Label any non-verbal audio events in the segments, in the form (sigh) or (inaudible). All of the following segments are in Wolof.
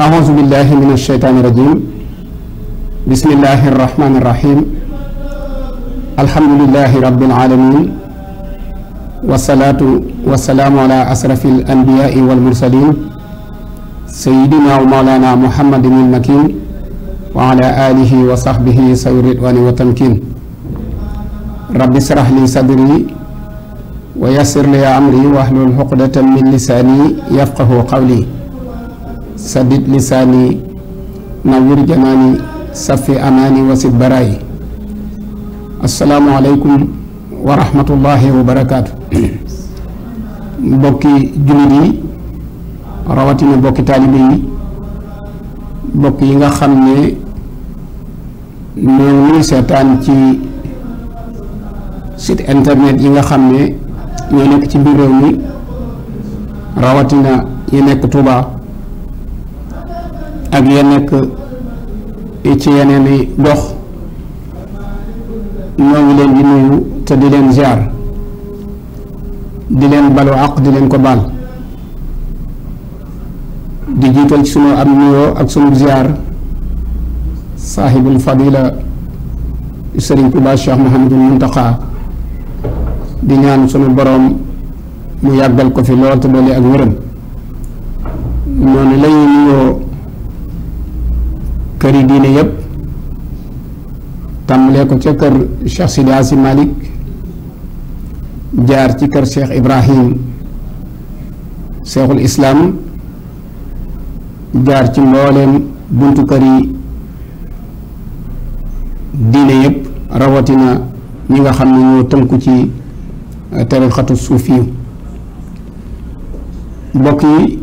أعوذ بالله من الشيطان الرجيم بسم الله الرحمن الرحيم الحمد لله رب العالمين والصلاة والسلام على أشرف الأنبياء والمرسلين سيدنا ومولانا محمد المكين وعلى آله وصحبه سور الرضوان والتمكين رب اشرح لي صدري ويسر لي أمري واحلل عقدة من لساني يفقه قولي sadid lisaani nawwir janaani safi amaani wasit baraayi asalaamualeykum wa rahmatullahi wa barakaatu jullit yi rawatina mbokki taalibe yi mbokk yi nga xam ne ñoo ci internet yi nga xam ne nekk ci biir réew mi rawatina yi nekk Touba ak ya nekk ci yeneen i gox ñoo ngi leen di nuyu te di leen ziar di leen balu àq di leen ko baal di jiital ci sunu am nuyoo ak sunu ziar saaxibul fadila sëriñ Tuubaa Cheikh Mouhamadul Muntaqa di ñaan sunu boroom mu yàggal ko fi lool te doole ak wërëm noonu lañuy nuyoo kër yi diine yëpp tàmbalee ko ca kër Cheikh Sidi Asi Malik jaar ci kër Cheikh Ibrahim Cheikhul Islam jaar ci mbooleem buntu kër yi diine yëpp rawatina ñi nga xam ne ñoo tënku ci tarixatu suufi bokk yi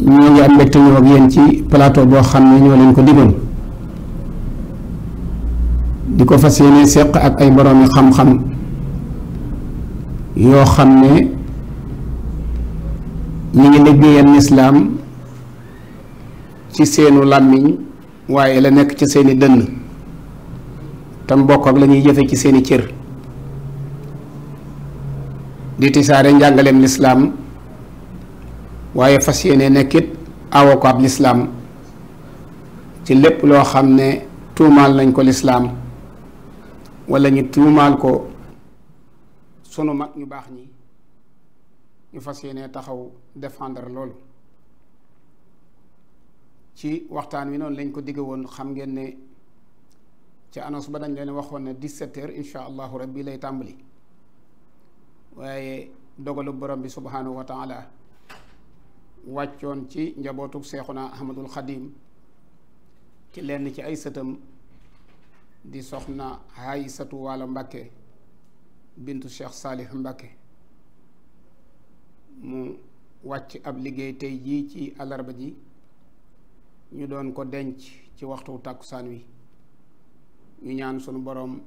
ñoo ngi am mbégte ñëw ci palaato boo xam ne ñoo leen ko digoon di ko fas yéene seq ak ay boroomi xam-xam yoo xam ne ñu ngi liggéeyal lislaam ci seenu làmmiñ waaye la nekk ci seeni dënn tam bokk ak la jëfe ci seeni cër di tisaare njàngaleem lislaam waaye fas yéene nekkit awokaab lislaam ci lépp loo xam ne tuumaal nañ ko lislaam wala ñu tuumaal ko sunu mag ñu baax ñi ñu fas yéene taxaw défendre loolu ci waxtaan wi noonu lañ ko digg woon xam ngeen ne ci annonce ba dañ leen waxoon ne 17 heures incha allahu rabbi lay tàmbali waaye dogalu borom bi subhanahu wa taala wàccoon ci njabootuk seexuna ahmadul xadim ci lenn ci ay sëtam di soxna Haysatu Waalo Mbàkke bintu Cheikh Saalih Mbàkke mu wàcc ab liggéey tey jii ci alarba ji ñu doon ko denc ci waxtu tàkkusaan wi ñu ñaan sunu boroom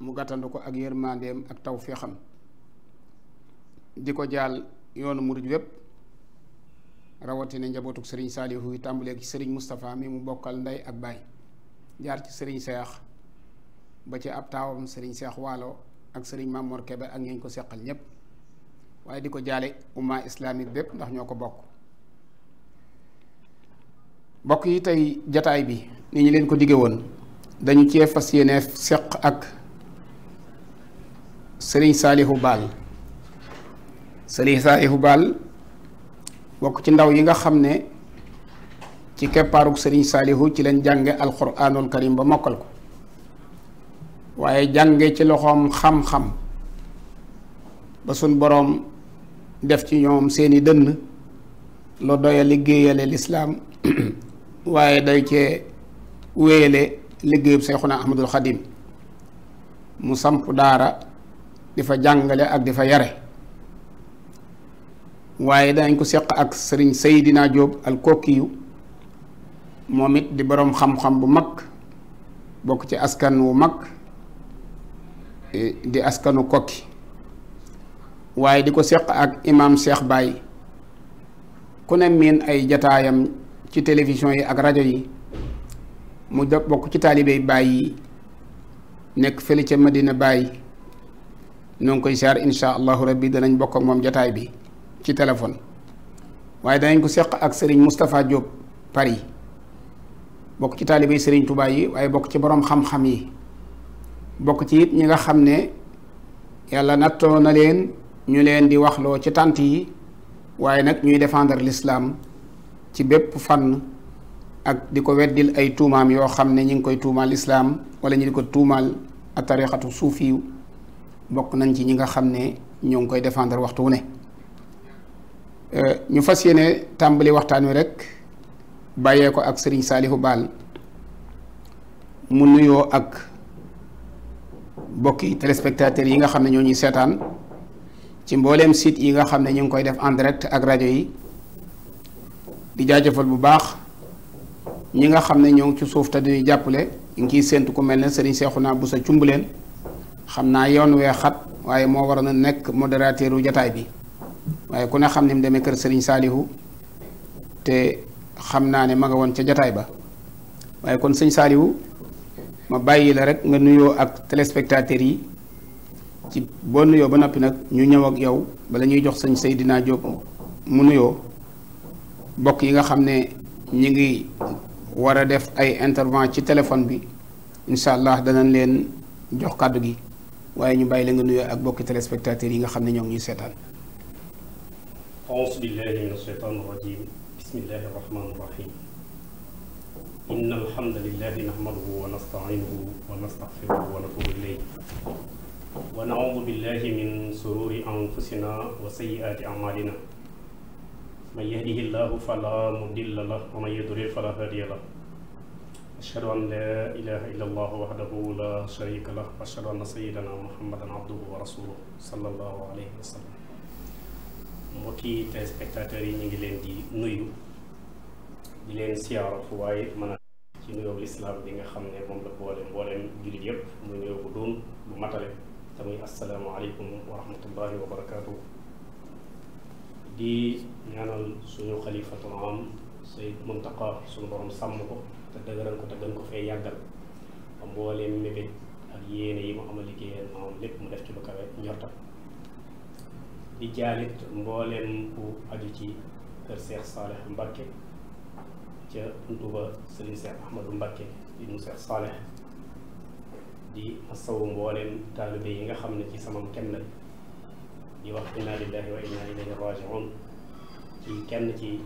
mu gàttandu ko ak yërmandeem ak tawféexam di ko jaal yoonu murid wépp rawatina njabootuk sëriñ saalihu yi tàmbalee ci sëriñ Moustapha mi mu bokkal ndey ak baay jaar ci sëriñ seex ba ci ab taawam sëriñ seex waalo ak sëriñ Mamor Kebe ak ñeeñ ko seqal ñépp waaye di ko jaale umma islamique bépp ndax ñoo ko bokk mbokk yi tey jataay bi ni ñu leen ko digge woon dañu cee fas yéene seq ak sëriñ saalihu baal sëriñ saalihu baal bokk ci ndaw yi nga xam ne ci keppaaruk sëriñ saalihu ci lañ jànge alquranul karim ba mokkal ko waaye jànge ci loxoom xam-xam ba suñ boroom def ci ñoom seeni dënn loo doya liggéeyale lislaam (clears throat) waaye day cee wéyale liggéeyub Seexuna Ahmadul Xadim mu samp daara di fa jàngale ak di fa yare waaye danañ ko seq ak sëriñ Seydina Diop al Kokiyu moom it di boroom xam-xam bu mag bokk ci askan wu mag e, di askanu kokki waaye di ko seq ak imaam Cheikh Baye ku ne miin ay jataayam ci télévision yi ak rajo yi mu bokk ci taalibey bàyyi nekk fële ca Madina bàyyi ñoo koy siyaar incha allahu rabbi danañ bokk ak moom jataay bi. ci téléphone waaye danañ ko seq ak sëriñ Moustapha Diop Paris bokk ci taalibey sëriñ Touba yi waaye bokk ci boroom xam-xam yi bokk ci it ñi nga xam ne yàlla nattoo na leen ñu leen di waxloo ci tànt yi waaye nag ñuy défendre lislaam ci bépp fànn ak di ko weddil ay tuumaam yoo xam ne ñi ngi koy tuumaal lislaam wala ñu di ko tuumaal a tariqatu suufiyu bokk nañ ci ñi nga xam ne ñoo ngi koy défendre waxtu wu ne Euh, ñu fas yéene tàmbali waxtaan wi rek bàyyee ko ak sëriñ Saalihu Baal mu nuyoo ak mbokki téléspectateurs yi nga xam ne ñoo ñuy seetaan ci mbooleem site yi nga xam ne ñu ngi koy def en ak rajo yi di jaajëfal bu baax ñi nga xam ne ñoo ngi ci suuf te dañuy jàppale ñu ngi ciy séntu ku mel ne sëriñ naa bu sa cumbuleen xam naa yoon wee xat waaye moo war a na nekk modérateur wu jataay bi waaye ku ne xam ne mu demee kër sëriñ saalihu te xam naa ne ma nga woon ca jataay ba waaye kon sëñ saalihu ma bàyyi la rek nga nuyoo ak téléspectateurs yi ci boo nuyoo ba noppi nag ñu ñëw ak yow bala ñuy jox sëñ Seydina Diop mu nuyoo mbokk yi nga xam ne ñu ngi war a def ay intervent ci téléphone bi incha allah danañ leen jox kàddu gi waaye ñu bàyyi la nga nuyoo ak bokki téléspectateurs yi nga xam ne ñoo ngi ñuy seetaan. أعوذ بالله من الشيطان الرجيم بسم الله الرحمن الرحيم إن الحمد لله نحمده ونستعينه ونستغفره ونتوب إليه ونعوذ بالله من سرور أنفسنا وسيئات أعمالنا من يهده الله فلا مضل له ومن يضلل فلا هادي له أشهد أن لا إله إلا الله وحده لا شريك له وأشهد أن سيدنا محمدا عبده ورسوله صلى الله عليه وسلم mbokki téléspectateurs yi ñu ngi leen di nuyu di leen siyaaro fu waaye mën a ci nuyoo lislaam bi nga xam ne moom la boole mbooleem jullit yépp muy nuyoo bu doon bu matale te muy asalaamaaleykum wa rahmatullahi wa barakaatu. di ñaanal suñu xalifa am Sayyid Muntaqa suñu borom sàmm ko te dëgëral ko te gën ko fee yàggal mbooleem mébét ak yéene yi mu amal liggéeyal moom lépp mu def ci lu kawe njortam di jaalit mbooleem bu aju ci kër Seex Saaleh Mbakke ca buntu ba sëriñ Seex Ahmadu Mbakke ibnu Seex Saaleh di masawu mbooleem taalibe yi nga xam ne ci samam kenn la di wax inna lillahi wa inna ilayhi rajiun ci kenn ci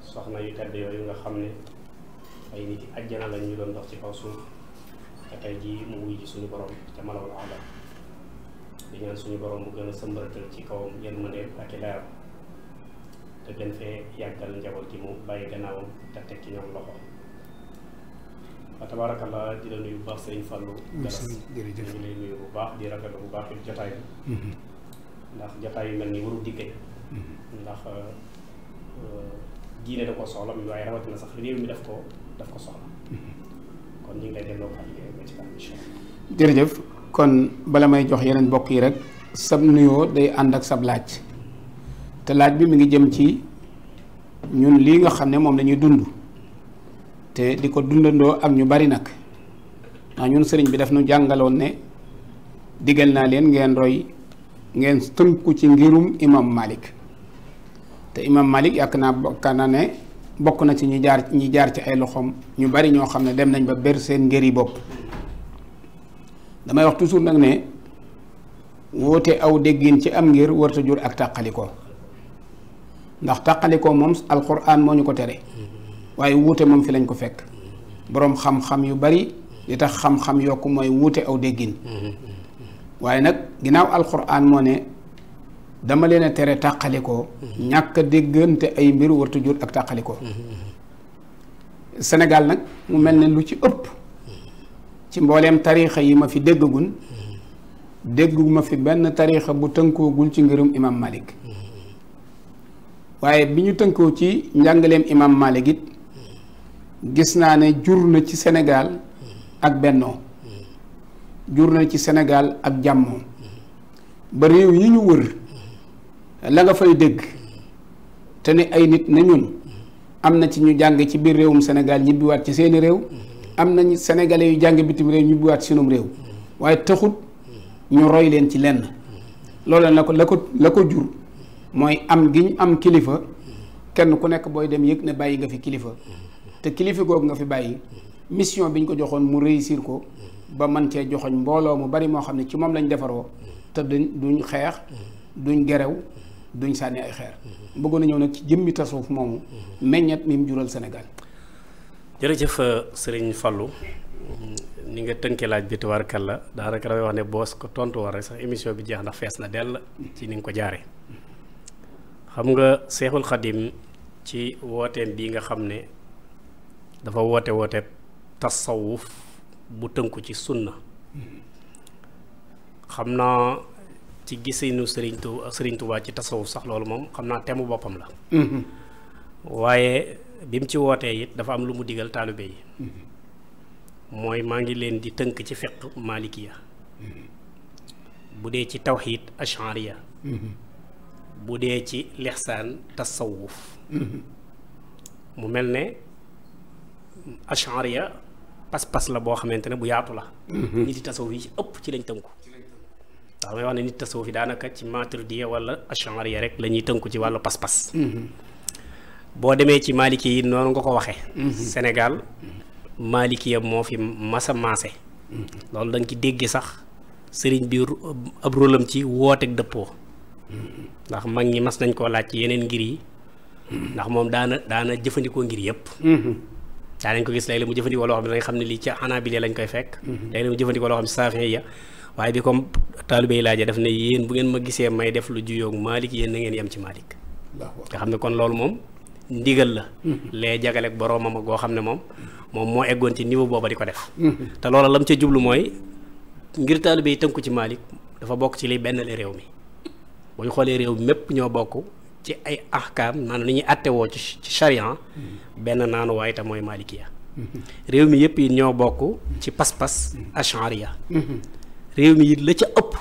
soxna yu tedd yooyu nga xam ne ay nit yi ajjana la doon dox ci kaw suuf te tey jii mu wuy ji suñu borom te malawul alam di ñaan suñu borom mu gën a sëmbaratal ci kawam yërmandeem ak i leeram te gën fee yàggal njaboot gi mu bàyyi gannaaw te teg ci ñoom loxo wa tabaarakallaa la nuyu bu baax sëriñ Fallou Garas ñu ngi nuyu bu baax di rafetlu bu baax it jotaay bi mm-hmm. ndax yu mel nii warul dikkee mm-hmm. ndax euh, euh, diine ko soxla mi waaye sax réew mi daf ko daf ko soxla mm-hmm. kon ñu ngi lay delloo kàddu gi ba ci kanam incha allah jërëjëf kon bala may jox yeneen bokk yi rek sab nuyoo day ànd ak sab laaj te laaj bi mi ngi jëm ci ñun lii nga xam ne moom lañuy dund te di ko dundandoo ak ñu bari nag ndax ñun sëriñ bi daf nu jàngaloon ne digal naa leen ngeen roy ngeen tënku ci ngirum imam Malik te imam Malik yàq naa bokka na ne bokk na ci ñi jaar ñi jaar ci ay loxoom ñu bari ñoo xam ne dem nañ ba bér seen ngëri bopp damay wax toujours nag ne woote aw déggin ci am ngir warta jur ak tàqalikoo ndax tàqalikoo moom alxuraan moo ñu ko tere waaye wuute moom fi lañ ko fekk boroom xam-xam yu bari li tax xam-xam yokk mooy wuute aw déggin waaye nag ginnaaw alxuraan moo ne dama leen a tere tàqalikoo ñàkk déggante ay mbir warta jur ak tàqalikoo Sénégal nag mu mel ne lu ci ëpp ci mbooleem tariixa yi ma fi déggagun dégguma fi benn tariixa bu tënkoogul ci ngërum imam malik waaye bi ñu tënkoo ci njàngaleem imam malik it gis naa ne jur na ci senegaal ak bennoo jur na ci Sénégal ak jàmmoo ba réew yi ñu wër la nga fay dégg te ne ay nit na ñun am na ci ñu jàng ci biir réewum Sénégal ñibbiwaat ci seeni réew am nañu sénégalais yu jàng bitim réew ñu buwaat sunum réew waaye taxut ñu roy leen ci lenn loolu la ko la ko la ko jur mooy am gi ñu am kilifa kenn ku nekk booy dem yëg ne bàyyi nga fi kilifa te kilifa googu nga fi bàyyi mission bi ñu ko joxoon mu réussir ko ba man cee joxoñ mbooloo mu bari moo xam ne ci moom lañ defaroo te duñ duñ xeex duñ gerew duñ sànni ay xeer bëggoon na ñëw nag ci jëmmi tasawuf moomu meññat mi mu jural Sénégal jërëjëf euh, sëriñ Fallou ni nga tënkee laaj bi la daanaka dafay wax ne boos ko tontu war rek sax émission bi jeex na fees na dell ci ni nga ko jaare xam nga seexul xadim ci wooteem bii nga xam ne dafa woote woote tasawuf bu tënku ci sunna xam naa ci gisinu sëriñ Tuubaa sëriñ Tuubaa ci tasawuf sax loolu moom xam naa temu boppam la mm-hmm. waaye bi mu ci wootee it dafa am lu mu digal taalibe yi mooy maa ngi leen di tënk ci fiq malikiya bu dee ci tawxiid ashariya bu dee ci lixsaan tasawuf mu mel ne ashariya pas-pas la boo xamante ne bu yaatu la nit yi tasawuf yi ci ëpp ci lañ tënku ndax may wax ne nit tasawuf yi daanaka ci maturdiya wala ashariya rek la ñuy tënku ci wàllu pas-pas boo demee ci malik yi noonu nga ko waxee. Mhm. senegal maaliki ya moo fi masa maase. Mhm. loolu da nga ci déggee sax sëriñ biir ab rôlam ci wooteeg dëppoo. Mhm. ndax mag ñi mas nañ koo laaj ci yeneen ngir yi. ndax moom daana daana jëfandikoo ngir yëpp. daanañ ko gis léeg-léeg mu jëfandikoo loo xam ne xam ne lii ci anabile lañ koy fekk. léeg-léeg mu jëfandikoo loo xam ne saafin ya waaye bi comme taalibe yi laajee daf ne yéen bu ngeen ma gisee may def lu juyoog Malick yéen na ngeen yem ci Malick. nga xam ne kon loolu moom. ndigal la mm-hmm. lee jagaleeg boroomam ak goo xam ne moom moom moo eggoon ci niveau booba di ko def mm-hmm. te loola lam ca jublu mooy ngir taalibe yi tënku ci Malick dafa bokk ci liy bennale réew mi bu xoolee réew mépp ñoo bokk ci ay ahkaam naan lu ñuy attewoo ci ci charian mm-hmm. benn naanu waaye te mooy malikiya réew mi yëpp yi ñoo bokk ci pas-pas ashariya réew mi it la ca ëpp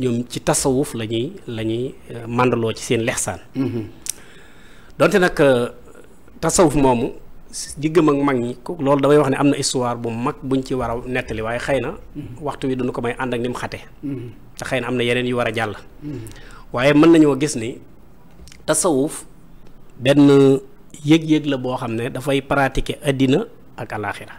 ñoom ci tasawuf lañuy ñuy euh, mandaloo ci seen lexsaan donte nag euh, tasawuf moomu diggam ak mag ñi ko loolu damay wax ne am na histoire bu mag buñ ci war a nettali waaye xëy na mm-hmm. waxtu wi duñu ko may ànd ak ni xate mm-hmm. te xëy na am na yeneen yu war a jàll mm-hmm. waaye mën nañoo gis ni tasawuf benn yëg-yëg la boo xam ne dafay pratiquer àddina ak alaaxira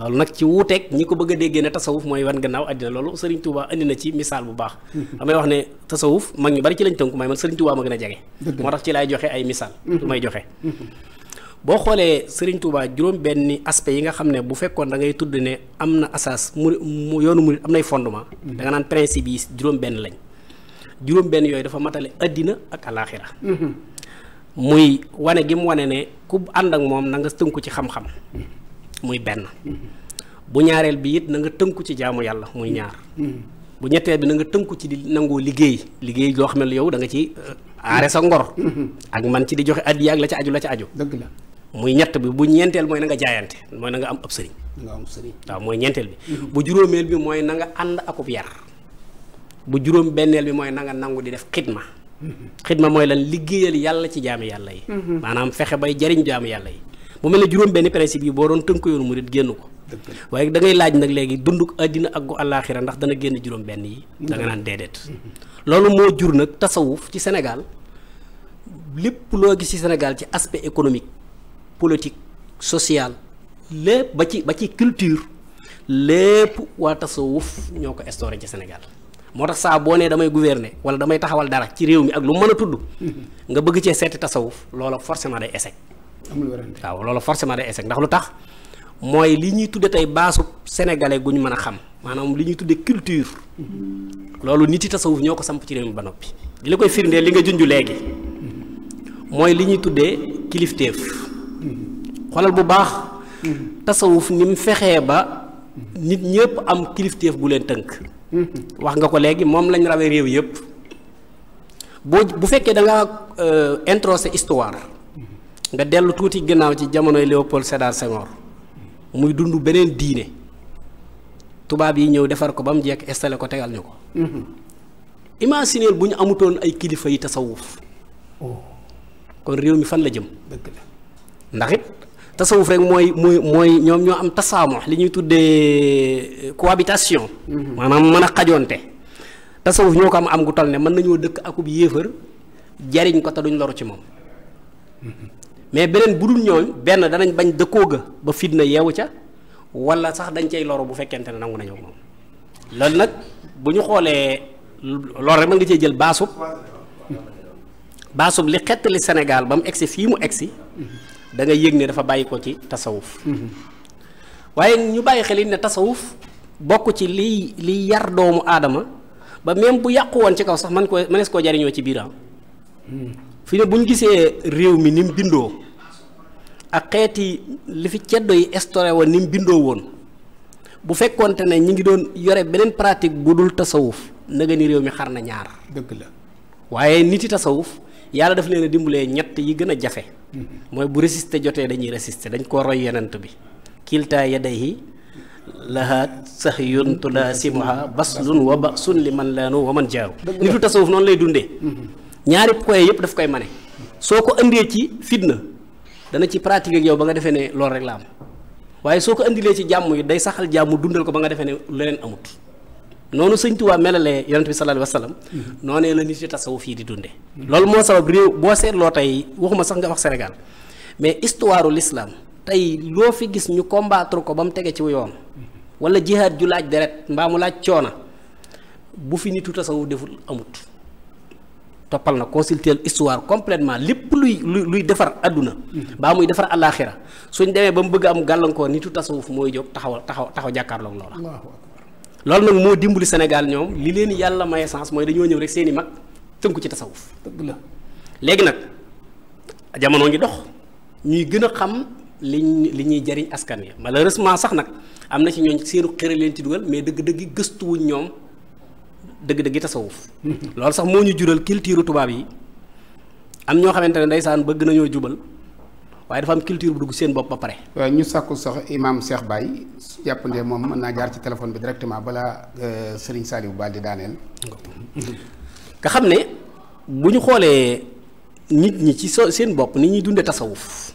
loolu nag ci wuuteeg ñi ko bëgg a déggee ne tasawuf mooy wan gannaaw àddina loolu Serigne Touba andi na ci misaal bu baax hmm. damay wax ne tasawuf mag ñu bari ci lañ tënku may man Serigne Touba ma gën a jege moo tax ci laay joxe ay misaal hmm. lu may joxe hmm. boo xoolee Serigne Touba juróom benni aspect yi nga xam ne bu fekkoon dangay ngay tudd ne am na asas mu yoonu murid am nay fondement da nga naan principe yi juróom benn lañ juróom benn yooyu dafa matale àddina ak alaaxira wane gi mu wane ne ku ànd ak moom na nga tënku ci xam muy benn bu ñaareel bi it na nga tënku ci jaamu yàlla muy ñaar bu ñetteel bi na nga tënku ci di nangoo liggéey liggéey jox xam ne yow da nga ci euh, aare sa ngor ak man ci di joxe addiya ak la ca aju la ci aju dëgg la muy ñett bi bu ñeenteel mooy na nga jaayante mooy na nga am ab sëriñ waaw mooy ñeenteel bi mm-hmm. bu juróomeel bi mooy nanga nga ànd akub yar bu juróom benneel bi mooy nanga nga nangu di def xidma mm-hmm. xidma mooy lan liggéeyal yàlla ci jaami yàlla yi mm-hmm. maanaam fexe bay jariñ mu mel na juróom benn principe yi boo doon tënk yoonu murit génn ko waaye da ngay laaj nag léegi dund àddina ak gu àllaaxira ndax dana génn juróom benn yi da naan déedéet loolu moo jur nag tasawuf ci Sénégal lépp loo gis ci Sénégal ci aspect économique politique social lépp ba ci ba ci culture lépp waa tasawuf ñoo ko instauré ci Sénégal moo tax saa boo nee damay gouverner wala damay taxawal dara ci réew mi ak lu mën a tudd nga bëgg cee seeti tasawuf loola forcément day échec amul wérante waaw loolu forcément day échec ndax lu tax mooy li ñuy tudde tey baasu sénégalais gu ñu mën a xam maanaam li ñuy tudde culture loolu nit yi tasawuf ñoo ko samp ci réew mi ba noppi li la koy firndee li nga junj léegi mooy li ñuy tuddee kilifteef xoolal bu baax tasawuf ni mu fexee ba nit ñëpp am kilifteef bu leen tënk wax nga ko léegi moom lañ rawee réew yëpp boo bu fekkee da nga euh, introsé histoire nga dellu tuuti ginnaaw ci jamonoy Léopold Sédar Senghor muy dund beneen diine tubaab yi ñëw defar ko ba mu jekk installé ko tegal ñu ko. Mm-hmm. imagineel bu ñu amutoon ay kilifa yi tasawuf oh. kon réew mi fan la jëm. dëgg la ndax it tasawuf rek mooy mooy mooy ñoom ñoo am tasaamox li ñuy tuddee euh, cohabitation. Mm-hmm. maanaam mën a xajoonte. tasawuf ñoo ko am am gu toll ne mën nañoo dëkk akub yéefar jariñ ko te duñ loro ci moom. Mm-hmm. mais beneen bu dul benn danañ bañ dëkkoo ga ba fitna yeewu ca walla sax dañ cay loro bu fekkente ne nangu nañoo moom loolu nag bu ñu xoolee loolu rek ma ngi cee jël baasub baasub li xettali Sénégal ba mu egsi fii mu egsi da nga yëg ni dafa bàyyi ko ci tasawuf waaye ñu bàyyi xel yi ne tasawuf bokk ci liy liy yar doomu aadama ba même bu yàqu woon ci kaw sax man ko mënees koo jariñoo ci biiram fi ne bu ñu gisee réew mi ni mu bindoo ak xeeti li fi ceddo yi instauré woon ni mu bindoo woon bu fekkoonte ne ñi ngi doon yore beneen pratique bu dul tasawuf naga ni réew mi xar na ñaar. dëgg la waaye nit yi tasawuf yàlla daf leen a dimbalee ñett yi gën a jafe. Mhm. mooy bu résister jotee dañuy résister dañ koo roy yonent bi. kiltaa yadayhi laha sahyun tulaasimuha baslun wa basun liman laanu wa man jaaw nitu tasawuf noonu lay dundee. Mhm. ñaari point yëpp daf koy mane soo ko indee ci fitna dana ci pratique yow ba nga defee ne loolu rek la waaye soo ko indilee ci jàmm yi day saxal jàmm dundal ko ba nga defee ne leneen amut noonu sëñ Tuubaa melalee yonent bi sallallahu alayhi wa sallam mm-hmm. la nit ci tasawuf fii di dundee. loolu moo sabab réew boo seetloo tey waxuma sax nga wax senegal mais histoire u tey loo fi gis ñu combatre ko ba mu tege ci yoon wala jihaad ju laaj deret mbaa mu laaj coona bu fi nitu tasawuf deful amut. toppal na consulter histoire completement lépp luy luy luy defar àdduna mhm. baa muy defar àllaaxira suñ demee ba mu bëgg am gàllankoor nitu tasawuf mooy jóg taxawal taxaw taxaw jàkkaarloog loola loolu nag moo dimbali Sénégal ñoom li leen yàlla may chance mooy dañoo ñëw rek seeni i mag tënku ci tasawuf dëgg léegi nag jamono ngi dox ñuy gën a xam liñ li ñuy jariñ askan wi malheureusement sax nag am na ci ñooñ seenu xëra leen ci dugal mais dëgg-dëgg gëstuwuñ ñoom dëgg-dëgg tasawuf loolu sax moo ñu jural culture tubaab yi am ñoo xamante ne ndeysaan bëgg nañoo jubal waaye dafa am culture bu dugg seen bopp ba pare. ñu sàkku sax imaam Cheikh Baye su jàppandee moom mën naa jaar ci téléphone bi directement balaa euh, Serigne Saliou Ba di daaneel. nga xam ne bu ñu xoolee nit ñi ci so seen bopp ni ñuy dundee tasawuf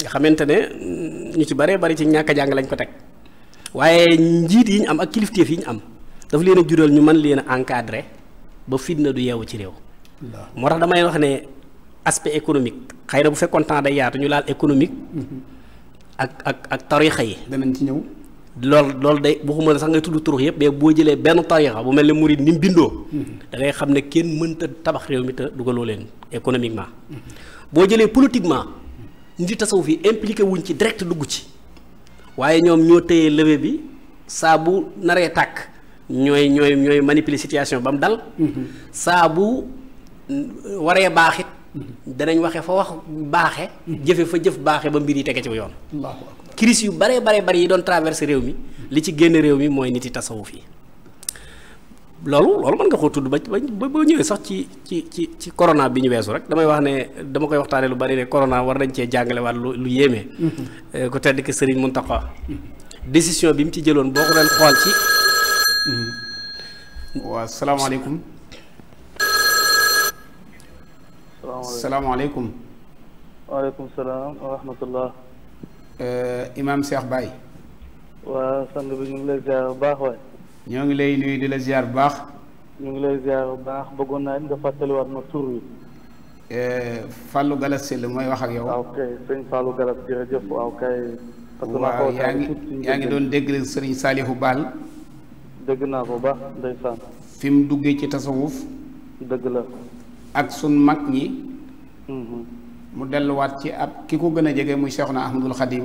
nga xamante ne ñu ci baree bari ci ñàkk jàng lañ ko teg waaye njiit yi ñu am ak kilifteef yi ñu am. daf leen a jural ñu man leen a encadrer ba na du yeewu ci réew. moo tax damay wax ne aspect économique xëy na bu fekkoon temps day yaatu ñu laal économique. Mm-hmm. ak ak ak tarixa yi. danañ ci ñëw. loolu loolu day waxuma ne sax ngay tuddu turux yëpp mais boo jëlee benn tarixa bu mel ne murid ni mu bindoo. Mm-hmm. da ngay xam ne kenn mënta tabax réew mi te dugaloo leen économiquement. boo jëlee politiquement. ndi tasawuf yi impliqué wuñ ci direct dugg ci. waaye ñoom ñoo téye lëbe bi saa bu naree tàkk. ñooy ñooy ñooy manipuler situation ba dal. Mhm. saa bu waree baax it mhm. danañ waxe fa wax baaxe mhm. jëfe fa jëf baaxe ba mbir yi tege ci yoon. crise yu bare bare bare yi doon traversé réew mi li ci génn réew mi mooy nit yi tasawuf yi loolu loolu mën nga koo tudd ba ba ba ñëwee sax ci ci ci ci corona bi ñu weesu rek damay wax ne dama koy waxtaanee lu bari ne corona war nañ cee jàngale waat lu lu yéeme. Eh, ku tedd ki Serigne Mountakha décision bi mu ci jëloon boo ko doon xool ci. Mm-hmm. waa salaamaaleykum. salaamaaleykum. waaleykum salaam wa rahmatullah. Eh, Imaam Cheikh Baye. waa sang bi ñu ngi lay ziar bu baax waay. ñoo ngi lay nuyu di la ziar bu baax. ñu ngi lay ziar bu baax bëggoon naa nga fàttaliwaat ma tur wi. Eh, Fallou Galas Sell mooy wax ak yow. waaw kay sëñ Fallou Galas jërëjëf waaw kay. waaw yaa ngi yaa ngi doon dégg Serigne Salihou Baal. dëgg naa ko baax ndeysaan fi mu duggee ci tasawuf dëgg la ak sun mag ñi mhm. mu delluwaat ci ab ki ko gën a jege muy Cheikhuna Ahmadul Xadim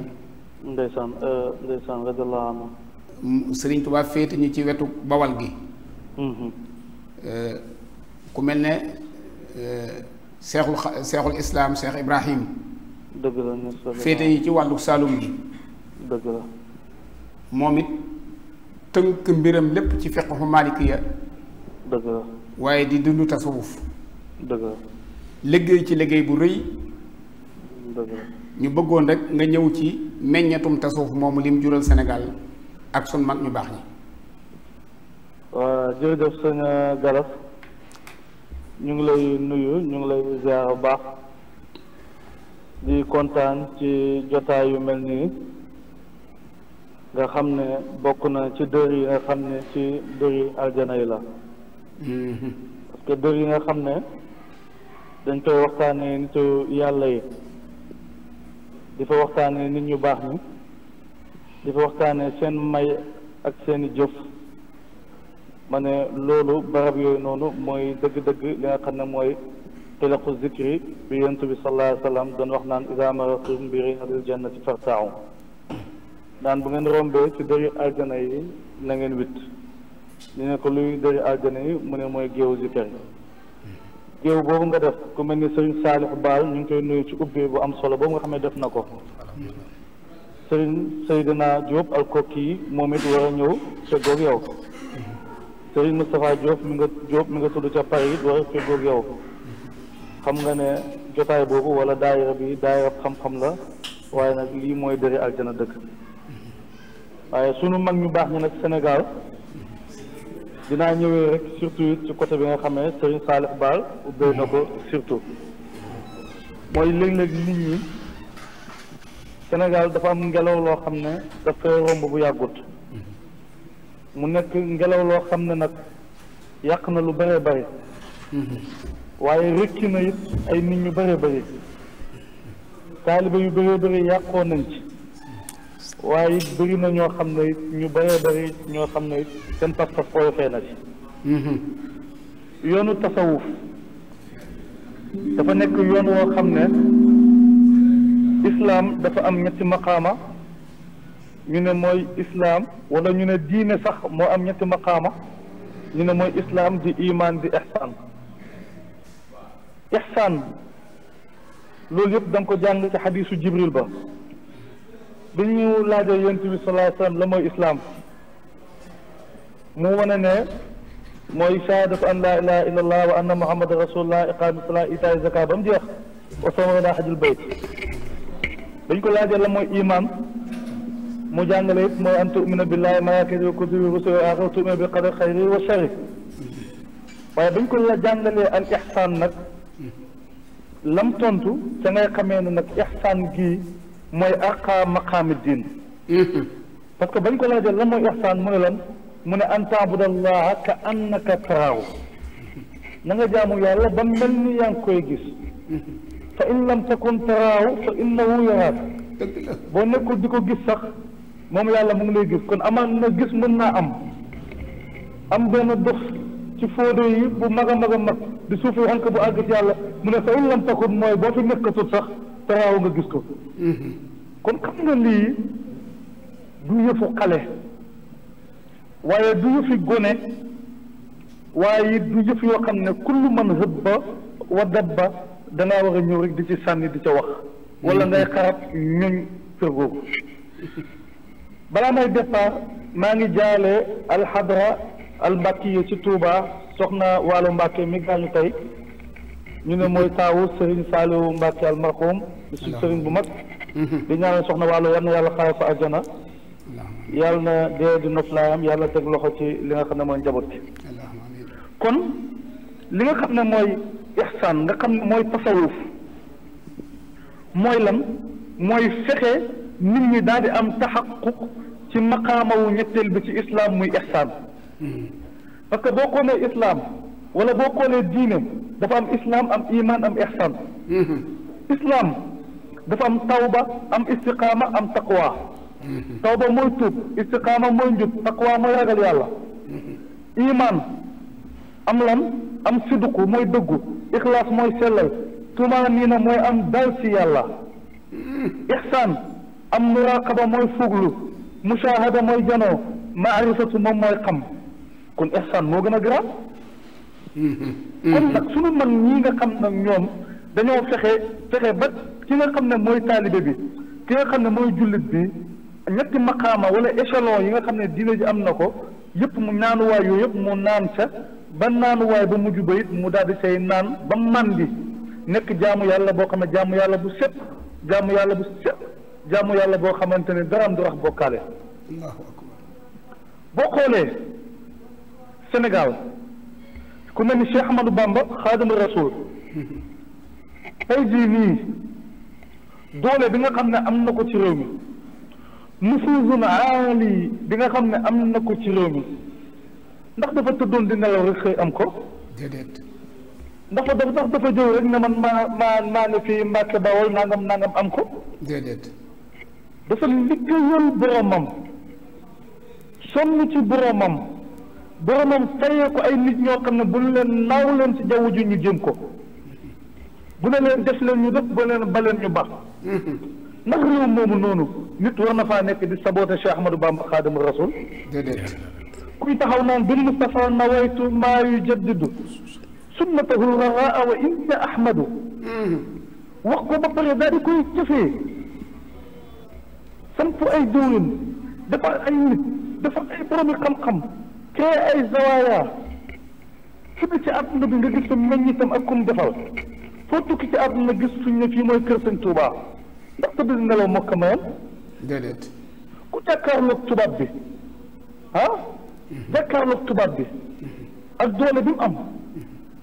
ndeysaan euh, ndeysaan féete ñu ci wetu bawal gi mhm. euh, ku mel ne seexul seexul islaam seex Ibrahim féete ñu ci wàllu Saalum gi moom it tënk mbiram lépp ci fiqhu malikiya dëgg la waaye di dund tasawuf dëgg la ci liggéey bu rëy ñu bëggoon rekk nga ñëw ci meññatum tasawuf moomu lim jural senegal ak sun mag ñu baax ñi waaw jërëjëf sëñ euh, Gallas ñu ngi lay nuyu ñu ngi lay ziar baax di kontaan ci jotaay yu mel nii nga xam ne bokk na ci dër yi nga xam ne ci dër yi la mm-hmm. parce yi nga xam ne dañ koy waxtaanee nitu yàlla di fa waxtaanee nit ñu baax ñi di fa waxtaanee seen may ak seeni jëf ma ne loolu barab yooyu noonu mooy dëgg-dëgg li nga xam ne mooy tilaqu zikri bi yonent bi sallallahu alayhi wa sallam doon wax naan iza marartum bi riyaadil jannati farta'u naan bu ngeen rombee ci dëri aljana yi na ngeen witt ñu ne ko luy dëri aljana yi mu ne mooy géewu zikkar yi géew boobu nga def ku mel ni sëriñ Saalix Baal ñu ngi koy nuyu ci ubbee bu am solo boobu nga xamee def na ko sëriñ Seydina Diop alkokki yi moom it war a ñëw feggoog yow sëriñ Moustapha Diop mi nga Diop mi nga tudd ca Paris it war a feggoog yow xam nga ne jotaay boobu wala daayira bi daayira xam-xam la waaye nag lii mooy dëri aljana dëkk waaye sunu mag ñu baax ñi nag Sénégal dinaa ñëwee rek surtout ci côté bi nga xamee Serigne Salif bal ubbee na ko surtout mooy léeg-léeg nit ñi Sénégal dafa am ngelaw loo xam ne dafa romb bu yàggut mu nekk ngelaw loo xam ne nag yàq na lu bëree bëri waaye rëcc na it ay nit ñu bëree bëri taaliba yu bëree bëri yàqoo nañ waaye it bëri na ñoo xam ne it ñu bëree bëri ñoo xam ne it seen pas-pas woyofee na ci mhm. yoonu tasawuf dafa nekk yoon woo xam ne islaam dafa am ñetti maqaama ñu ne mooy islaam wala ñu ne diine sax moo am ñetti maqaama ñu ne mooy islaam di imaan di ihsaan ihsaan loolu yëpp da ko jàng ci xadiisu jibril ba bi ñu laajee yonent bi sallallahu alayhi wa sallam mu wane ne mooy shahadatu an laa ilaha illa allah wa anna muhammadan rasulullah iqaami salaa itaay zakat ba mu jeex wa sawma daa xajul bayt dañ ko la mooy mu jàngale it mooy an tumina billahi malaikati wa kutubi rusuli wa axir bi qadar xayri wa sharri waaye dañ ko la nag lam tontu ca ngay xamee nag ixsaan gii mooy aqa maqaami diin mhm. parce que bañ ko laajee lan mooy ihsaan mu ne lan mu ne an taabud allaha ka annaka taraaw na nga jaamu yàlla ba mel ni yaa ngi koy gis mhm. fa in lam takun taraaw fa innahu yaraak boo nekkul di ko gis sax moom yàlla mu ngi lay kon amaan na gis mën naa am am benn dox ci fóode yi bu mag a mag a mag bu àgg ci yàlla mu ne fa in lam takun mooy boo fi nekkatut sax taraaw nga gis ko mhm. kon xam nga lii du yëfu xale waaye du yëfi gone waaye it du yëf yoo xam ne kullu man hëbba wa dabba dangaa war a ñëw rek di ci sànni di ca wax wala ngay xarab ñuñ kër googu balaa may départ maa ngi jaale alxadra albàkkiye ci Touba soxna Waalo Mbàkke mi gaañu tey ñu ne mooy taawu sëriñ Saliou Mbàkke almarxum di suñu sëriñ bu mag euh, di ñaanal soxna wàllu na yàlla xaaral ko àjjana yàlla na dee di noflaayam yàlla teg loxo ci li nga xam ne mooy njaboot bi kon li nga xam ne mooy ihsaan nga xam ne mooy tasawuf mooy lan mooy fexe nit ñi daal di am taxaquq ci maqaama wu ñetteel bi ci islam muy ihsaan hmm. parce que boo xoolee islam wala boo xoolee diine dafa am islam am iman am ihsaan hmm. dafa am tawba am istiqaama am taqwa tawba mooy tuub istiqaama mooy njub taqwa mooy ragal yàlla iman am lan am sidduku mooy dëggu ixlaas mooy sellal tumaaniina mooy am dal ci yàlla ixsaan am muraqaba mooy fuglu mushahada mooy janoo maarifatu moom mooy xam kon ixsaan moo gën a garaaw (laughs) kon nag sunu mag ñii nga xam nag dañoo fexe fexe ba ki nga xam ne mooy taalibe bi ki nga xam ne mooy jullit bi ñetti maqaama wala échelon yi nga xam ne dina ji am na ko yëpp mu naanuwaay yooyu yëpp mu naan sax ba naanuwaay ba mujj ba mu daal di say naan ba man bi nekk jaamu yàlla boo xam ne jaamu yàlla bu set jaamu yàlla bu set jaamu yàlla boo xamante ne dara am du rax bokkaale boo xoolee Sénégal ku mel ni Cheikh Ahmadou Bamba Xaadimu Rasuul (laughs) tey jii nii doole bi nga xam ne am na ko ci réew mi nufuuzun aali bi nga xam ne am na ko ci réew ndax dafa tëddoon di nelaw rek xëy am ko. déedéet. ndax dafa ndax dafa jëw rek ne man maa ma maa ne fii Mbàkke Bawol nangam nangam am ko. déedéet. dafa liggéeyal boromam sonn ci boromam boromam fayee ko ay nit ñoo xam ne buñ leen naaw leen ci jaww ji ñu jëm ko. bu ne leen des leen ñu def ba leen ba leen ñu baax ndax réew moomu noonu nit war na faa nekk di saboté Cheikh Ahmadou Bamba Xaadimu Rasul déedéet kuy taxaw naan bin Mustafa nawaytu maa yu jaddidu sunnatahu raraa wa inni ahmadu wax ko ba pare daal di koy jëfee samp ay diwlin dafa ay nit dafa ay boromi xam-xam créé ay zawaaya fi ci àdduna bi nga gis meññitam ak kum defal foo tukki ci àdduna gis suñ ne fii mooy kër sëñ Touba ndax tëdd nelaw moo ko mayal. déedéet. ku jàkkaarloog tubaab bi ah. jàkkaarloog tubaab bi ak doole bi mu am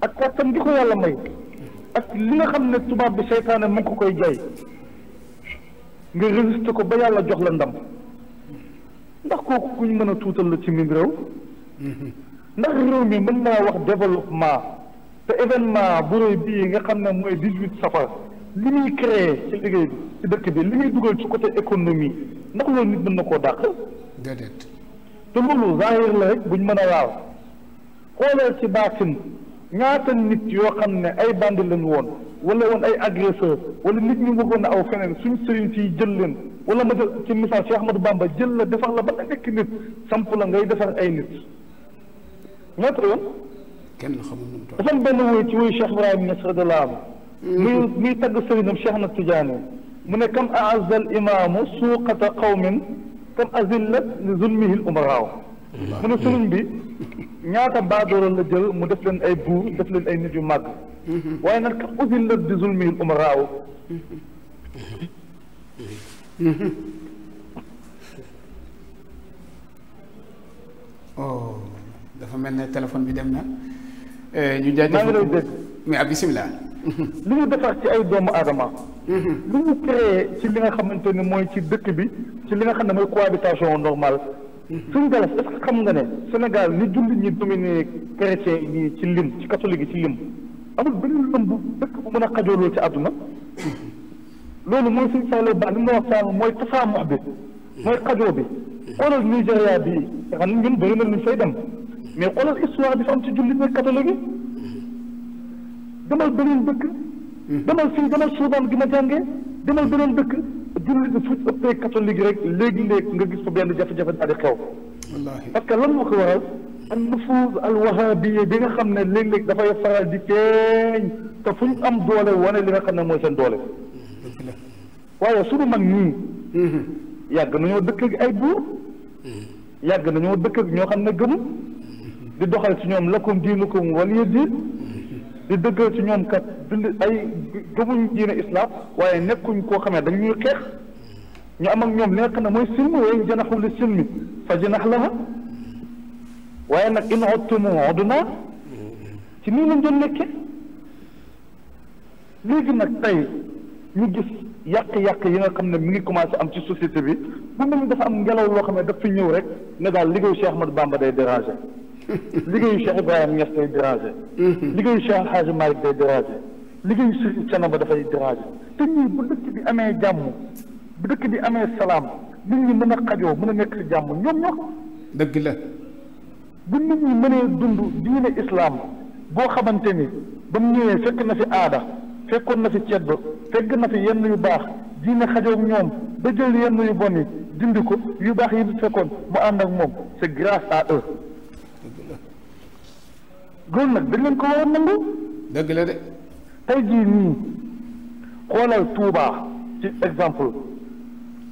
ak kàttan gi ko yàlla may ak li nga xam ne tubaab bi seytaane mu ko koy jaay nga résister ko ba yàlla jox la ndam ndax kooku kuñ mën a tuutal la ci mim réew. Mm-hmm. ndax réew mi mën naa wax développement. te événement bu rëy bii nga xam ne mooy dix huit safar li muy créé ci liggéey bi ci dëkk bi li muy dugal ci côté économie ndax loolu nit mën na koo dàq. déedéet. te loolu zahir la rek buñ mën a waaw xoolal ci baatin ñaata nit yoo xam ne ay la lañ woon wala woon ay agresseur wala nit ñu bëggoon a aw feneen suñ sëriñ ci jël leen wala ma ci misaal Cheikh Ahmadou bàmba jël la defar la ba nga nekk nit samp la ngay defar ay nit ñaata yoon. kenn xamul nu mu toll. dafa am benn wuyu ci wuyu Cheikh Ibrahima Niass radiyallahu anhu. muy muy tagg sëriñam Cheikh na Tidiane mu ne kam aazal imaamu suuqata qawmin kam azillat li zulmihil umaraaw mu ne sëriñ bi ñaata baadoora la jël mu def leen ay buur def leen ay nit yu màgg. waaye nag kam azillat li zulmihil umaraaw oh dafa mel ne téléphone bi dem na. Eh, ñu jaajëf maa ngi lay dégg. mais ah, bisimilah. li mu defar ci ay doomu aadama. Mm-hmm. lu mu créé ci li nga xamante ne mooy ci dëkk bi ci li nga xam ne mooy cohabitation normale. Mm-hmm. suñu galas est xam nga ne senegal ni jullit ñi dominé chrétien yi ci lim ci catholique ci lim amul benn lëm bu dëkk bu mën a xajooloo ci àdduna. Mm-hmm. loolu mooy suñu saalo baax li ma wax sànq mooy tasaamox bi. mooy xajoo bi. xoolal Nigéria bii nga xam ne ñun bëri lu ñu fay mais xoolal histoire bi fa am ci jullit ñi catholique yi demal beneen dëkk demal fii gi ma jàngee demal beneen dëkk jullit fu ñu ëppee catholique rek léegi-léegi nga gis fa benn jafe-jafe daal di xew lan moo ko waral al nufuz al wahabiya bi nga xam ne léeg-léeg dafay faral di feeñ te fu ñu am doole wane li nga xam ne mooy seen doole waaye suñu mag ñii mhm. yàgg nañoo dëkk ay buur mhm. yàgg nañoo dëkk ak ñoo xam ne gëmu di doxal ci ñoom lakum diinukum waliya diin di dëggal ci ñoom kat dund ay gëmuñ diine islam waaye nekkuñ koo xamee dañ ñuy xeex ñu am ak ñoom li xam ne mooy silm waaye janaxu li silmi fa janax nag in udtum udna ci nii lañ doon nekke léegi nag tey ñu gis yàq-yàq yi nga xam ne mi ngi commencé am ci société bi bu mel ni dafa am ngelaw loo xam ne daf fi ñëw rek ne daal liggéeyu Cheikh Ahmadou Bamba day liggéeyu Cheikh Ibrahima Niass day déranger. Mhm. liggéeyu Cheikh El Hadj Malick day déranger. liggéeyu Serigne Thiénaba dafay déranger te ñii bu dëkk bi amee jàmm bu dëkk bi amee salaam nit ñi mën a xajoo mën nekk si jàmm ñoom ñoo dëgg la. bu nit ñi mënee dund diine islaam boo xamante ni ba mu ñëwee fekk na fi aada fekkoon na fi ceddo fekk na fi yenn yu baax diine xajoog ñoom ba jël yenn yu bon yi dindi ko yu baax yi fekkoon mu ànd ak moom c'est grâce à eux. loolu nag dañ leen ko war a nangu. dëgg la de. tey jii nii xoolal Touba ci exemple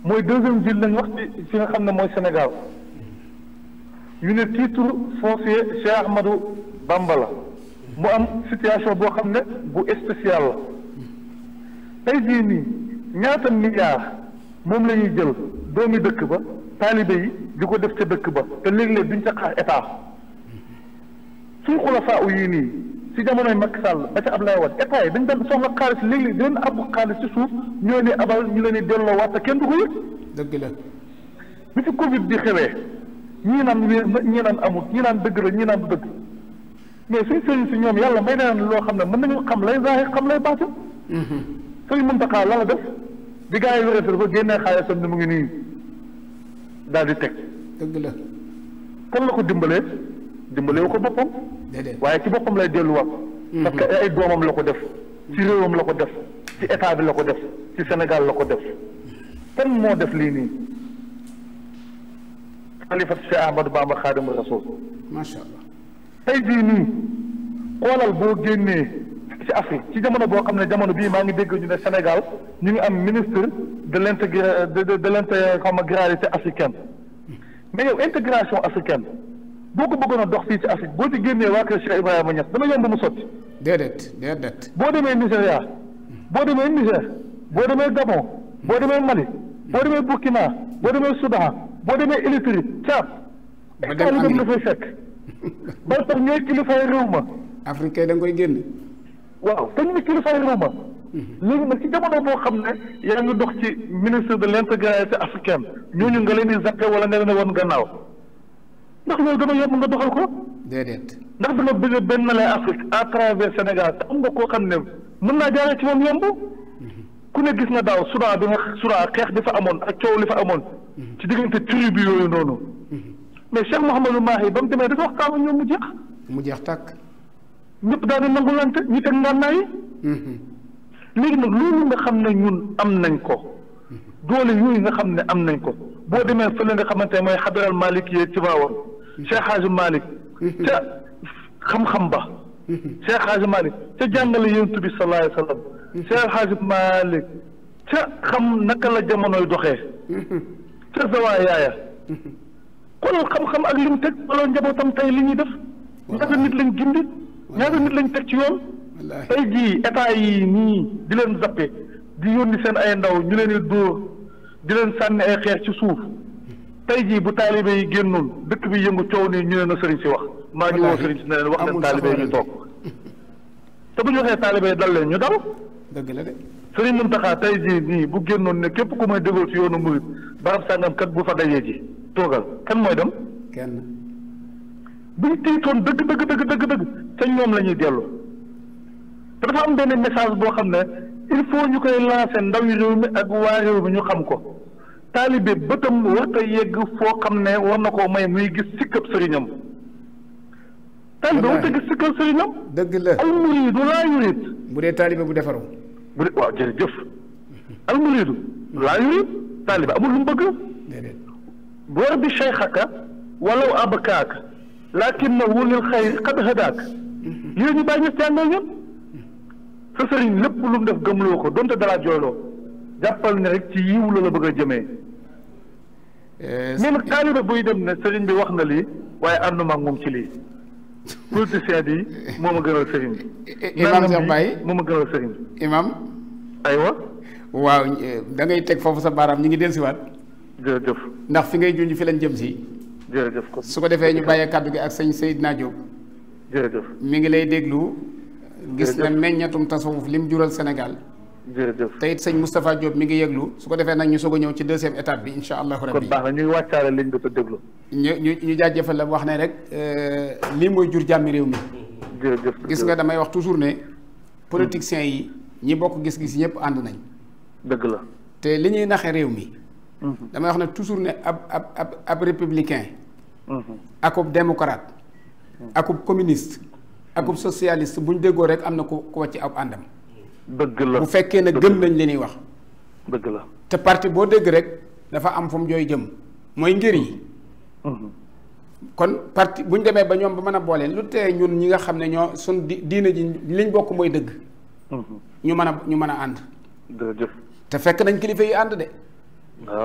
mooy deuxième ville lañ wax ci fi nga xam ne mooy Sénégal yu ne titre foncier Cheikh Ahmadou Bamba la mu am situation boo xam ne bu spécial la tey jii nii ñaata milliards moom la ñuy jël doomi dëkk ba taalibe yi di ko def ca dëkk ba te léeg leen duñ ca xaar état. suñu xulafaa yii nii si jamonoy Macky Sall ba ca Abdoulaye Wade état yi dañ doon soxla xaalis léeg-léeg di leen ab xaalis suuf ñoo ne abal ñu leen di delloowaat te kenn du ko yëg. dëgg la bi ci Covid bi xewee ñii naan ñii naan amut ñii naan dëgg la ñii naan dëgg mais suñ sëriñ si ñoom yàlla may na loo xam ne mën nañu xam lay zaahir xam lay baatin. Mhm. sëriñ Mountakha la la def bi gars yi wéretul ba génnee mu ngi nii daal di teg. dëgg la kan la ko dimbalee. dimbalewu ko boppam. waaye ci boppam lay delluwaat. Mhm. parce que ay doomam la ko def. ci réewam la ko def. ci état bi la ko def. ci Sénégal la ko def. kan moo def lii nii. xalifa Cheikh Ahmadou Bamba Xaadimu Rasuul. macha allah tey jii nii xoolal boo génnee ci Afrique ci jamono boo xam ne jamono bii maa ngi dégg ñu ne Sénégal ñu ngi am ministre de l' intégr de de de l' intégralité africaine mais yow intégration africaine. boo ko bëggoon a dox fii ci Afrique boo ci génnee waa kër Cheikh Ibrahima Niass dana yomb mu sotti. déedéet déedéet. boo demee Nigéria boo demee Niger boo demee Gabon boo demee Mali boo demee Burkina boo demee Soudan boo demee Érythrée Tchad. ba dem Amady dafay fekk. ba tax ñooy kilifay réew ma. Afrique kay da koy génn. waaw te ñu kilifay réew ma. Mhm. léegi nag ci jamono boo xam ne yaa ngi dox ci ministre de l' intégration africaine ñooñu nga leen di zappe wala nga leen a woon gannaaw. ndax loolu gën a yomb nga doxal ko. déedéet ndax dina bëgg a benn lay Afrique à travers Sénégal te am nga koo xam ne mën naa jaaree ci moom yomb. ku ne gis na daaw Soudan bi nga Soudan xeex bi fa amoon ak coow li fa amoon. ci diggante tribu yooyu noonu. mais Cheikh Mouhamadou Mahi ba mu demee dafa wax kaaw ñoom mu jeex. mu jeex tàkk. ñëpp daal di nangulante ñu teg ngànnaay yi. léegi nag loolu nga xam ne ñun am nañ ko. doole yooyu nga xam ne am nañ ko boo demee fële nga xamante ne mooy xabiral Malik yee ci waawoon. Cheikh Hadj Malick ca xam-xam ba Cheikh Hadj Malick ca jàngale yonent bi sallallahu alayhi wasallam Cheikh Hadj Malick ca xam naka la jamonoy doxee ca zawaa yaaya xoolal xam-xam ak li mu teg xoolal njabootam tey li ñuy def ñaata nit lañ gindi ñaata nit lañ teg ci yoon tey jii état yi nii di leen zappe di yónni seen ay ndaw ñu leen di dóor di leen sànni ay xeex ci suuf tey jii bu taalibe yi génnul dëkk bi yëngu coow ni ñu ne na sëriñ si wax maa ngi woo sëriñ si ne leen wax leen taalibe yi ñu toog te bu ñu waxee taalibe yi dal leen ñu dal dëgg la de sëriñ Muntaxa tey nii bu génnoon ne képp ku may dégal si yoonu murit barab sàngam kat bu fa dajee ji toogal kenn mooy dem kenn buñ tiitoon dëgg dëgg dëgg dëgg dëgg ca ñoom la dellu te dafa am benn message boo xam ne il faut ñu koy lancer ndaw yi réew mi ak waa réew mi ñu xam ko taalibe bëtam warta yegg foo xam ne war na koo may muy gis sikkab sëriñam taalibe warta gis sikkab sëriñam dëgg la al laa yurid bu dee taalibe bu defaru bu dee waaw jërëjëf al muridu laa yurid taalibe amul lu mu bëgg boor bi cheikhaka walaw abakaaka lakinnahu lil xayri qad hadaak yooyu ñu bàyyi ñëpp jàngal ñëpp sa sëriñ lépp lu mu def gëmloo ko donte dalaa jooyloo jàppal ne rek ci yiw la bëgg a jëmee même taalibe buy dem ne sëriñ bi wax na lii waaye ànduma ak moom ci lii politicien bi moo ma gënal sëriñ bi. imaam Cheikh Baye sëriñ bi. imaam. waaw eh, da teg foofu sa baaraam ñu ngi dellusiwaat. jërëjëf. ndax fi ngay junj fi lañ jëm si. jërëjëf kon su ko defee ñu bàyyee kàddu gi ak sëñ Seydina Diop. jërëjëf mi ngi lay déglu. gis na meññatum tasawuf lim jural senegal jërëjëf te it sëñ Moustapha mi ngi yéglu su ko defee nag ñu soog ñëw ci deuxième état bi incha allahu rabbi kon baax na ñu ngi wàccaale liñ bi te déglu ñu ñu ñu jaajëfal la wax ne rek euh, lii mooy jur jàmmi réew mi jërëjëf gis nga damay wax toujours ne politiciens yi hmm. ñi bokk gis-gis ñëpp ànd nañ dëgg la te li ñuy naxe réew mi hmm. damay wax ne toujours ne ab ab ab ab républicain hmm. akub démocrate akub communiste akub socialiste buñ ñu déggoo rek am na ku ku wàcc ab àndam dëgg la bu fekkee ne gën nañ li ñuy wax. dëgg la te parti boo dégg rek dafa am fu mu jooy jëm mooy ngir yi. Mhm. kon parti bu ñu demee ba ñoom ba mën a booleen lu tee ñun ñi nga xam ne ñoo suñ di diine ji liñ bokk mooy dëgg. Mhm. ñu mën a ñu mën a ànd. te fekk nañ kilifa yi ànd de.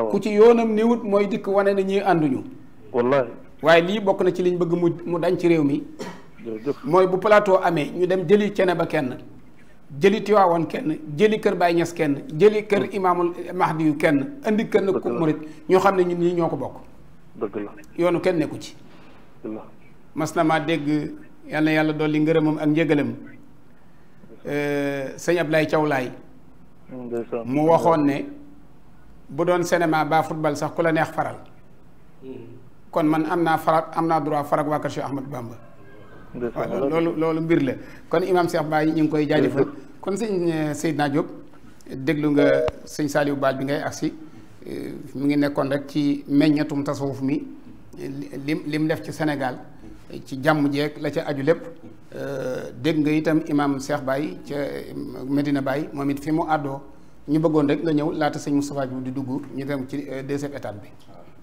ku ci yoonam niwut mooy dikk wane nañuy ànduñu. wallaahi waaye lii bokk na ci liñ bëgg mu mu dañ ci réew mi. mooy bu palaatoo amee ñu dem jëli cene ba kenn. jëli Tiwaawoon kenn jëli kër Baay Ñas kenn jëli kër mm. Imaamul Mahdi yu kenn indi kenn nag ku murit ñoo xam ne ñu nii ñoo ko bokk. dëgg yoonu kenn nekku ci. mas na maa dégg yàlla na yàlla dolli ngërëmam ak njëgalam euh, sëñ Ablaye Thiaw Laay mm, mu waxoon ne bu doon cinéma ba football sax ku la neex faral. Mm. kon man am naa farak am naa droit farak waa kër Cheikh Ahmad loolu loolu mbir la kon imam Cheikh Baye ñu ngi koy jaajëfal kon sëñ eh, Seydina Diop déglu nga sëñ Saliou Baal bi ngay agsi eh, mu ngi nekkoon rek ci meññatum tasawuf mi eh, lim lim def ci senegal ci jàmm jeeg la ca aju lépp dégg nga itam imam seex Baye ca Medina baay moom it fi mu àddoo ñu bëggoon rek nga ñëw laata sëñ Moustapha Diop di dugg ñu dem ci deuxième étape bi.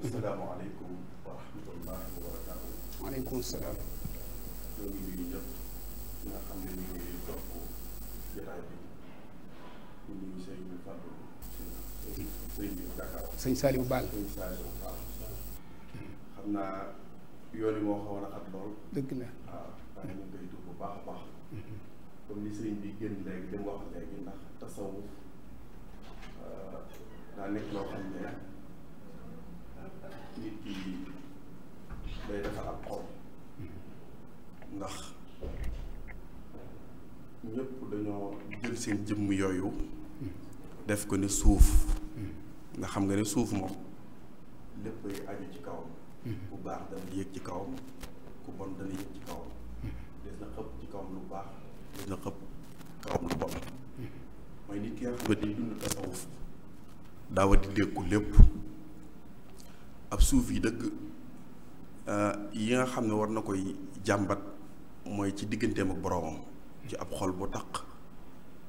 asalaamaaleykum wa rahmatulah. waaleykum salaam. sëñ Saliou Baal. xam naa yoon yi moo xawoon a xat lool. la waaw ah, bu baax a baax. comme bi génn léegi li wax léegi ndax tasawuf euh, daa nekk loo xam ne nit ki day defar ak xol ndax ñëpp dañoo jël seen jëmm yooyu def ko ni suuf. nga xam nga ne suuf moom léppay aju ci kawam bu mhm. baax dana yéeg ci kawam ku bon dana yéeg ci kawam mhm. des na xëpp ci lu baax na xëpp kawam mhm. daawa di dékku lépp ab suuf yi dëkk euh, yi nga xam ne war na koy jàmbat mooy ci digganteem ak boroomam ci ab xol bu taq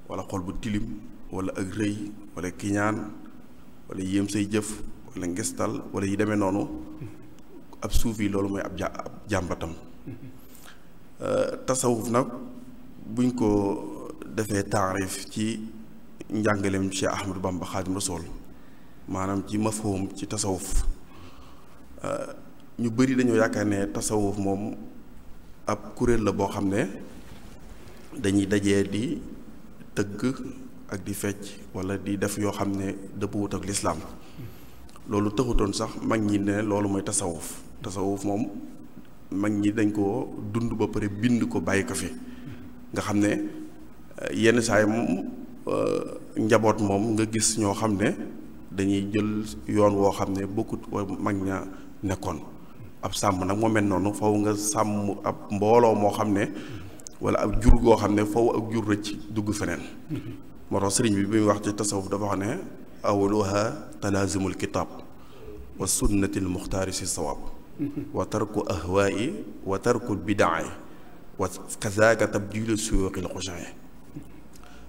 wala xol bu tilim wala ak rëy wala kiñaan wala yéem say jëf wala ngistal wala yi demee noonu ab suuf yi loolu mooy ab ja ab jàmbatam euh, tasawuf nag buñ ko defee taarif ci njàngaleem Cheikh Ahmadou Bamba Xaadim Rasool maanaam ci mafhum ci tasawuf euh, ñu bëri dañoo yaakaar ne tasawuf moom ab kuréel la boo xam ne dañuy dajee di tëgg ak di fecc wala di def yoo xam ne dëppuwut ak lislaam loolu taxutoon sax mag ñi ne loolu mooy tasawuf tasawuf moom mag ñi dañ ko dund ba pare bind ko bàyyi ko fi nga xam ne eh, yenn saay moom eh, njaboot moom nga gis ñoo xam ne dañuy jël yoon woo xam ne bokkut wa mag ña nekkoon ab sàmm nag moo mel noonu faw nga sàmm ab mbooloo moo xam ne wala ab jur goo xam ne faw ak jur rëcc dugg feneen moo tax sëriñ bi bi muy wax ci tasawuf dafa wax ne awluha talaazumul kitaab wa sunnati almuxtaari si sawaab wa tarku ahwaai wa tarku bidaai wa kazaaka tabdiilu suyuuxil xushaa'i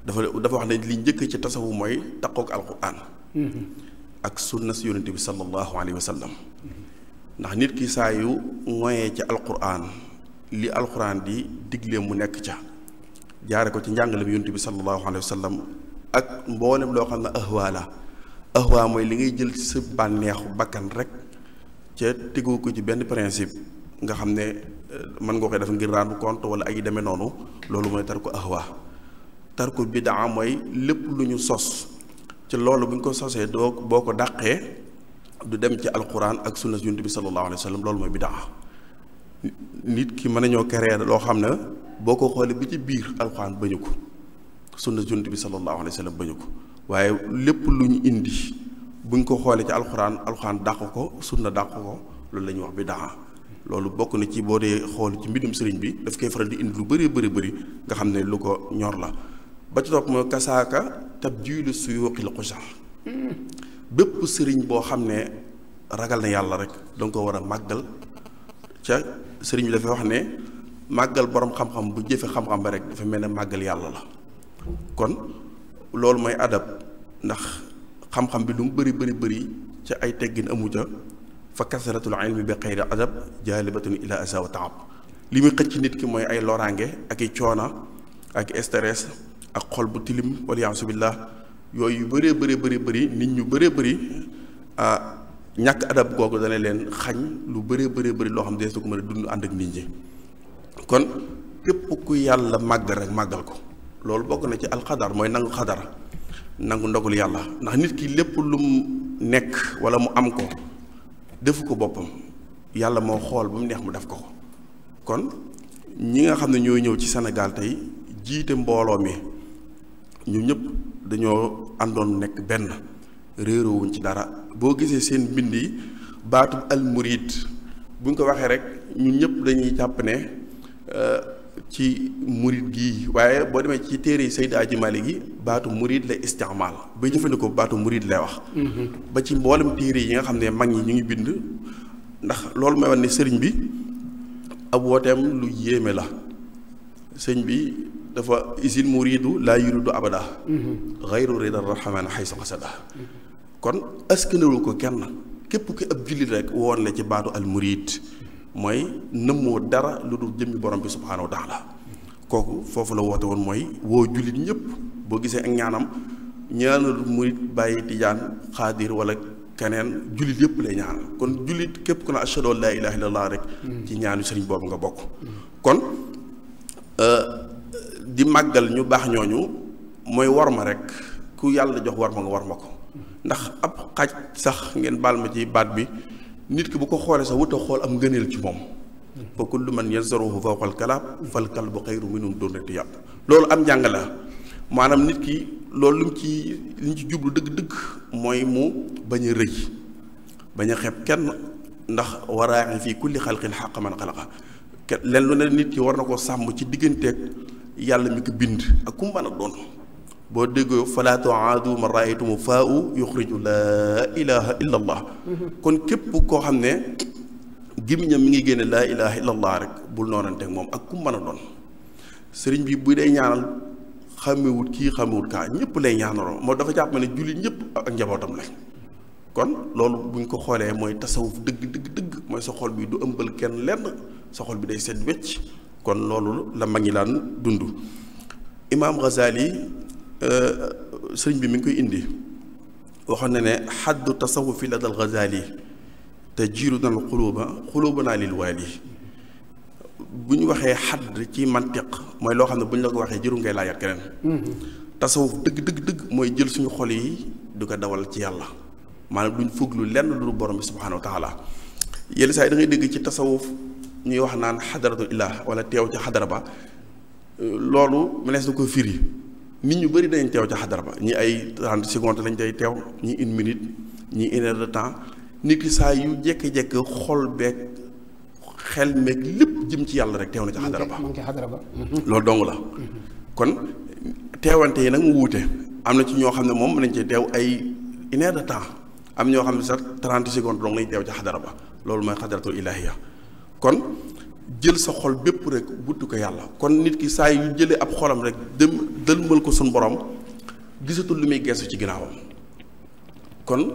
dafa dafa wax ne li njëkk ci tasawuf mooy taqoog alquran ak sunna si yonente bi sallallahu alayhi wa ndax nit ki saa yu moyee ci alquran li alquran di digle mu nekk ca jaare ko ci njàngale bi yonent bi sallallahu alayhi wa sallam ak mboolem loo xam ne ahwa la ahwa mooy li ngay jël ci sa bànneexu bakkan rek ca tegu ko ci benn principe nga xam ne euh, mën nga koy def ngir rendre compte wala ay demee noonu loolu mooy tar ko ahwa tar ko bidaa mooy lépp lu ñu sos ci loolu bu ñu ko sosee doo boo ko dàqee du dem ci alquran ak sunna yonent bi sallallahu alayhi wa sallam loolu mooy bidaa nit ki mën a nañoo créer loo xam na boo ko xoolee bi ci biir alxuraan bañu ko sunna junt bi sallallahu alayhi wa sallam bañu ko waaye lépp lu ñu ko xoolee ci alxuraan alxuraan dàq ko sunna dàq ko loolu la wax bi loolu bokk na ci boo dee xool ci mbindum sëriñ bi daf koy faral di indi lu bëree bëri bëri nga xam ne lu ko ñor la ba ci topp mooy kasaaka tabjiilu suyuuqil xusaa bépp sëriñ boo xam ne ragal na yàlla rek danga ko war a màggal ca sëriñ bi dafay wax ne màggal borom xam-xam bu jëfe xam-xam ba rek dafa mel ne màggal yàlla la kon loolu mooy adab ndax xam-xam bi lu mu bari bëri bëri ca ay teggin amu ca fa kasratul ilmi bi xayri adab jaalibatun ila asa wa taab li muy xëcc nit ki mooy ay loraange ak i coona ak stress ak xol bu tilim wala yaasu billah yooyu yu bëree bëri bëri bëri nit ñu bëree bëri ñàkk adab googu dana leen xañ lu bëree bëri bëri loo xam dee dees ko mën a dund ànd ak nit ñi kon képp ku yàlla màggal rek màggal ko loolu bokk na ci alxadar mooy nangu xadara nangu ndogul yàlla ndax nit ki lépp lu mu nekk wala mu am ko defu ko boppam yàlla moo xool ba mu neex mu def ko ko kon ñi nga xam ne ñoo ñëw ci senegal tey jiite mbooloo mi ñu ñëpp dañoo àndoon nekk benn réeroowuñ ci dara boo gisee seen mbind yi baatum almurid bu ñu ko waxee rek ñun ñëpp dañuy jàpp ne Euh, ci murid gii waaye boo demee ci téere Seydi Aji Malik gi baatu murid la istimaal bay jëfandikoo baatu murid lay wax mm-hmm. ba ci mboolem téere yi nga xam ne mag ñi ñu ngi bind ndax loolu may wax ne sëriñ bi ab wooteem lu yéeme la sëñ bi dafa isil muridu laa yuridu abada mm-hmm. xayru ridal rahmaan xaysu xasada mm-hmm. kon askanewul ko kenn képp ki ab jullit rek woon la ci baatu al murid mooy nëmmoo dara lu dul jëmmi borom bi subhaanahu wa taala kooku foofu la woote woon mooy woo jullit ñëpp boo gisee ak ñaanam ñaanal murit bàyyi tijaan xaadir wala keneen jullit yëpp lay ñaanal kon jullit képp ku ne ashhadu an laa ilaaha illallaah rek ci ñaanu sëriñ boobu nga bokk kon euh, di màggal ñu baax ñooñu mooy war ma rek ku yàlla jox war ma nga war ma ko ndax ab xaj sax ngeen baal ma ci baat bi nit ki bu ko xoolee sax wut xool am ngëneel ci moom fa kullu man yazruhu fawqa alkalaab fal kalbu xayru minum tu yàpp loolu am njàng la maanaam nit ki loolu lim ci liñ ci jublu dëgg-dëgg mooy mu bañ a rëy bañ a xeeb kenn ndax waraaxi fii kulli xalqin xaq man xalaqa len lu ne nit ki war na koo sàmm ci digganteeg yàlla mi ko bind ak kum mën a doon boo déggoo falaa tuaadu man raaytumu u yuxriju laa ilaha illa allah kon képp koo xam ne gémmiñam mi ngi génne laa ilaha illa allah rek bul noonante moom ak ku mën a doon sëriñ bi bu dee ñaanal xamewut kii xamewut kaa ñëpp lay ñaanaloo moo dafa jàpp ne jullit ñëpp ak njabootam lañ kon loolu buñ ko xoolee mooy tasawuf dëgg dëgg dëgg mooy sa xol bi du ëmbal kenn lenn sa xol bi day set wecc kon loolu la mag ñi daan dund imaam Ghazali sëriñ bi mi ngi koy indi waxoon na ne xaddu tasawufi la dal Ghazali te jiiru ba xuluuba xuluuba naa lil waali bu ñu waxee xadd ci mantiq mooy loo xam ne bu ñu la ko waxee jëru ngay laajal keneen mm-hmm. tasawuf dëgg dëgg mooy jël suñu xol yi du ko dawal ci yàlla maanaam duñ fuglu lenn lu borom bi subhaanahu wa taala yenn saa yi da dégg ci tasawuf ñuy wax naan xadaratu illah wala teew ci xadara ba loolu mënees na ko firi nit ñu bëri dañ teew ca xadara ba ñi ay 30 secondes lañ day teew ñi une minute ñi une heure de temps nit ki saa yu jékki-jékki xol beeg xel meeg lépp jëm ci yàlla rek teew na ca xadara ba loolu dong la mm-hmm. kon teewante yi nag mu wuute am na ci ñoo xam ne moom mën nañ cee teew ay une heure de temps am ñoo xam ne sax trente secondes dong lañ teew ca xadara ba loolu mooy xadaratul ilaahiya kon jël sa xol bépp rek wutu ko yàlla kon nit ki saa yu jëlee ab xolam rek dem dëlmal ko suñu borom gisatul li muy geesu ci ginnaawam kon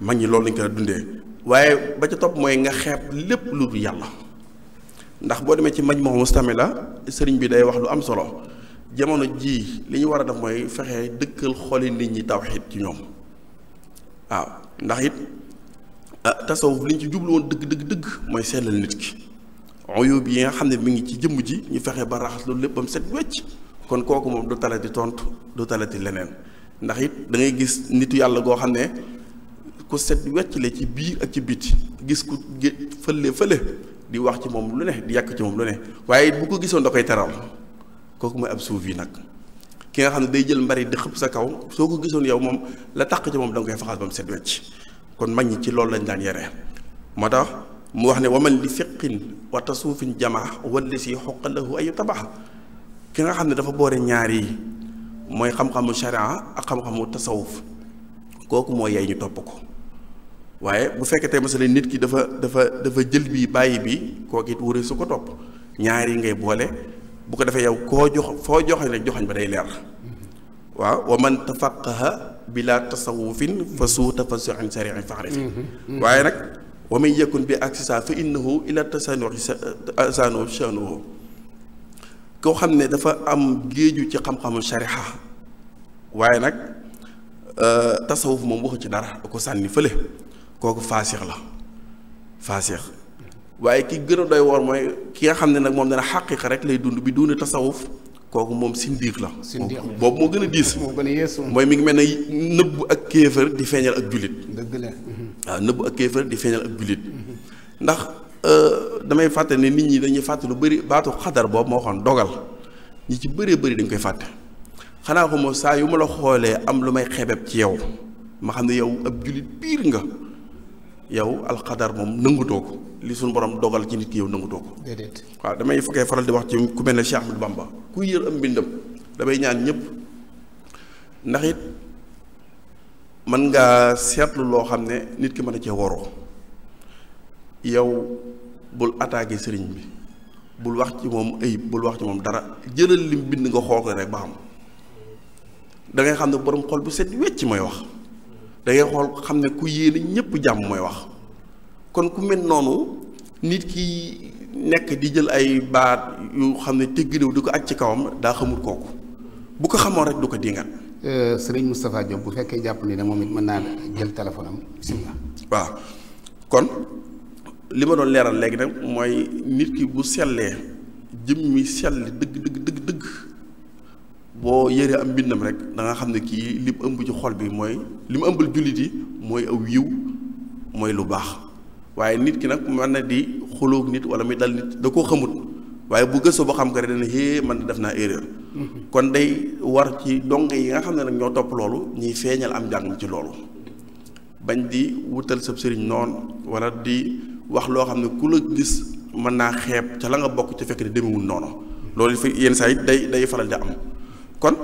mag ñi loolu lañ koy dundee waaye ba ca topp mooy nga xeeb lépp lu dul yàlla ndax boo demee ci maj moom la sëriñ bi day wax lu am solo jamono jii li ñu war a def mooy fexe dëkkal xoli nit ñi tawxiid ci ñoom waaw ndax it ah, tasawuf li ñu ci jublu woon dëgg dëgg dëgg mooy sellal nit ki uyub yi nga xam ne mu ngi ci jëmm ji ñu fexe ba raxas loolu lépp ba mu set wecc kon kooku moom du talati tontu du talati leneen ndax it da ngay gis nitu yàlla goo xam ne ku set wecc la ci biir ak ci biti gis ku fële fële di wax ci moom lu ne di yàkk ci moom lu ne waaye bu ko gisoon da koy teral kooku mooy ab suuf yi nag ki nga xam ne day jël mbari di xëpp sa kaw soo ko gisoon yow moom la taq ci moom da koy faxas ba mu set wecc kon mag ñi ci loolu lañ daan yore mu wax ne waman li fiqin wa tasuufin jamaa walli si xoqalahu ayu tabax ki nga xam ne dafa boore ñaari mooy xam-xamu sharia ak xam-xamu tasawuf kooku mooy yey ñu topp ko waaye bu fekkee te masalan nit ki dafa dafa dafa jël bii bàyyi bi kooku it su ko topp ñaari ngay boole bu ko defee yow koo jox foo joxañ rek joxañ ba day leer waaw wa man tafaqaha bila tasawufin fa suuta fa suan sariin faxrif mm-hmm. mm-hmm. waaye nag wa man yakun bi aksi saa fa innahu ila tasaano saano shanuhu koo xam ne dafa am géeju ci xam-xamu shariha waaye nag euh, tasawuf moom wax ci dara ko sànni fële kooku faasix la faasix waaye ki gën a doy woor mooy ki nga xam ne nag moom dana xaqiqa rek lay dund bi du dund tasawuf kooku moom sindiq la. sindiq boobu moo gën a diis. moo gën a yeesu mooy mi ngi mel ne nëbbu ak kéefër di feeñal ak jullit. dëgg la. waaw nëbbu ak kéefër di feeñal ak jullit. ndax euh, damay fàtte ne nit ñi dañuy fàtte lu bëri baatu xadar boobu moo xoon dogal ñi ci bëree bëri dañ koy fàtte xanaa ko moo saa yu ma la xoolee am lu may xebeb ci yow ma xam ne yow ab jullit biir nga yow alxadar moom nëngutoo ko. li suñu borom dogal ci nit ki yow nangu too ko waaw damay fokkee faral di wax ci ku mel ne Cheikh Ahmadou Bamba ku yër am mbindam damay ñaan ñëpp ndax it mën ngaa seetlu loo xam ne nit ki mën a cee waroo yow bul attaqué sëriñ bi bul wax ci moom ayib bul wax ci moom dara jëlal lim bind nga xool ko rek ba xam da ngay xam ne borom xol bu set wecc mooy wax dangay xool xam ne ku yéene ñëpp jàmm mooy wax kon ku mel noonu nit ki nekk di jël ay baat yu xam ne tegginew du ko aj ci kawam daa xamul kooku bu ko xamoon rek du ko dinga euh, sëriñ Moustapha Diop bu fekkee jàpp ni ne moom it mën naa jël téléphone am bismillah kon li ma doon leeral léegi nag mooy nit ki bu sellee jëmmi sell dëgg dëgg dëgg dëgg boo yëree am mbindam rek da xam ne kii lim ëmb ci xol bi mooy lim ëmbal jullit yi mooy aw yiw mooy lu baax waaye nit ki nag mën na di xuloog nit wala mi dal nit da koo xamut waaye bu gëstu boo xam que rek dana hee man def naa erreur. Mm-hmm. kon day war ci dong yi nga xam ne nag ñoo topp loolu ñuy feeñal am njàng mi ci loolu. bañ di wutal sab sëriñ noon wala di wax loo xam ne ku la gis mën naa xeeb ca la nga bokk ci fekk ne demewul noonu. loolu fi yenn saa it day day faral di am kon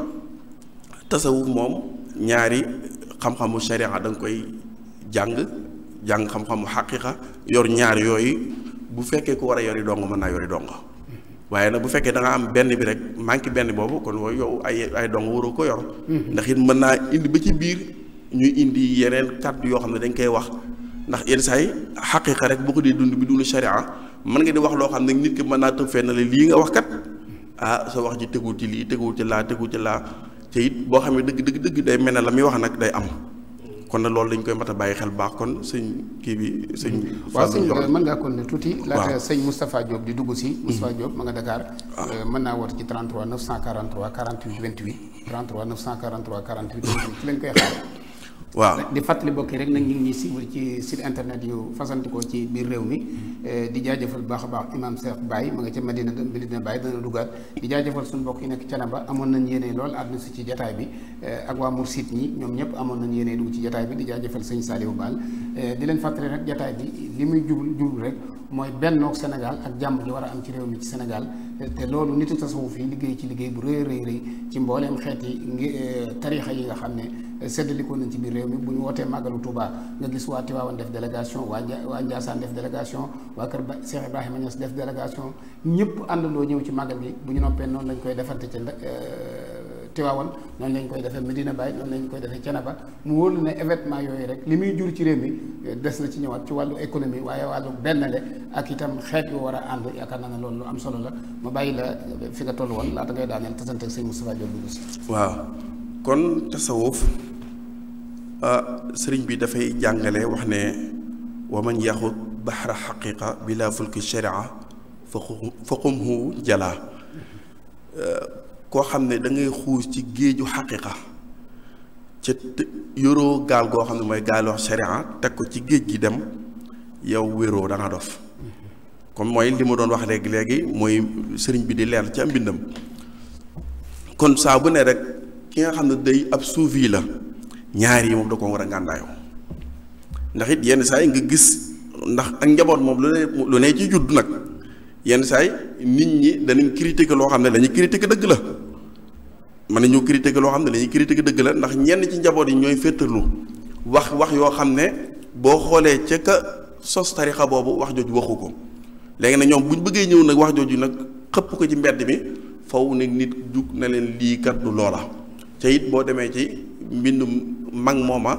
tasawuf moom ñaari xam-xamu sharia da koy jàng. jàng xam-xamu xaqiqa yor ñaar yooyu bu fekkee ku war a yori dong mën naa yori dong waaye nag bu fekkee danga am benn bi rek manqué benn boobu kon wooyu yow ay ay dong waroo ko yor mhm. ndax it mën naa indi ba ci biir ñu indi yeneen kàddu yoo xam ne dañ koy wax ndax yenn saa yi rek boo ko dee dund bi dund sharia mën nga di wax loo xam ne nit ki mën naa tëb fenn la lii nga wax kat ah sa wax ji teguwul ci lii teguwul ci laa teguwul ci laa te it boo xam ne dëgg dëgg dëgg day mel na la muy wax nag day am kon nag loolu dañ koy mat a bàyyi xel baax kon sëñ kii bi sëñ waaw sëñ Bokar mën ngaa kon ne tuuti laata sëñ Moustapha Diop di dugg si hmm. Moustapha Diop ma nga Dakar ah. euh, mën naa woote ci 33 943 48 28 33 943 48 28 ci lañ koy xaar waaw di fàttali bokki rek nag ñu ngi ñuy suivre ci site internet yu fasantikoo ci biir réew mi eh, di jaajëfal bu baax a baax imam Cheikh Baye ma nga ca Medina Medina Baye dana duggaat di jaajëfal suñu bokk yi nekk Canaba amoon nañ yéene lool àdduna si ci jataay bi eh, ak waa Mourchid ñi ñoom ñëpp amoon nañ yéene dugg ci jataay bi di jaajëfal sëñ Saliou Baal eh, di leen fàttali rek jataay bi li muy jublu jublu rek mooy bennoog Sénégal ak jàmm ji war a am ci réew mi ci Sénégal te loolu nitu tasawuf yi liggéey ci liggéey bu rëy rëy rëy ci mbooleem xeeti ngi tarixa yi nga xam ne séddalikoo nañ ci biir réew mi bu ñu wootee màggalu Touba nga gis waa Tivaouane def délégation waa Nja waa Ndiassane def délégation waa Kër Ba Cheikh Ibrahima Niass def délégation ñëpp àndandoo ñëw ci màggal gi bu ñu noppee noonu lañ koy defante ci eh, Tivaouane noonu lañ koy defee Medina Baye noonu lañ koy defee Thiénaba mu wóolu ne événement yooyu rek li muy jur ci réew mi eh, des na ci ñëwaat ci wàllu économie waaye wàllu bennale ak itam xeet yu war a ànd yaakaar naa ne loolu lu am solo la ma bàyyi la eh, fi nga toll woon laata ngay daaneel tasante ak sëñ Moustapha Diop waaw kon tasawuf Euh, sëriñ bi dafay jàngale wax ne wa man yaxut baxra xaqiqa bila fulki sharia faqumhu jala euh, koo xam ne dangay xuus ci géeju xaqiqa ca yoroo gaal goo xam ne mooy gaal wax sharia teg ko ci géej gi dem yow wéroo da dof kon mooy li ma doon wax léegi léegi mooy sëriñ bi di leer ci mbindam kon saa bu ne rek ki nga xam ne day ab suufi la ñaari yi moom da ko war a ngàndaayoo ndax it yenn saa yi nga gis ndax ak njaboot moom lu ne lu ne ci juddu nag yenn saay nit ñi danañ critiquer loo xam ne dañuy critiquer dëgg la mën nañoo critiquer loo xam ne dañuy critiquer dëgg la ndax ñenn ci njaboot yi ñooy féetarlu wax wax yoo xam ne boo xoolee ca ka sos tarixa boobu wax jooju waxu ko léegi nag ñoom bu ñu bëggee ñëw nag wax jooju nag xëpp ko ci mbedd mi faw nag nit jug na leen lii kat du loola te it boo demee ci. mbindum mag mooma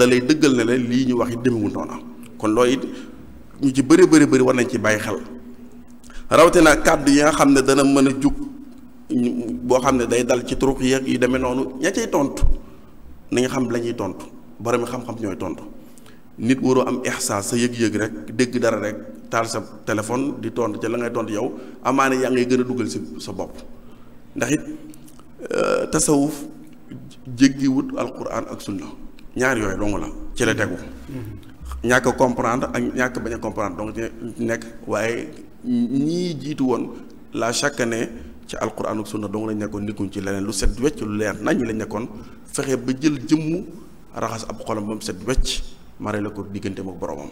dalay dëggal ne la lii ñu wax it demewul noona kon looy it ñu ci bëri bëri bëri war nañ ci bàyyi xel rawatina kàddu yi nga xam ne dana mën a jug boo xam ne day dal ci turuq yeeg yu demee noonu ña tontu na xam lañuy ñuy tontu borom xam-xam ñooy tontu nit waroo am ihsaas sa yëg-yëg rek dégg dara rek taal sa téléphone di tontu ca la ngay tontu yow amaane yaa ngay gën a dugal si sa bopp ndax euh, tasawuf jéggiwut alquran ak sunna ñaar yooyu dong la ci la tegu ñàkk a comprendre ak ñàkk bañ a comprendre donc ci nekk waaye ñii jiitu woon la chaque année ci alquran ak sunna dong lañ nekkoon nekkuñ ci leneen lu set wecc lu leer nañ ñi lañ nekkoon fexe ba jël jëmm raxas ab xolam ba mu set wecc mare diggante ak boromam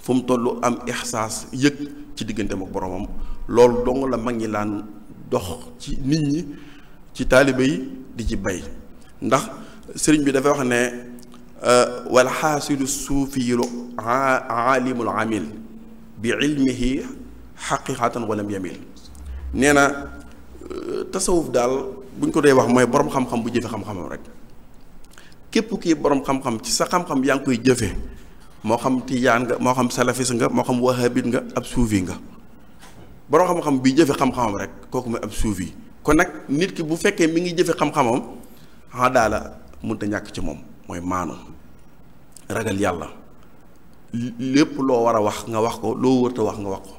fu mu toll am ixsaas yëg ci diggante ak boromam loolu dong la mag ñi laan dox ci nit ñi ci taalibe yi di ci bay ndax sëriñ bi dafay wax ne euh, wal xaasilu suufiyu aalimul amil bi ilmihi xaqiqatan walam yamil nee na euh, tasawuf daal bu ñu ko dee wax mooy borom xam-xam bu jëfe xam-xamam rek képp kii borom xam-xam ci sa xam-xam yaa ngi koy jëfe moo xam tijaan nga moo xam salafis nga moo xam wahabit nga ab suufi nga borom xam-xam bi jëfe xam-xamam rek kooku mooy ab suufi kon nag nit ki bu fekkee mi ngi jëfe xam-xamam daala xadaala mënta ñàkk ci moom mooy maanu ragal yàlla lépp loo war a wax nga wax ko loo wërta wax nga wax ko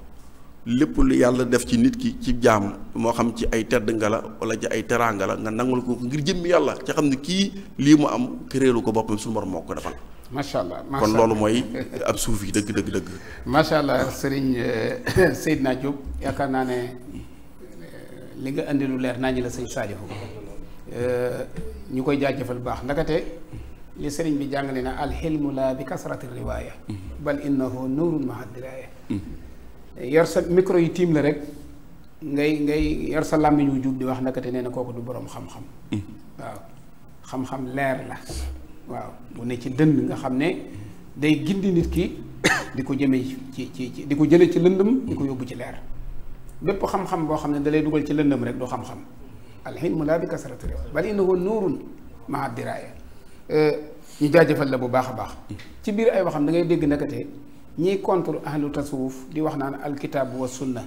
lépp lu yàlla def ci nit ki ci jaam moo xam ci ay tedd nga la wala ci ay teraanga la nga nangul ko ngir jëmmi yàlla ci xam ne kii lii mu am këreelu ko boppam suñu borom moo ko defal. macha kon loolu mooy (laughs) ab suuf yi dëgg dëgg dëgg. macha allah Serigne eh, (coughs) Seydina Diop yaakaar naa ne eh, li nga leer naa ñu la sëñ Sadio. Eh, ñu koy jaajëfal baax ndakate li sëriñ bi jàngale na alxilmu laa bi kasrati riwaaya bal innahu nuurun mahadiraaya yor sa micro yi tiim la rek ngay ngay yor sa làmmiñ wu jub di wax ndakate nee na kooku du boroom xam-xam waaw xam-xam leer la waaw bu ne ci dënn nga xam ne day gindi nit ki (coughs) di ko jëmee ci ci ci di ko jëlee ci lëndëm di ko yóbbu ci leer bépp xam-xam boo xam ne dalay dugal ci lëndëm rek du xam-xam alxilmu laa bi kasarati rek bal innahu nuurun maa diraaya ñu jaajëfal la bu baax a baax ci biir ay waxam da ngay dégg nakate ñi contre ahlu tasawuf di wax naan alkitaab wa sunna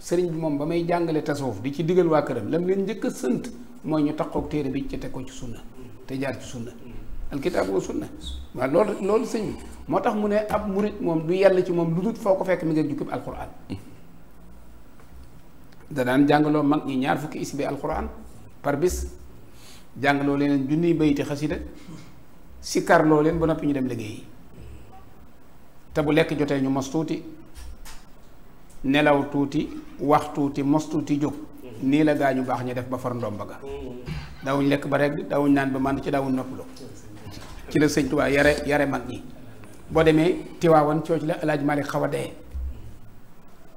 sëriñ bi moom ba may jàngale tasawuf di ci digal waa këram lam leen njëkk a sënt mooy ñu taqoog téere bi ci teg ko ci sunna te jaar ci sunna alkitaab wa sunna waaw loolu loolu sëñ bi moo tax mu ne ab murit moom du yàlla ci moom lu dut foo ko fekk mi nga jukkib danaan jàngaloo mag ñi ñaar fukki isbi alquran par bis jàngaloo leen junniy bayti xasida sikkarloo leen ba noppi ñu dem liggéeyi te bu lekk jotee ñu mos tuuti nelaw tuuti wax tuuti mos tuuti jóg nii la gaa ñu baax ñu def ba far ndomba ga lekk ba rek daawuñ naan ba man ci daawuñ noppaloo ci la sëñ Tuubaa yare yare mag ñi boo demee Tiwaawan cooc la alaaj Malik xaw a dee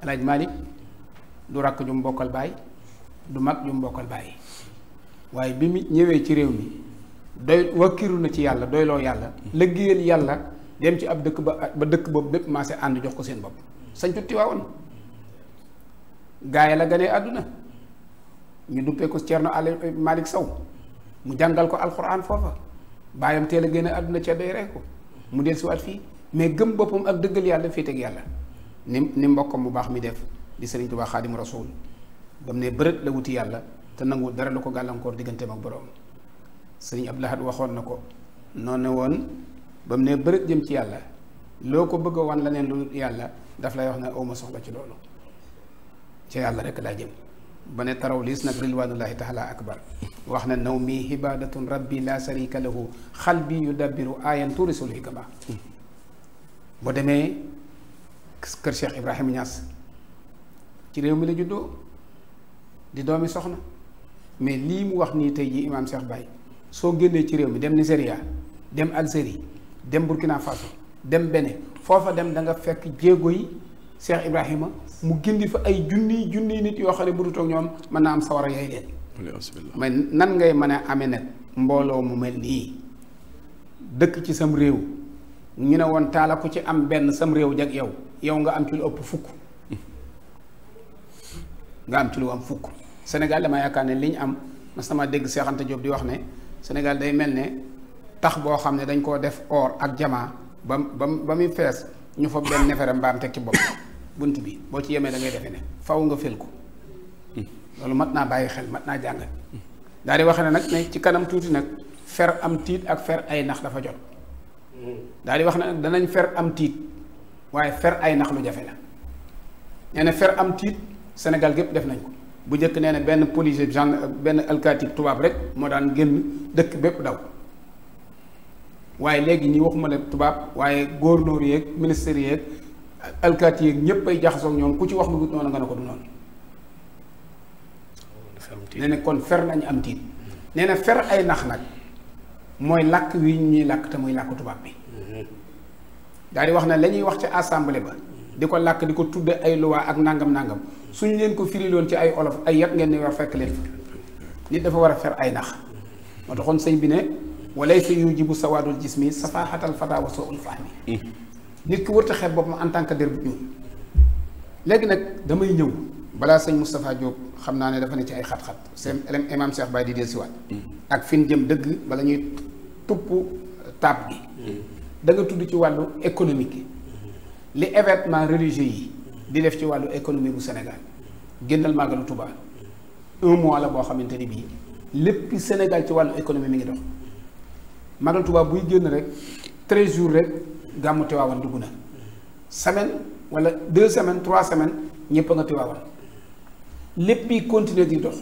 alaaj Malik du rakk ju mu bokkal baay du mag ju mbokkal bokkal baay waaye bi mu ñëwee ci réew mi doy wakkiru na ci yàlla doyloo yàlla liggéeyal yàlla dem ci ab dëkk ba ba dëkk boobu bépp maase ànd jox ko seen bopp sañ tuuti waawoon gaaya la ganee àdduna ñu duppee ko Cerno Ale malik Sow mu jàngal ko alxuraan foofa baayam teel a génne àdduna ca doy rek ko mu del siwaat fii mais gëm boppam ak dëggal yàlla teg yàlla ni ni mbokkam mu baax mi def di sëriñ Tuubaa xaadim rasuul ba mu ne bërët la wuti yàlla te nangu dara lu ko gàllankoor digganteem ak boroom sëriñ ab Ahad waxoon na ko noonu ne woon ba mu ne bërët jëm ci yàlla loo ko bëgg a wan leneen lu yàlla daf lay wax ne awma soxla ci loolu ca yàlla rek laa jëm ba ne taraw liis nag rilwaanullahi taala akbar wax na naw mi hibadatun rabbi la sharika lahu xalbi yu dabbiru ayan tuurisul hikama boo demee kër Cheikh Ibrahima Niass ci réew mi la juddoo di doomi soxna mais lii mu wax nii tey jii imaam Cheikh Baye soo génnee ci réew mi dem Nigéria dem Algérie dem Burkina Faso dem Bénin foofa dem danga fekk jéego yi Cheikh Ibrahima mu gindi fa ay junniy junniy nit yoo xam ne bu ñoom mën naa am sawar a yooyu leen nan ngay mën a amee nag mbooloo mu mel nii dëkk ci sam réew ñu ne woon taala ku ci am benn sam réew jag yow yow nga am ci lu ëpp fukk nga am ci lu am fukk Sénégal dama yaakaar ne li ñu am mas sama dégg Cheikh Anta di wax ne Sénégal day mel ne tax boo xam ne dañ koo def oor ak jamaa ba mu ba muy fees ñu fa benn neefere mbaam teg ci bopp bunt bi boo ci yemee da ngay defee ne faw nga fel ko loolu mat naa bàyyi xel mat naa jàngal daal di wax ne nag ne ci kanam tuuti nag fer am tiit ak fer ay nax dafa jot daal di wax ne nag danañ fer am tiit waaye fer ay nax lu jafe la nee fer am tiit Sénégal gépp def nañ ko bu njëkk nee na benn police genre benn alkaati tubaab rek moo daan génn dëkk bépp daw waaye léegi ñi waxuma la tubaab waaye gouverneur yeeg ministère yeeg alkaati yeeg ñëpp ay jaxasoog ñoom ku ci wax lu wut noonu nga ne ko du noonu. nee na kon fer nañu am tiit nee na fer ay nax nag mooy làkk wi ñuy làkk te muy làkk tubaab bi mm-hmm. daal wax na la ñuy wax ci assemblée ba. di ko làkk di ko tudde ay luwaa ak nangam nangam suñu leen ko firiloon ci ay olof ay yat ngeen ne war fekk leen nit dafa war a fer ay nax moo taxoon sëñ bi ne walaysa yujibu sawaadul jismi safaahatal fataa wa suul fahmi nit ki wërta xeeb boppam en tant que der bu ñuul léegi nag damay ñëw balaa sëñ Moustapha Diop xam naa ne dafa ne ci ay xat-xat seen imam Cheikh Baye di dellusiwaat ak fin jëm dëgg bala ñuy tupp taab bi mm. danga tudd ci wàllu économique li événement réligier yi di def ci wàllu économie bu Sénégal génnal màggalu Touba un mois la boo xamante ni bii lépp Sénégal ci wàllu économie mi ngi dox màggalu tubaa buy génn rek treize jours rek gàmmu Tiwaawan dugg na semaine wala deux semaine trois semaine ñëpp a nga Tiwaawan lépp yi continuer di dox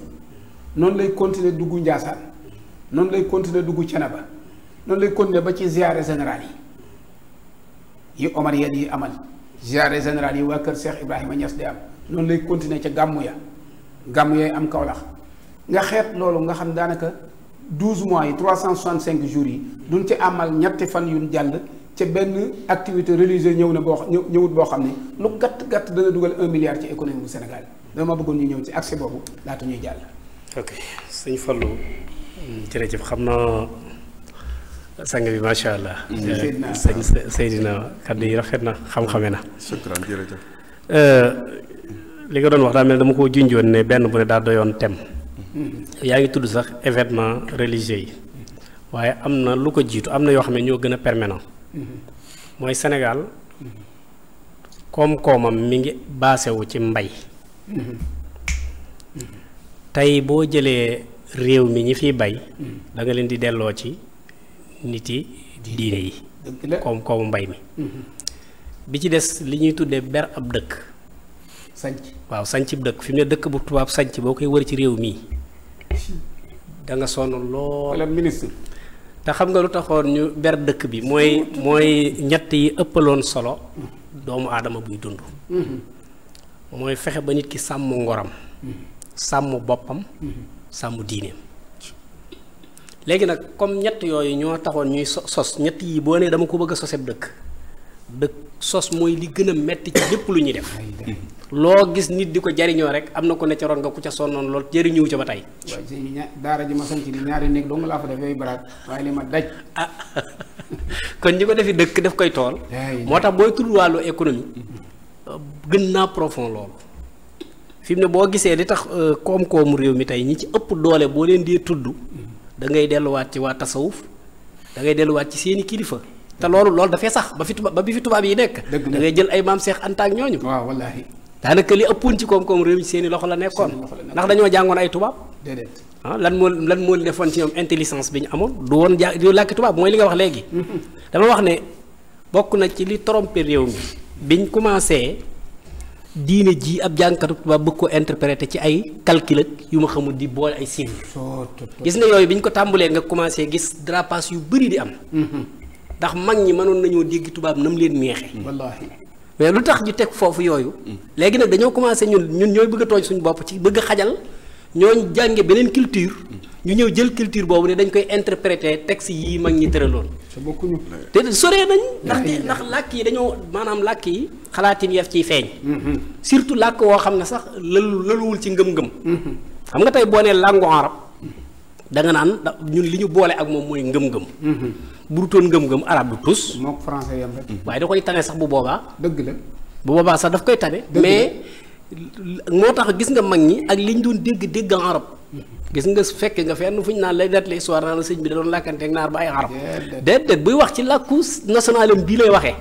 noonu lay continuer dugg Njaasaan noonu lay continuer dugg Cenaba noonu lay continuer ba ci ziare général yi yi Omar yéen yi amal ziare général yi waa kër Cheikh Ibrahima Niass di am noonu lay continuer ca gàmmu ya gàmmu yooyu am Kaolack nga xeet loolu nga xam daanaka douze mois yi trois cent soixante cinq jours yi duñ ci amal ñetti fan yu ñu jàll ca benn activité religieuse ñëw na boo ñëwut boo xam ne lu gàtt gàtt dana dugal un milliard ci économie bu Sénégal dama bëggoon ñu ñëw ci accès boobu laata ñuy jàll. ok sëñ Fallou jërëjëf xam naa sang bi macha allah. Mm. Eh, sëñ Seydina kaddu yi rafet na xam-xame na. shukran jërëjëf. Eh, li nga doon wax daa mel dama koo junjoon ne benn bu ne daa doyoon tem mm. yaa ngi tudd sax événement religieux yi. waaye am na lu ko jiitu am na yoo xam ne ñoo gën a permanent. Mm-hmm. mooy Sénégal koom-koomam mi ngi baasewu ci mbay. Mm-hmm. Mm-hmm. tey boo jëlee réew mi ñi fiy bay. Mm. danga leen di delloo ci. nit yi diine yi koom koomu mbay mi mhm. bi ci des li ñuy tuddee ber ab dëkk sanc waaw sanc dëkk fi mu ne dëkk bu tubaab sanc boo koy wër ci réew mii danga sonn lool ministre te xam nga lu taxoon ñu ber dëkk bi mooy mooy ñett yi ëppaloon solo doomu aadama buy dund mhm. mooy fexe ba nit ki sàmm ngoram mhm. sàmm boppam sàmm diineem léegi nag comme ñett yooyu ñoo taxoon ñuy sos ñett yi boo nee dama ko bëgg a soseb dëkk dëkk sos mooy li gën a metti ci lépp lu ñuy def loo gis nit di ko jariñoo rek am na ko ne ca nga ku ca sonnoon lool jëriñëw ca ba tey daara ji ma sanc ni ñaari néeg dong laa fa def yooyu baraat waaye li ma daj ah (laughs) ko defi dëkk daf koy tool moo tax booy tudd wàllu économie gën naa profon lool fi ne boo gisee li tax euh, koom-koomu réew mi tey ñi ci ëpp doole boo leen dee tudd da ngay delluwaat ci waa tasawuf dangay delluwaat ci seeni kilifa te loolu loolu dafay sax ba fi tubaab ba bi fi tubaab yi nekk. da ngay jël ay maam Cheikh Anta ak ñooñu. waaw daanaka li ëppoon ci koom-koom réew mi seen loxo la nekkoon. ndax dañoo jàngoon ay tubaab. déedéet ah lan moo lan moo defoon ci ñoom intelligence bi ñu amul du woon ja du làkki tubaab mooy li nga wax léegi. (laughs) dama wax ne bokk na ci li trompé réew mi biñ commencé. diine ji ab jànkatu tubaab bëgg ko interpréter ci ay calcul yu ma xamul di boole ay chiffres. gis nga yooyu bi ñu ko tàmbalee nga commencé gis dérapage yu bëri di am. Mm-hmm. ndax mag ñi mënoon nañoo dégg tubaab nam leen neexee. wallaahi mais lu tax ñu teg foofu yooyu. Mm. léegi nag dañoo commencé ñun ñun ñooy bëgg a tooñ suñu bopp ci bëgg a xajal ñooñu jànge beneen culture. Mm. ñu ñëw jël culture boobu ne dañ koy interpréter texte yii mag ñi tëraloon. te bokkuñu. te soree nañ. ndax ndax làkk yi dañoo maanaam làkk yi. xalaatin yaf ciy feeñ. surtout làkk woo xam ne sax lëlu lëluwul ci ngëm-ngëm. xam nga tey boo nee làngu arab da nga naan ñun li ñu boole ak moom mooy ngëm-ngëm. bu dutoon ngëm-ngëm arab du tus. yam waaye da koy tane sax bu boobaa. dëgg la bu boobaa sax daf koy tane. mais moo tax gis nga mag ñi ak li ñu doon dégg dégg arab gis nga su fekkee nga fenn fu ñu naan lay nettali histoire naan sëñ bi da doon làkkanteeg naar ba ay xarab. déedéet buy wax ci làkku nationalam bii lay waxee.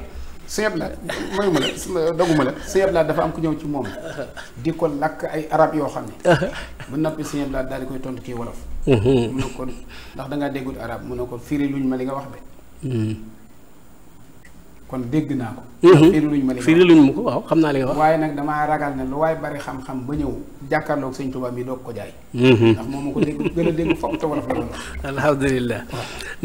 sëñ Abdoulaye mayuma la doguma la sëñ laa dafa am ku ñëw ci moom di ko làkk ay arab yoo xam ne uh-huh. ba noppi sëñ Abdoulaye daal di koy tontu kii wolof. Uh-huh. ko ndax da ngaa déggul arab mu ne ko firi luñ ma li nga wax be kon dégg naa ko. Mhm. firi luñ ma li firi luñ ma ko waaw xam naa li nga wax. waaye nag damaa ragal ne lu waaye bari xam-xam ba ñëw jàkkaarloog sëñ Tuubaa yi doog ko jaay. Mhm. ndax moom ma ko dégg gën a dégg foog la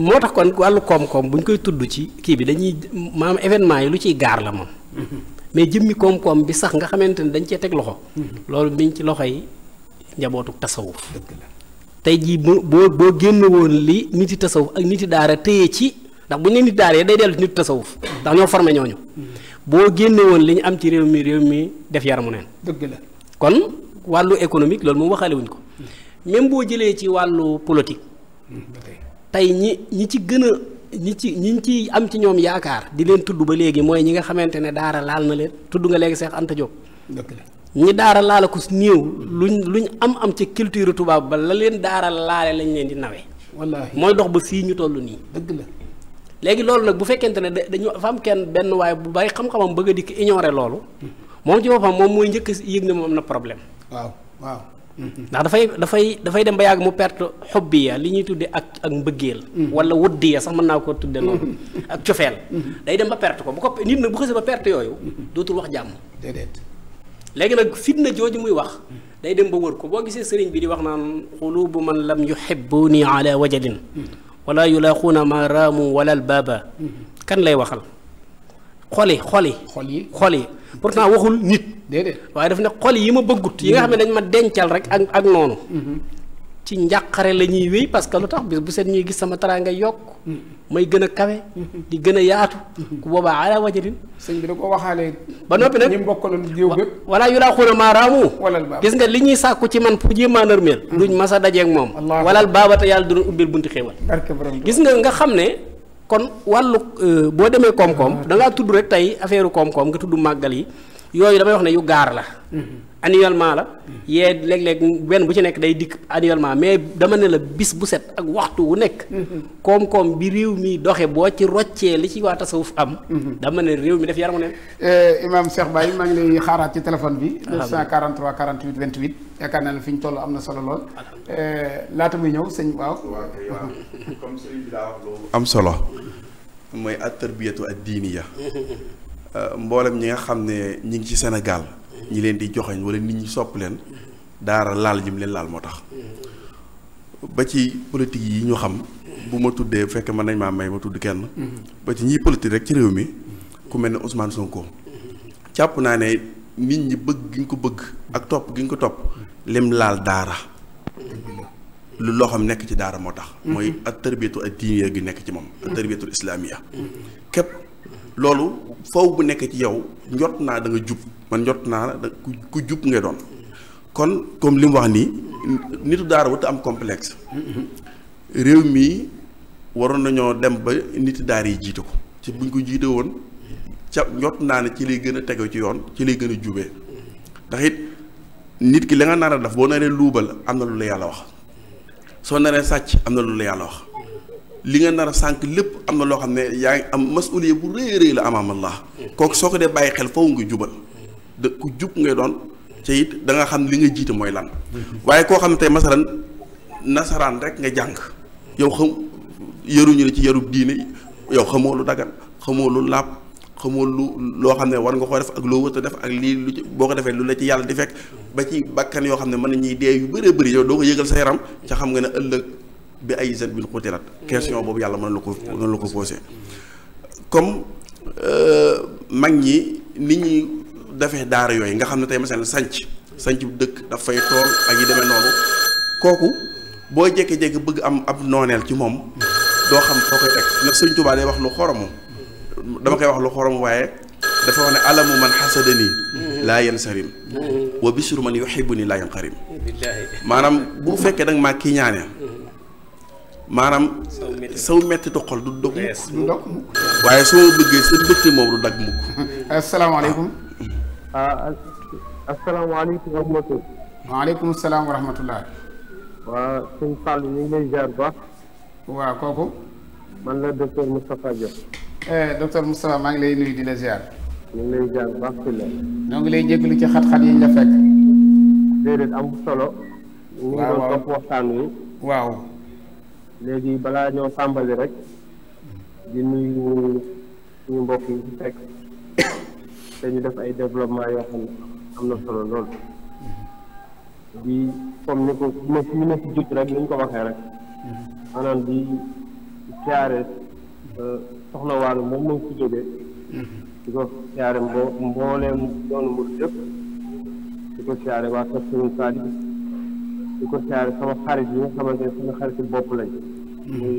moo tax kon wàllu koom-koom bu ñu koy tudd ci kii bi dañuy maam événement yi lu ciy gaar la moom. Mhm. mais jëmmi koom-koom bi sax nga xamante ne dañ cee teg loxo. loolu biñ ci loxo yi njabootu tasawuf. dëgg la tey jii boo boo génn woon li nit yi tasawuf ak nit yi daara téye ci ndax bu ñu nit daaree day dellu ci nit tasawuf ndax ñoo formé ñooñu boo génne woon li ñu am ci réew mi réew mi def yaramu neen dëgg la kon wàllu économique loolu moom waxaale wuñ ko même boo jëlee ci wàllu politique tey ñi ñi ci gën a ñi ci ñi ci am ci ñoom yaakaar di leen tudd ba léegi mooy ñi nga xamante ne daara laal na leen tudd nga léegi Cheikh Anta ñi daara laala ko néew luñ luñ am am ci culture tubaab ba la leen daara laale lañ leen di nawee wallaahi mooy dox ba fii ñu toll nii dëgg la léegi loolu nag bu fekkente ne dañu fa am kenn benn waaye bu bari xam-xamam bëgg a dikk ignorer loolu moom ci boppam moom mooy njëkk yëg ne moom am na problème waaw waaw ndax dafay dafay dafay dem ba yàgg mu perte xobbiya li ñuy tudde ak ak mbëggeel wala wuddiya sax mën naa koo tudde noonu (laughs) ak cofeel day dem ba perte ko bu ko nit nag bu xësee ba perte yooyu dootul wax jàmm déedéet léegi nag fitna jooju muy wax day dem ba wër ko boo gisee sëriñ bi di wax naan xulubu man lam yuhibbuni ala wajalin wala yulaaquuna ma raamu wala albaaba mm-hmm. kan lay waxal xoli xoli xol yi pourtant waxul nit déedéet waaye daf ne xol yi ma bëggut yi nga xam ne dañ ma dencal rek ak ak noonu mm-hmm. ci njàqare la ñuy wéy parce que lu tax bis bu seen ñuy gis sama traa nga yokk may gën a kawe di gën a yaatu ku boobaa ala wajarin sëñ bi da ko waxaale ba noppi nag ñi bokkaloon jiw bépp yu laa xuuna maa raamu gis nga li ñuy sàkku ci man pour jéem a nërmeel mm. duñ mas a dajeeg moom walal baabata yàlla du doon ubbil bunti xéewal gis nga nga xam ne kon wàllu euh, boo demee koom-koom da tudd rek tey affaire koom-koom nga tudd màggal yi yooyu damay wax ne yu gaar la mm-hmm. annuellement la yee léeg-léeg benn bu ci nekk day dikk annuellement mais dama ne la bis bu set ak waxtu wu nekk koom-koom bi réew mi doxe boo ci roccee li ci waa tasawuf am dama ne réew mi def yaramu ne eh, Imaam Cheikh Baye maa ngi lay xaaraat ci téléphone bi 943 48 28 yaakaar naa ne fi ñu toll am na solo lool eh, laata muy ñëw sëñ waaw (laughs) comme am solo mooy at tarbiyatu ad diiniya (laughs) eh, mboolem ñi nga xam ne ñi ngi ci senegal ñi leen di joxañ wala nit ñi sopp leen daara laal ji mu leen laal moo tax ba ci politique yi ñu xam bu ma tuddee bu fekkee mën nañ maa may ma tudd kenn ba ci ñiy politique rek ci réew mi ku mel ne Ousmane Sonko jàpp naa ne nit ñi bëgg gi nga ko bëgg ak topp gi nga ko topp lim laal daara lu loo xam nekk ci daara moo tax mooy ak tarbiyatu ak diiniya gi nekk ci moom ak tarbiyatul islaamiya képp loolu faw bu nekk ci yow njot naa danga nga jub man jot naa la da ku ku jub ngay doon kon comme li mu wax nii nitu daar wut am complexe réew mi waroon nañoo dem ba niti daar yi jiite ko ci buñ ko jiite woon ca jot naa ne ci lay gën a tego ci yoon ci lay gën a jubee ndax it nit ki la nga nar a def boo naree luubal am na lu la yàlla wax soo naree sàcc am na lu la yàlla wax li nga nar a lépp am na loo xam ne yaa ngi am masuliya bu rëy rëy la amaam Allah kooku soo ko dee bàyyi xel foofu nga da ku jub ngay doon ca it da nga xam li nga jiite mooy lan waaye koo xam ne tey masalan nasaraan rek nga jàng yow xam yaruñu la ci yarub diine yow xamoo lu dagan xamoo lu laab xamoo lu loo xam ne war nga ko def ak loo wërta def ak lii lu ci boo ko defee lu la ci yàlla di fekk ba ci bakkan yoo xam ne mën nañuy dee yu bëree bëri yow doo ko yëgal sa yaram ca xam nga ne ëllëg bi ay zen bin xutilat question boobu yàlla mën la ko mën lu ko posé comme euh, defee daara yooyu nga xam ne tey masalan sanc sanc bu dëkk daf fay tool ak yi demee noonu kooku boo jékki-jékki bëgg am ab nooneel ci moom doo xam foo koy teg ndax sëñ wax lu xoromu dama koy wax lu xoromu waaye dafa wax ne alamu man xasada nii laa yan sarim wa bisru man yuxibu nii laa yan xarim maanaam bu fekkee danga maa kii maanaam saw mettitu xol du dog mukk waaye soo bëggee sa bëtti moom du dag mukk (laughs) asalaamaaleykum ah, wa rahmatulah. waaleykum salaam wa rahmatulah. waa sëñ Fall ñu ngi lay ziar bu baax. waaw kooku. man la docteur Moustapha Diop. Eh, docteur Moustapha maa ngi lay nuyu di la ziar. ñu ngi lay ziar bu baax si la. ñoo ngi lay li ci xat-xat yi ñu la fekk. déedéet am solo. ñu ngi doon waxtaan wi. waaw. léegi balaa ñoo tàmbali rek. di nuyu suñu mbokk yi fekk. te ñu def ay développement yoo xam ne am na solo lool di comme ko ne ñu ne jut rek ni ñu ko waxee rek maanaam di siyaare euh, soxna waalo moom moom si jógee di ko siyaare mboo mbooleem di ko siyaare waa kër suñu saadi di ko siyaare sama xarit yi nga xamante ne sama xarit yi bopp lañ muy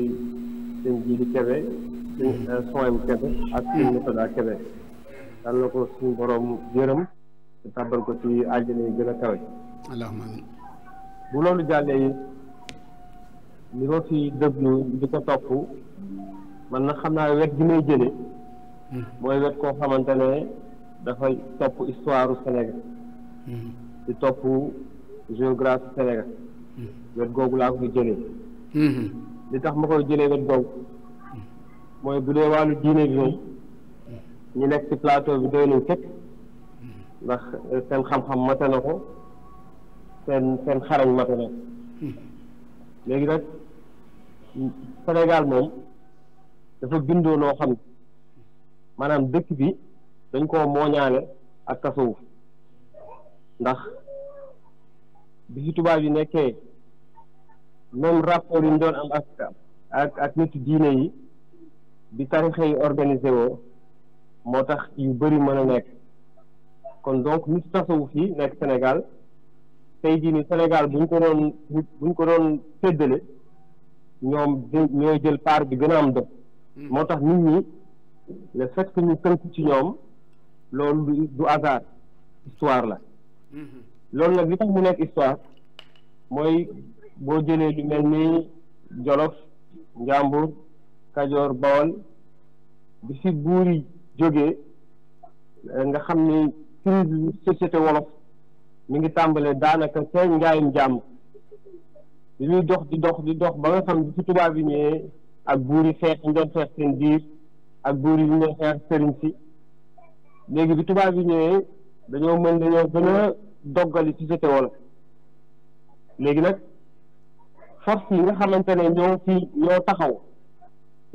seen ji di kebe seen euh, soin kebe ak seen méthode ak kebe yal a kawe. allahumma amin bu loolu jàllee yi ko topp man na xam naa wet may jëlee. Hmm. mooy koo xamante ne dafay topp histoire Sénégal. Hmm. di topp géographie Sénégal. Hmm. wet googu laa koy jëlee. li tax ma koy jëlee wet googu. mooy bu dee wàllu diine bi moom. ñu nekk ci plateau bi doy nañ tëkk hmm. ndax euh, seen xam-xam mate ko seen seen xarañ mate hmm. léegi nag Sénégal moom dafa bindoo noo xam maanaam dëkk bi dañ koo mooñaale ak kasowu ndax bi tubaab yi nekkee même rapport yi doon am ak ak nit diine yi bi tarixe yi organisé woo moo tax yu bëri mën a nekk kon donc nit tasawuf yi nekk Sénégal tey jii ni Sénégal buñ ko doon buñ ko doon séddale ñoom ñooy jël part bi gën a am def hmm. moo tax nit ñi le fait que ñu tënk ci ñoom loolu du hasard histoire la hmm. loolu nag li tax mu nekk histoire mooy boo jëlee lu mel ni Jolof Njàmbur Kajoor Bawol bi si buur yi jógee nga xam ni crise société wolof mi ngi tàmbalee daanaka ca njaayum jàmm li ñuy dox di dox di dox ba nga xam ne ci tubaab yi ñëwee ak buur yi xeex ñu doon xeex seen biir ak buur yi ñu doon xeex si léegi bi tubaab yi ñëwee dañoo mën dañoo gën a doggali société wolof léegi nag force yi nga xamante ne ñoo fi ñoo taxaw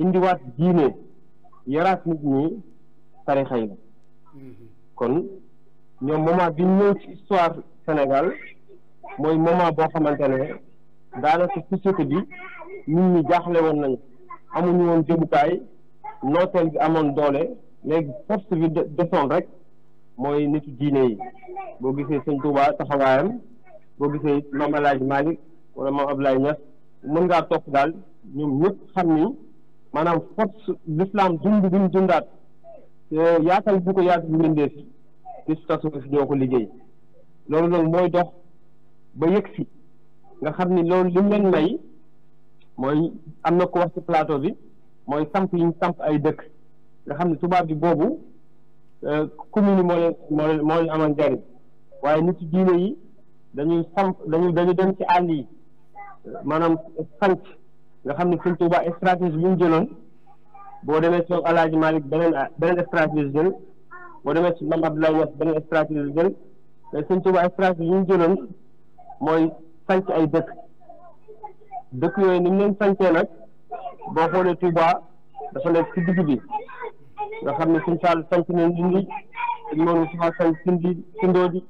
indiwaat diine yaraat nit ñi tarixa yi mhm. kon ñoom moment bi ñëw ci histoire Sénégal mooy moment boo xamante daana daanaka société bi nit ñi jaaxle woon nañu amuñu woon jëmukaay nooteel bi amoon doole léegi force bi desoon rek mooy nitu diine yi boo gisee sëñ Touba taxawaayam boo gisee maam El Hadj Malick wala maam Abdoulaye Niass mën ngaa topp daal ñoom ñëpp xam ni maanaam force l'islam dund bi mu dundaat yaatal bu ko yaatal mbindeef ci su tasawuf ñoo ko liggéey loolu nag mooy dox ba yëg si nga xam ni loolu li mu leen may mooy am na ko wax ci plateau bi mooy samp yi ñu samp ay dëkk nga xam ne tubaab bi boobu euh, commune yi moo leen moo leen moo leen amal waaye nit ci diine yi dañuy samp dañu dañu dem ci àll yi maanaam sanc nga xam ne Sëñ Tuubaa stratégie bi mu jëloon boo demee ci El Hadj Malick beneen beneen stratégie la boo demee ci Mame lay Niass beneen stratégie la jël mais Sëñ Tuubaa stratégie yi ñu jëloon mooy sanc ay dëkk dëkk yooyu nag boo xoolee Touba dafa nekk ci digg nga xam ne Sëñ Saal sanc na Ndindi Sëñ Maodo Souma sanc Sindi Sindoodi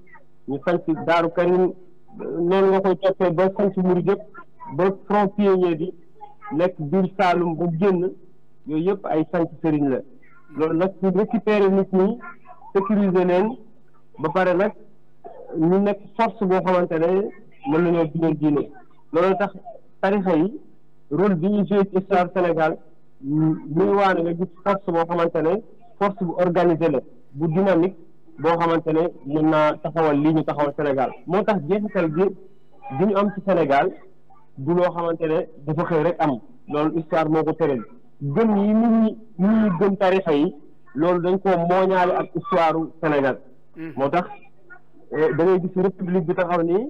ñu sanc Daaru Karim noonu nga koy toppee ba sanc Mouride ba front pionnier bi nekk biir Saalum bu génn yooyu yëpp ay sant sëriñ la loolu nag pour récupérer nit ñi sécuriser leen ba pare nag ñu nekk force boo xamante ne mën nañoo bindal diine tax tarixa yi bi ñu ci histoire Sénégal muy waane boo xamante ne force bu organisée la bu dynamique boo xamante ne mën naa taxawal lii ñu taxawal Sénégal moo tax jeexital bi di ñu am ci Sénégal du loo xamante ne dafa xëy rek am loolu histoire moo ko tëral gëm yi nit ñi nit ñi yi loolu dañ koo mooñaale ak histoire Sénégal hmm. moo tax eh, da ngay gis république bi taxaw nii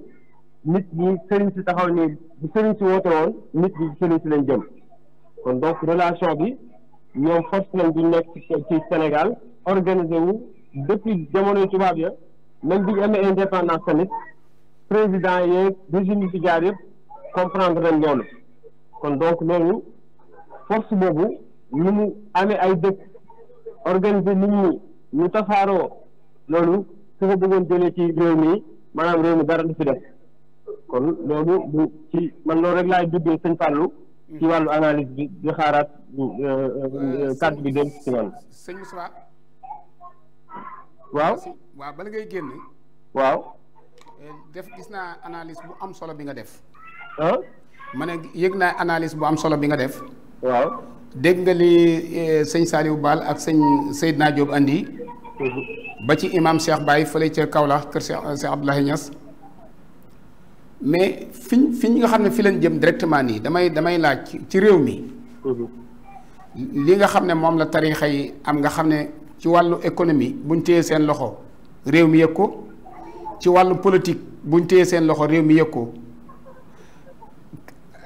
nit ñi sëriñ si taxaw nii bu sëriñ si woote woon nit ñi sëriñ si lañ jëm kon donc relation bi ñoom force lañ bu nekk ci Sénégal organisé wu depuis jamono tubaab ya même bi ñu amee indépendance tamit président yeeg régime yi jaar yëpp comprendre leen loolu kon donc loolu force boobu ni mu amee ay dëkk organiser nit ñi ñu tasaaroo loolu su ko bëggoon jëlee ci réew mi maanaam réew mi dara du fi def kon loolu bu man loolu rek laay duggee sëñ Fallou ci wàllu analyse bi di xaaraat euh, euh, euh, kàddu bi dem ci man sëñ Moussa waaw waaw bala ngay génn waaw def gis naa analyse bu am solo bi nga def ma ne yëg naa analyse bu am solo bi nga def waaw dégg nga li eh, sëñ Saliou Baal ak sëñ Seydina Diop andi. Mhm. ba ci imam Cheikh Baye fële ca Kaolack kër Cheikh eh, Cheikh Abdoulaye Niass. mais fiñ fi nga xam ne fi leen jëm directement nii damay damay laaj ci réew mi. Mhm. li nga xam ne moom la tarixa yi am nga xam ne ci wàllu économie buñ téye seen loxo réew mi yëg ko ci wàllu politique buñ téye seen loxo réew mi yëg ko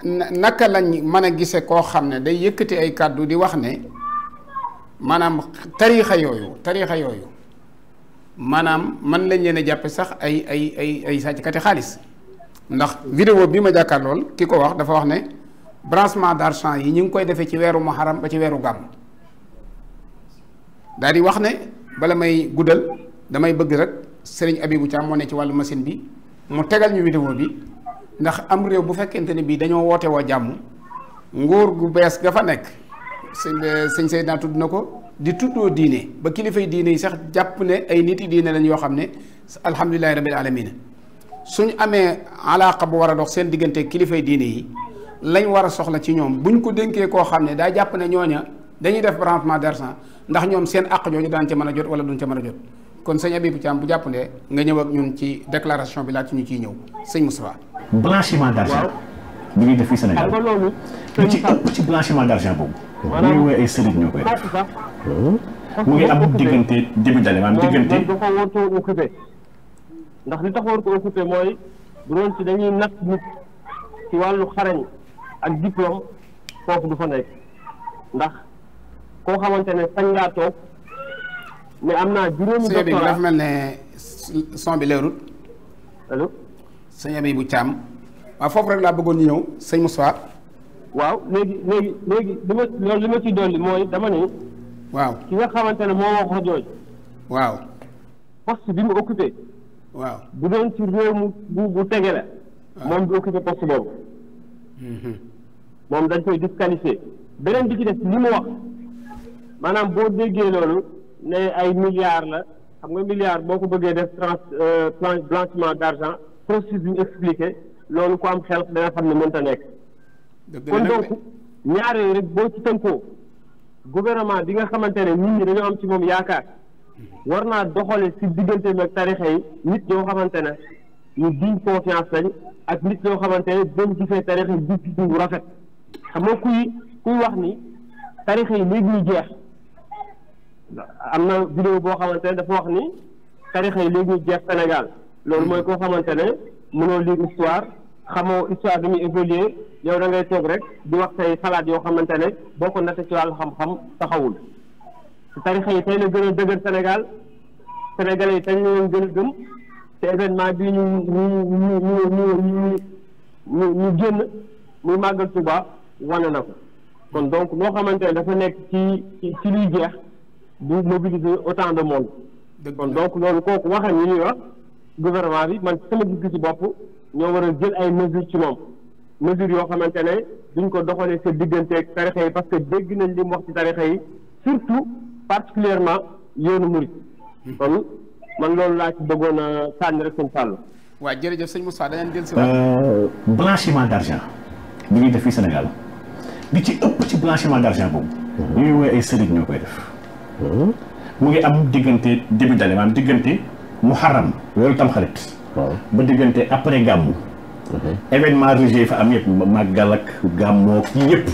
naka lañ mën a gise koo xam ne day yëkkati ay kàddu di wax ne maanaam tariixa yooyu tariixa yooyu maanaam man lañ leen a jàppe sax ay ay ay ay sàcckati xaalis ndax vidéo bi ma jàkkaar lool ki ko wax dafa wax ne branchement d'argent yi ñu ngi koy defee ci weeru muharam ba ci weeru gàmm daal di wax ne bala may guddal damay bëgg rek sëriñ Abibou Thiam moo ne ci wàllu machine bi mu tegal ñu vidéo bi ndax am réew bu fekkente ne bii dañoo woote woo jàmm nguur gu bees ga fa nekk sëñ sëñ Seydina tudd na ko di tuddoo diine ba kilifay diine yi sax jàpp ne ay nit yi diine lañ yoo xam ne alhamdulilahi rabbil alamina suñ amee alaaqa bu war a dox seen diggante kilifay diine yi lañ war a soxla ci ñoom buñ ko dénkee koo xam ne daa jàpp ne ñooña dañuy def branchement d'argent ndax ñoom seen àq jooju daan ca mën a jot wala duñ ca mën a jot kon sëñ Abibou Thiam bu jàppandee nga ñëw ñun ci déclaration bi laaj ci ñu ciy ñëw sëñ Moustapha blanchiment d' argent. bi ñuy def fii Sénégal loolu. lu ci ëpp ci blanchiment d' boobu. voilà ñuy woowee ay sëriñ koy hmm? mu ngi am diggante début d' année maanaam diggante. da ko war ndax li tax war ko occupé mooy bu doon ci dañuy natt nit ci wàllu xarañ ak diplôme foofu du fa nekk ndax koo xamante ne sañ toog mais am naa juróomi doctorat. sëñ bi dafa ne son leerul. sëñ bu Thiam waaw foofu rek laa bëggoon ñu ñëw sëñ Moussa. waaw léegi léegi léegi li ma loolu li ma ci dolli mooy dama ne. waaw ki nga xamante ne moo wax wax jooju. waaw. poste bi mu occupé. waaw bu doon ci réew mu bu bu tege la. moom du occupé poste boobu. Mhm. moom dañ koy disqualifié. beneen bi ci def li mu wax maanaam boo déggee loolu ne ay milliards la xam nga milliards boo ko bëggee def trans euh, blanchiment d' argent. processus bi ñu expliqué loolu ko am xel danga xam ne mënta nekk kon donc ñaar yooyu rek boo ci tënkoo gouvernement bi nga xamante ne nit ñi dañoo am ci moom yaakaar war naa doxale si diggante bi ak tarixa yi nit ñoo xamante ne ñu diñ confiance lañ ak nit ñoo xamante ne bañ gisee tarixa yi gis gis bu rafet xam nga kuy kuy wax ni tarixa yi léegi ñu jeex am na vidéo boo xamante ne dafa wax ni tarixa yi léegi ñu jeex Sénégal loolu mooy koo xamante ne mënoo lire histoire xamoo histoire du muy évoluer yow da ngay toog rek di wax say xalaat yoo xamante ne boo ko natt ci wàllu xam-xam taxawul tarixa yi tey la gën a dëgër Sénégal sénégalais yi tey ñu gën a gëm te événement bi ñu ñu ñu ñu ñu ñu génn muy màggal Tuba wane na ko kon donc loo xamante ne dafa nekk ci ci luy jeex du mobiliser autant de monde kon donc loolu kooku waxam yi ñuy wax gouvernement bi man sama gis-gisu bopp ñoo war a jël ay mesures ci moom mesures yoo xamante ne duñ ko doxalee sa digganteeg tarixa yi parce que dégg nañ li mu wax ci tarixa yi surtout particulièrement yoonu murit hmm. kon man loolu laa ci bëggoon a sànni rek seen sàll. waaw jërëjëf sëñ Moussa da ngeen jël si. Euh, blanchiment d' argent bi ñuy def fii Sénégal li ci ëpp ci blanchiment d' argent boobu. ñuy hmm. woowee ay sëriñ ñoo koy def. Hmm. mu ngi am diggante début d'année diggante. muharram weeru tamxarit ba diggante après gàmmu événement religieux yi fa am yëpp màggal ak gàmmoo yi yëpp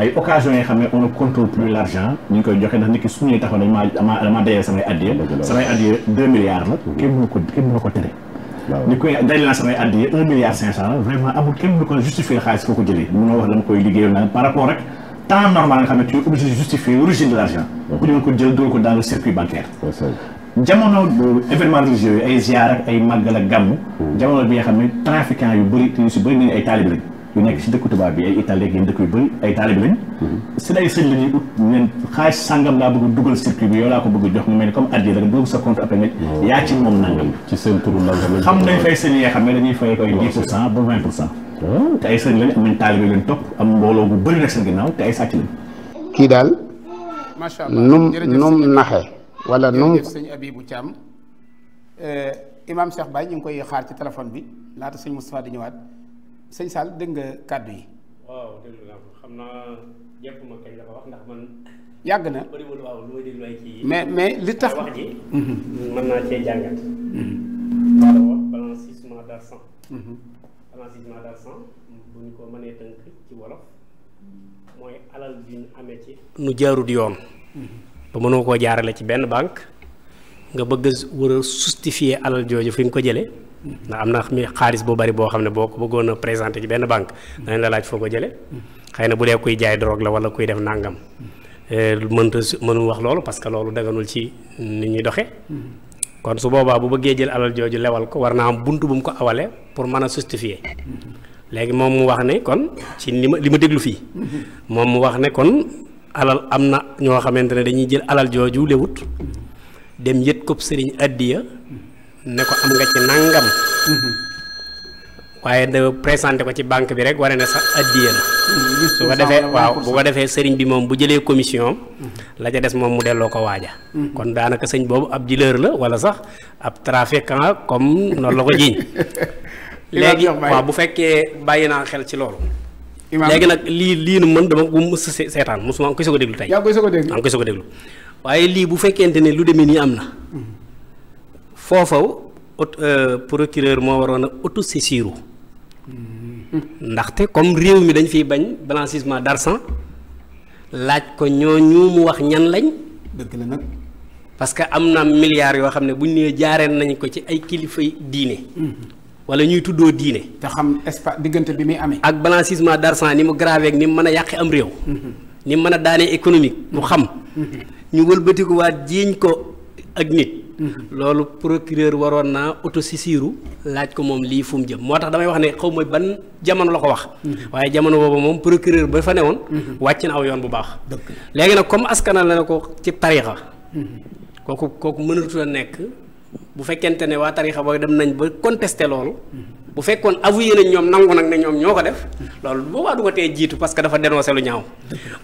ay occasion yi xam ne on ne plus l' argent ñu ngi koy joxe ndax nit ki suñuy taxaw dañ maa dama dayee samay addiye samay addiye deux milliards la kenn mënu ko kenn mënu ko tere ni koy dajale naa samay addiye un milliard cinq cent vraiment amul kenn mënu ko justifier xaalis koo ko jëlee mënoo wax dama koy liggéeyal naa par rapport rek temps normal nga xam ne tu es ko jël jamono événement religieux yooyu ay ziar ak ay màggal ak gàmm. jamono bi nga xam ne trafiquant yu bëri te ñu si bëri nañu ay nekk si dëkku tubaab bi ay Italie ak yeneen dëkk yu bëri ay taalib lañ. Mhm. bëgg jox mu mel comme addi la nga dugg sa compte xam nañ fay sëñ yi ne dañuy fay koy 10 pour cent ba 20 pour cent. Ah. te ay am leen topp am mbooloo bu bëri nag seen ginnaaw te ay sàcc lañ. kii daal. macha allah num num naxe wala nu mu jërëjëf sëñ Abibou Thiam euh, imaam Cheikh Baye ñu ngi koy xaar ci téléphone bi laata sëñ Moustapha di ñëwaat sëñ Sall dégg nga kàddu yi. xam naa yàgg na mais mais li tax wax ji. Mhm. mën naa cee jàngat. Mhm. Mhm. ko mënee tënk ci wolof mu jaarut yoon. ba mënoo koo jaarale ci benn banque nga bëgg a war a justifier alal jooju fi nga ko jëlee ndax am na xaalis bu bari boo xam ne boo ko bëggoon a ci benn banque danañ la laaj foo ko jëlee xëy na bu dee kuy jaay drogue la wala kuy def nàngam eh, mënta mënul wax loolu parce que loolu daganul ci ni ñuy doxee kon su boobaa bu bëggee jël alal jooju lewal ko war naa am bunt bu mu ko awale pour mën a justifier léegi moom mu wax ne kon ci li ma li ma déglu fii moom mu alal am na ñoo xamante ne dañuy jël alal jooju lewut dem yët ko sëriñ addiya ne ko am nga ci nangam waaye da présenté ko ci banque bi rek waree ne sax addiya la defee waaw bu ko defee sëriñ bi moom bu jëlee commission la ca des moom mu delloo ko waaja hmm. kon daanaka sëñ boobu ab dealer la wala sax ab trafiquant comme noonu la ko jiiñ (laughs) léegi waaw bu fekkee bàyyi naa xel ci loolu léegi nag lii lii na mën dama bu mu seetaan mosuma am koy soog a déglu tey. am koy soog a déglu waaye lii bu fekkente ne lu deme nii am na. foofa euh, procureur moo waroon a auto-saisiru ndaxte comme réew mi dañ fiy bañ blanchissement d'argent laaj ko ñooñu mu wax ñan lañ. dëgg la nag. parce que am na milliards yoo xam ne buñ ñu nee jaareen nañ ko ci ay kilifa diine. wala ñuy tuddoo diine. te xam espace diggante bi muy amee. ak blanchissement d'argent ni mu grave ak ni mu mën a yàqee am réew. Mm-hmm. ni mu mën a daanee économique mu xam. Mm-hmm. ñu wëlbatikuwaat jiiñ ko ak nit. Mm-hmm. loolu procureur waroon naa autosaisiru laaj ko moom lii fu jëm moo tax damay wax ne xaw ma ban jamono la ko wax. waaye jamono boobu moom procureur ba fa woon wàcc na aw yoon bu baax. léegi nag comme askanal la ne ko ci tariixa kooku kooku mënatula nekk. bu fekkente ne waa tarixa ba dem nañ ba contesté loolu bu fekkoon avoué nañ ñoom nangu nag ne ñoom ñoo ko def loolu boobaa du ko tee jiitu parce que dafa dénoncé lu ñaaw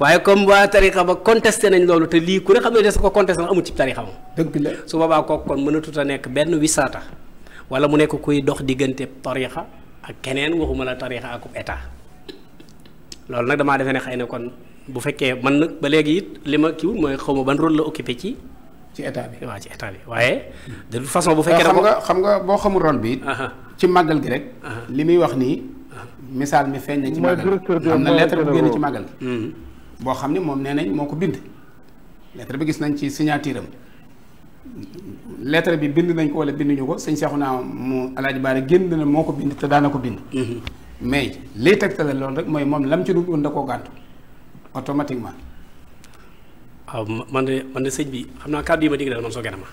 waaye comme waa tarixa ba contesté nañ loolu te lii ku ne xam ne des ko contesté amu ci tarixa ma su boobaa kook kon mënatut nekk benn wisaata wala mu nekk kuy dox diggante tarixa ak keneen waxuma la tarixa ak état loolu nag damaa defe ne xëy na kon bu fekkee man nag ba léegi it li ma kiwul mooy xaw ma ban rôle la occupé ci ci état bi waaw ci état bi waaye. de toute façon bu fekkee xam nga xam nga boo xamul rôle bi. ci màggal gi rek. li muy wax nii. misaal mi feeñ na ci màggal am na lettre bu génn ci màggal gi. Hmm. boo xam ne moom nee nañ moo ko bind. lettre bi gis nañ ci signature am bi bind nañ ko wala binduñu ko sëñ seexu naa mu alaaji baare génn na moo ko bind te daana ko bind. Hmm. mais liy tegtale loolu rek mooy moom lam ci dugg woon da koo gàntu automatiquement. waaw man de man de sëñ bi xam naa kàddu yi ma dégg daal soo soge na ma.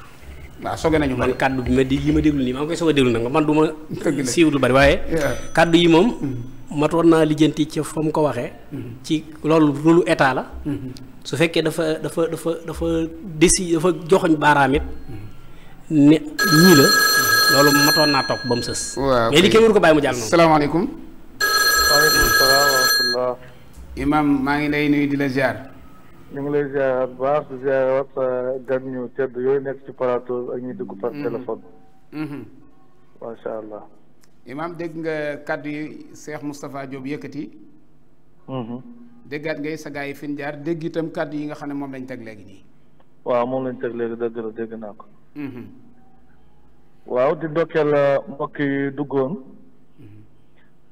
waaw soge nañu man kàddu bi ma di yi ma déglu nii maa ngi koy soog a déglu (laughs) (laughs) kàddu yi moom. Mm-hmm. naa lijjanti ca ko waxee. Mm-hmm. ci loolu rôle mm-hmm. fekkee dafa dafa dafa dafa déci dafa joxoñ baaraam it. matoon naa topp ba mu sës. waaw mais li kenn maa ngi lay nuyu di la ziar. ñu ngi lay ziaraat baax di ziaraat gan ñu tedd yooyu nekk ci plateau ak ñu dugg par mm-hmm. téléphone. Mm-hmm. macha allah. imaam dégg nga kàddu yi Cheikh Moustapha Diop yëkkati. Mm-hmm. déggaat ngay sa gaa yi fi jaar dégg itam kàddu yi nga xam ne moom lañu teg léegi nii. waaw moom lañ teg léegi dégg naa ko. waaw di ndokkeel euh, mbokk yi duggoon.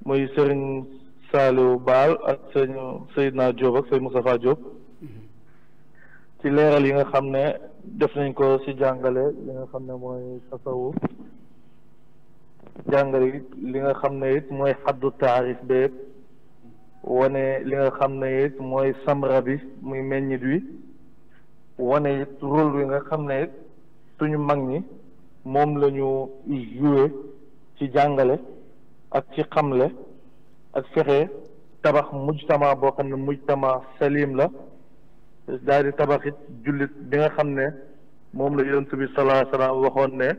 muy Serigne Saliou Baal ak sëñ Seydina Diop ak seen Moustapha Diop. ci leeral yi nga xam ne def nañ ko ci jàngale li nga xam ne mooy tasawuf jàngale it li nga xam ne it mooy xaddu taarif bépp wane li nga xam ne it mooy samra bi muy meññit wi wane it rôle wi nga xam ne it suñu mag ñi moom lañu ñu ci jàngale ak ci xamle ak fexe tabax mujtama boo xam ne mujtama salim la daal di tabaxit jullit bi nga xam ne moom la yonent bi salaa salaam waxoon ne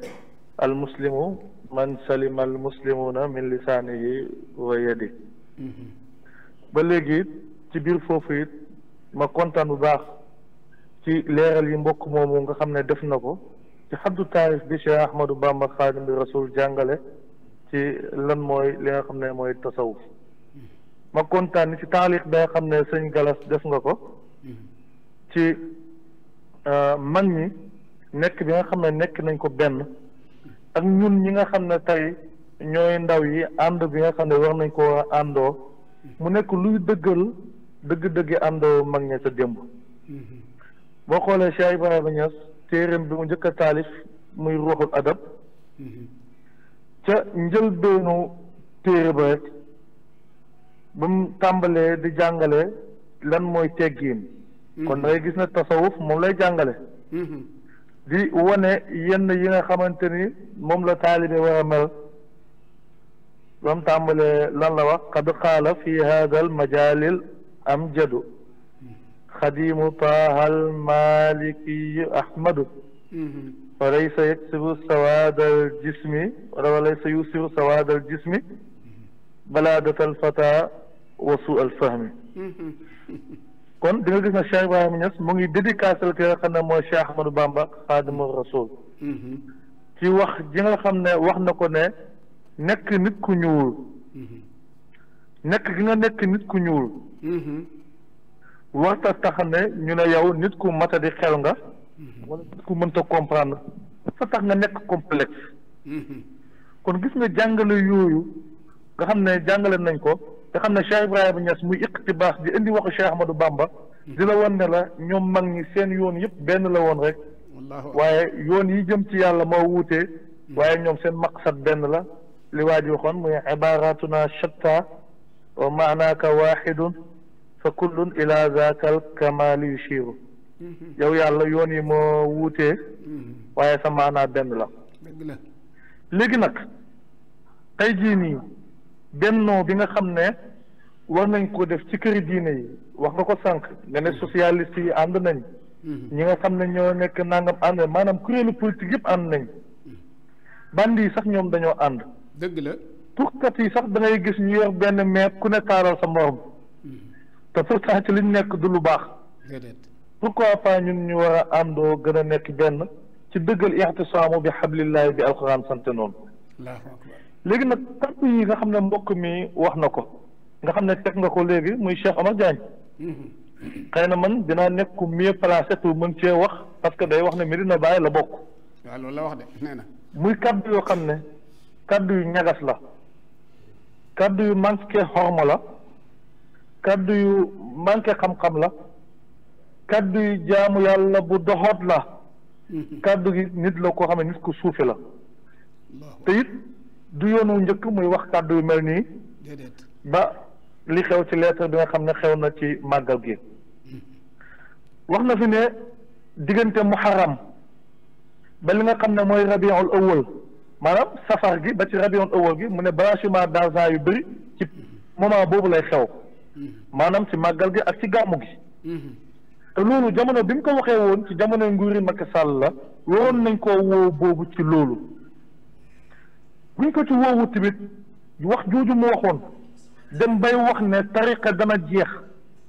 al muslimu man salima al muslimuna min lisaanihi wa ba léegi ci biir foofu it ma kontaan bu baax ci leeral yi mbokk moomu nga xam ne def na ko ci xaddu taarif bi Cheikh Ahmadou Bamba Xaadim bi Rasul jàngale ci lan mooy li nga xam ne mooy tasawuf ma kontaan ni ci taaliq bi nga xam ne sëñ Galas def nga ko ci euh, mag ñi nekk bi nga xam ne nekk nañ ko benn ak ñun ñi nga xam ne tey ñooy ndaw yi ànd bi nga xam ne war nañ ko àndoo mu nekk luy dëggal dëgg-dëggi àndoo mag ña ca démb mm-hmm. boo xoolee Cheikh ba Niass téeréem bi mu njëkk a taalif muy ruuxul adab mm-hmm. ca njëlbeenu téere ba rek ba mu tàmbalee di jàngale lan mooy teggiin Mm-hmm. kon da ngay gis ne tasawuf moom lay jàngale mm-hmm. di wane yenn yi nga xamante ni moom la taalibe war a mel bam tàmbalee lan la wax qad qaala fi hada al majalil am jadu mm-hmm. xadimu taaha al malikiyu ahmadu wa laysa yaksibu sawaad al jismi wa laysa yusiru sawaad al jismi baladat al fata wa suu al fahmi (laughs) kon di nga gis ne Cheikh Ibrahima Niass mu ngi dédicacé ki nga xam ne mooy Cheikh Ahmadou Bamba Xaadimu Rasul mm-hmm. ci wax ji nga xam ne wax na ko ne nekk nit ku ñuul mm-hmm. nekk gi nga nekk nit ku ñuul mm-hmm. warta tax ne ñu ne yow nit ku matadi xel nga wala nit ku mënta comprendre sa tax nga nekk complexe kon gis nga jàngale yooyu nga xam ne jàngale nañ ko te xam ne Cheikh Ibrahima Niass muy iqtibaas di indi waxu Cheikh Ahmadou Bamba di la woon ne la ñoom mag ñi seen yoon yëpp benn la woon rek waaye yoon yi jëm ci yàlla moo wuutee hmm. waaye ñoom seen maqsad benn la li waa ji waxoon muy ibaratuna shatta wa maanaaka waxidun fa kullun ila zaaka al kamali yushiru hmm. yow yàlla yoon yi moo wuutee hmm. waaye sa maanaa benn la léegi nag tey jii nii bennoo bi nga xam ne war nañ ko def ci këri diine yi wax nga ko sànq nga ne mm-hmm. socialiste yi ànd nañ mm-hmm. ñi nga xam ne ñoo nekk nangam ànd nañ maanaam kuréelu politique yëpp ànd nañ mm-hmm. bandi yi sax ñoom dañoo ànd dëgg la tuxkat yi sax da gis ñu yor benn mais ku ne taaral sa morom te pourtant ci liñ nekk du lu baax pourquoi pas ñun ñu war a àndoo gën a nekk benn ci dëggal ixtisaamu bi xablillahi bi alquran sante noonu léegi nag kàddu yi nga xam ne mbokk mi wax na ko nga xam ne teg nga ko léegi muy Cheikh Omar Diagne mm-hmm. xëy na man dinaa nekk ku mieux placé pour mën cee wax parce que day wax ne Medina bàyyi la bokk. waaw la wax nee na. muy kàddu yoo xam ne kàddu yu ñagas la kàddu yu manqué xorma la kàddu yu manqué xam-xam la kàddu yu jaamu yàlla bu doxoot la mm-hmm. kàddu gi nit la koo xam ne nit ku suufi la te it du yoonu njëkk muy wax kàddu yu mel nii ba li xew ci lettre bi nga xam ne xew na ci màggal gi mm-hmm. wax na fi ne diggante muharram ba li nga xam ne mooy rabiul awal maanaam safar gi ba ci rabiul awal gi mu ne branchement d'argent yu bëri ci mm-hmm. moment boobu lay xew mm-hmm. maanaam ci màggal gi ak ci gàmmu gi te loolu jamono bi mu ko waxee woon ci jamono nguuri Macky sàll la waroon nañ koo woo boobu ci loolu buñ ko ci woowu tamit wax jooju mu waxoon dem bay wax ne tariqa dana jeex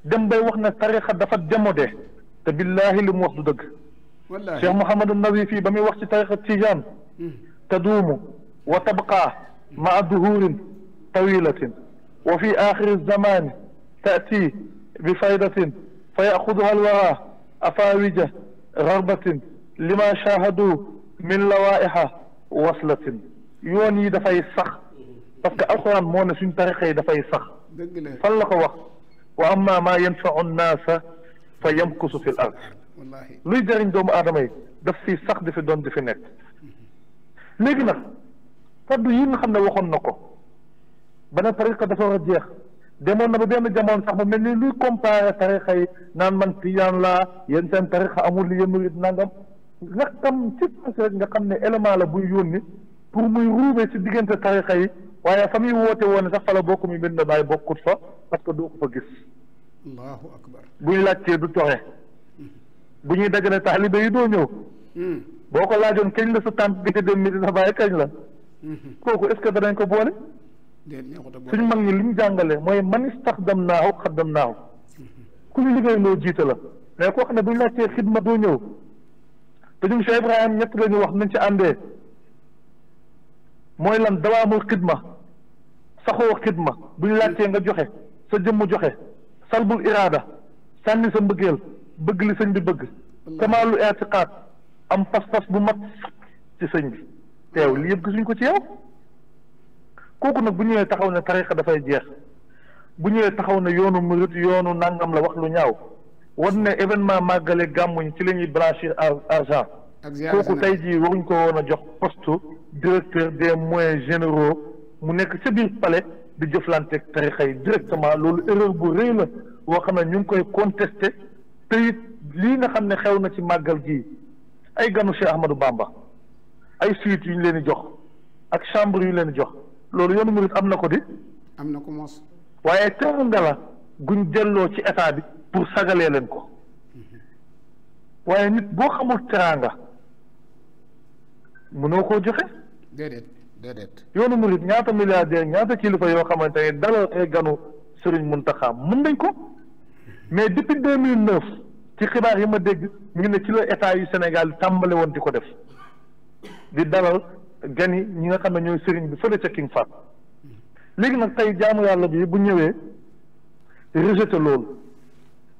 dem bay wax ne tariqa dafa démodé te billaahi li mu wax du dëgg cheikh Mouhamadou Nawi fii ba muy wax ci tariqa tijaan hmm. taduumu wa tabqaa maa duhurin tawilatin wa fi axiri zamani taati bi faydatin fa yaxuduha alwara afaawija garbatin lima shahadu min lawaiha waslatin yoon yi dafay sax mm-hmm. parce que alxuraan moo na suñ tarixa yi dafay sax fan la ko wax wa amma maa yanfau nnaasa fa yamkusu fi l luy jëriñ doomu aadama yi daf fi sax di fi doon di fi nekk mm-hmm. léegi nag yi nga xam ne waxoon na ko beneen tariqa dafa war a jeex demoon na ba benn jamoon sax mu mel ni luy comparé tarixa yi naan man tijaan laa yéen seen amul li yéen murid nangam nga xam ci rek nga xam ne élément la buy yónni pour muy ruubee ci diggante tarixa yi waaye fa muy woote woon sax fa la bokk mi bind bàyyi bokkut fa parce que doo ko fa gis allahu akbar buñ du toxe bu ñuy dajale taalibe yi doo ñëw hmm. boo ko laajoon kañ la sa tànt bi dem mi dina bàyyi kañ la hmm. kooku est-ce que danañ ko boole suñ mag ñi li ñu jàngale mooy man istaxdam naahu xaddam naahu hmm. ku ñu liggéey loo jiite la mais koo xam ne bu ñu laajtee xidma doo ñëw te ñun Cheikh Ibrahim ñett la ñu wax nañ ci àndee mooy lan dawaamul xidma saxoo xidma bu ñu laajtee nga joxe sa jëmm joxe salbul iraada sànni sa mbëggeel bëgg li sëñ bi bëgg kamaalu itiqaad am pas-pas bu mat ci sëñ bi teew li yëpp gisuñ ko ci yow kooku nag bu ñëwee taxaw ne tarixa dafay jeex bu ñëwee taxaw ne yoonu murit yoonu nangam la wax lu ñaaw wan ne événement màggale gàmmuñ ci la ñuy blanchir argent ak ziare kooku tey jii waruñ ko woon a jox poste directeur des moyens généraux mu nekk ca biir pale di jëflanteeg tarixa yi directement loolu erreur bu rëy la boo xam ne ñu ngi koy contesté te it lii nga xam ne xew na ci màggal gii ay ganu Cheikh Ahmadou Bamba ay suites yu ñu leen di jox ak chambre yu leen jox loolu yoonu murit am na ko di. am na ko mos. waaye teranga la guñ delloo ci état bi pour sagalee leen ko mhm. waaye nit boo xamul teranga mënoo koo joxe. déedéet yoonu murit ñaata milliardaire ñaata kilifa yoo xamante ne dalal ay ganu Serigne taxaam mën nañ ko mais depuis deux mille neuf ci xibaar yi ma dégg mu ngi ne ci la état yu Sénégal tàmbali woon di ko def di dalal gani ñi nga xam ne ñooy sëriñ bi fële ca King Fahd léegi nag tey jaamu yàlla bi bu ñëwee rejeté loolu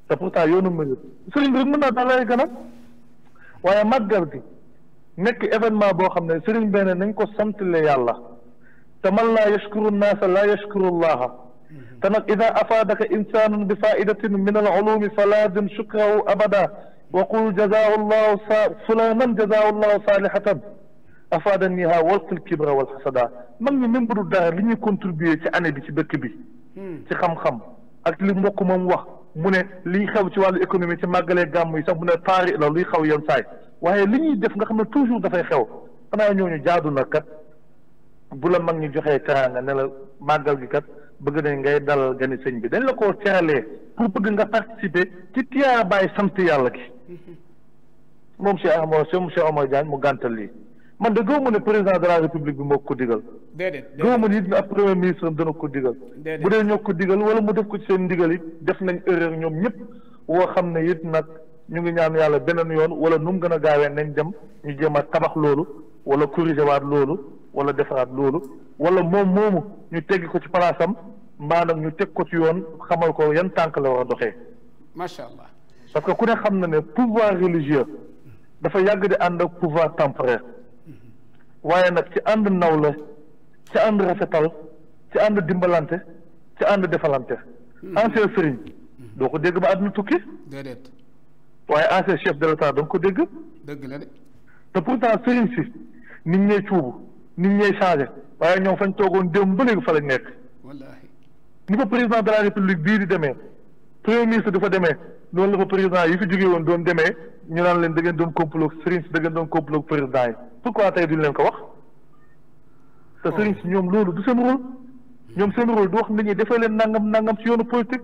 te pourtant yoonu murit Serigne bi rek mën naa dalal ay ganam waaye màggal gi nekk événement boo xam ne sëriñ benn nañ ko santle yàlla te man laa yashkuru naasa laa yashkuru llaha te nag ida afaadaka insanun bi faidatin min al ulumi falaazim shukrahu abada wa qul jazaahu llahu sa fulanan jazaahu llahu saalihatan afaadaniha walqil kibra wal xasada mag ñi même bu dul dara li ñuy contribuer ci année bi ci dëkk bi hmm. ci xam-xam ak li mbokk moom wax mu ne liy xew ci wàllu économie ci màggalee gàmm yi sax mu ne paari la luy xaw yenn saay waaye li ñuy def nga xam ne toujours dafay xew xanaa ñooñu jaadu na kat bu la mag ñi joxee teraanga ne la màggal gi kat bëgg nañ ngay dalal gani sëñ bi dañ la koo teeralee pour bëgg nga participer ci tiyaa bàyyi sant yàlla ki moom Cheikh Omar Cheikh Omar Diagne mu gàntal lii man de gëw ma ne président de la république bi moo ko digal. déedéet gëw ma ne it ab premier ministre dana ko digal. bu dee ñoo ko digal wala mu def ko ci seen ndigal it def nañ erreur ñoom ñëpp woo xam ne it nag. ñu ngi ñaan yàlla beneen yoon wala nu mu gën a gaawee nañ dem ñu jéem a tabax loolu wala corriger waat loolu wala defaraat loolu wala moom moomu ñu teggi ko ci palaasam mbaa nag ñu teg ko ci yoon xamal ko yan tànk la war a doxee. macha allah parce que ku ne xam na ne pouvoir religieux dafa yàgg di ànd ak pouvoir temporaire waaye nag ci ànd naw la ci ànd rafetal ci ànd dimbalante ci ànd defalante. Hmm. ancien sëriñ doo ko dégg ba àdduna tukki. waaye ancien chef de l'état da nga ko dégg. dëgg la te pourtant sëriñ si nit ñee cuubu nit ñee changé waaye ñoom fañ toogoon démb ba léegi fa lañ nekk. wallaahi. ni fa président de république bii di demee premier ministre dafa demee loolu la fa président yi fi jógee woon doon demee ñu naan leen da ngeen doon complot sëriñ si da ngeen doon complot président yi pourquoi tey duñ leen ko wax. te sëriñ si ñoom loolu du seen rôle. ñoom seen rôle du wax nit ñi defee leen nangam nangam ci yoonu politique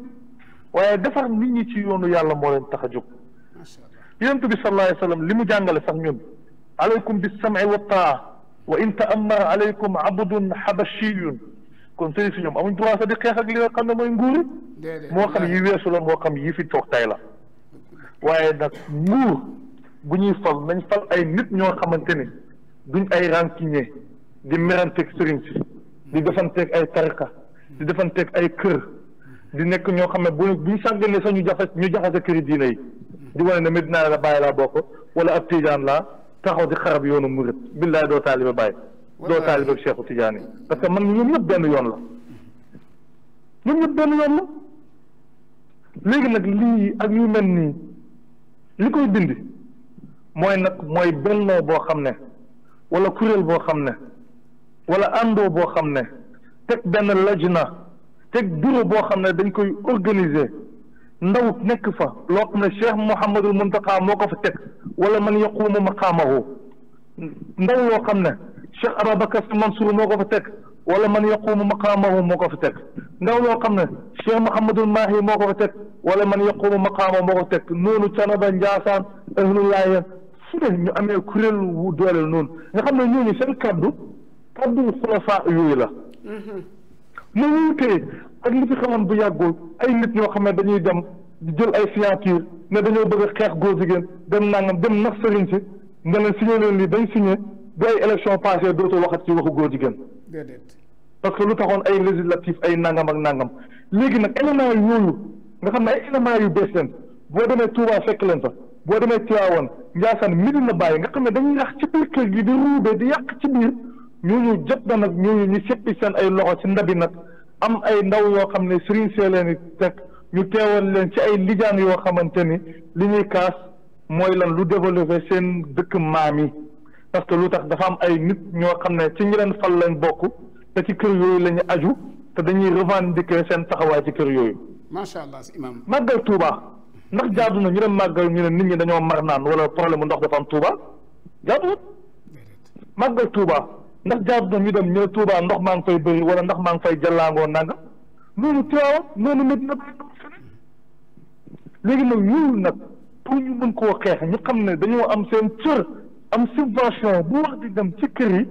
waaye defar nit ñi ci yoonu yàlla moo leen tax a jóg. yonent bi sallallahu alayhi wa li mu jàngale sax ñun alaykum bis sam'i wa taa wa in ta'ammara alaykum abdun habashiyun kon sëy si ñoom amuñ droit sax di xeex li nga xam ne mooy nguuri moo xam yi weesu la moo xam yi fi toog tay la nag nguur bu ñuy fal nañ fal ay nit ñoo xamante ni duñ ay rancunier di meranteeg sëriñ di defanteeg ay tarika di defanteeg ay kër di nekk ñoo xam ne bu bu ñu sàggalee sax ñu jaxase ñu jaxase këri diina yi di wane ne Medina la bàyyi laa bokk wala ak tijaan laa taxaw di xarab yoonu murit billaay doo taaliba bàyyi doo taaliba Cheikhu Tidiane yi parce que man ñoom ñëpp benn yoon la ñoom ñëpp benn yoon la léegi nag lii ak yu mel nii li koy dindi mooy nag mooy bennoo boo xam ne wala kuréel boo xam ne wala àndoo boo xam ne teg benn lajna teg bureau boo xam ne dañ koy organiser ndaw nekk fa loo xam ne Cheikh Mouhamadul Muntaqa moo ko fa teg wala man yaquumu maqaamahu ndaw loo xam ne Cheikh Ababacar Si Mansour moo ko fa teg wala man yaquumu maqaamahu moo ko fa teg ndaw loo xam ne Cheikh Mouhamadul Mahi moo ko teg wala man yaquumu maqaamahu moo ko fa teg noonu Canaba Njaasaan ahlullahi su ñu amee kuréel wu doole noonu nga xam ne ñooñu seen kaddu kaddu xulafa yooyu la. Mm-hmm. ak li fi xamoon bu yàggul ay nit ñoo xam ne dañuy dem jël ay signature ne dañoo bëgg xeex góor jigéen dem nangam dem nax sëriñ si ne leen signé leen lii si signé bi ay élection passé dootul waxat ci waxu góor jigéen parce que lu taxoon ay législatif ay nangam ak nangam léegi nag élément yooyu nga xam ne ay élément yu leen boo demee Touba fekk leen fa boo demee Tivaouane Ndiassane Medina Baye nga xam ne dañuy yàq ci biir kër gi di ruube di yàq jot na nag ñooñu ñu seppi seen ay loxo ci ndabi nag am ay ndaw yoo xam ne sëriñ see leen teg ñu teewal leen ci ay lijaan yoo xamante ni li ñuy kaas mooy lan lu développé seen dëkk maam yi parce que lu tax dafa am ay nit ñoo xam ne ci ñu leen fal leen bokk te ci kër yooyu la aju te dañuy revendiquer seen taxawaay ci kër yooyu. macha allah imam màggal Touba ndax jaadu na ñu dem màggal ñu leen nit ñi dañoo mar naan wala problème mu ndox dafa am Touba jaadu màggal Touba. ndax jaab na ñu dem ñu ne Touba ndox maa ngi fay bëri wala ndax maa ngi fay jàllangoo nangam noonu Tiwaawan noonu nit na léegi nag yooyu nag pour ñu mën koo xeex ñu xam ne dañoo am seen cër am subvention bu wax di dem ci kër yi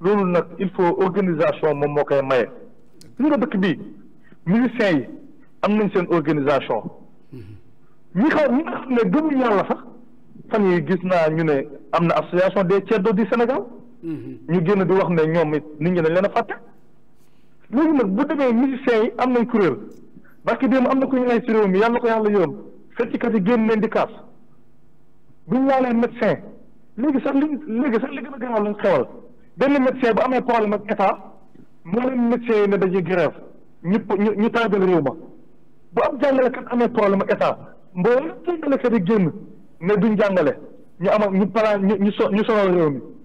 loolu nag il faut organisation moom moo koy maye ñu nga dëkk bii musiciens yi am nañ seen organisation ñi xaw ñi nga xam ne gëmuñ yàlla sax fan yi gis naa ñu ne am na association des ceddo du Sénégal Mm-hmm. ñu génn di wax ne ñoom it nit ñi dañ leen a fàtte léegi nag bu demee musiciens yi am nañ kuréel parce que démb am na ku ñu lay si réew mi yàlla ko yàlla yërëm feccikat yi génn leen di kaas buñ laalee médecin léegi sax li léegi sax li gën a gaaw lañ xewal benn médecin bu amee problème ak état moo leen médecin yi ne dañuy grève ñu ñu ñu taabal réew ma bu am jàngalekat amee problème ak état mboolem jàngalekat yi génn ne duñ jàngale ñu am ñu plan ñu ñu sonal réew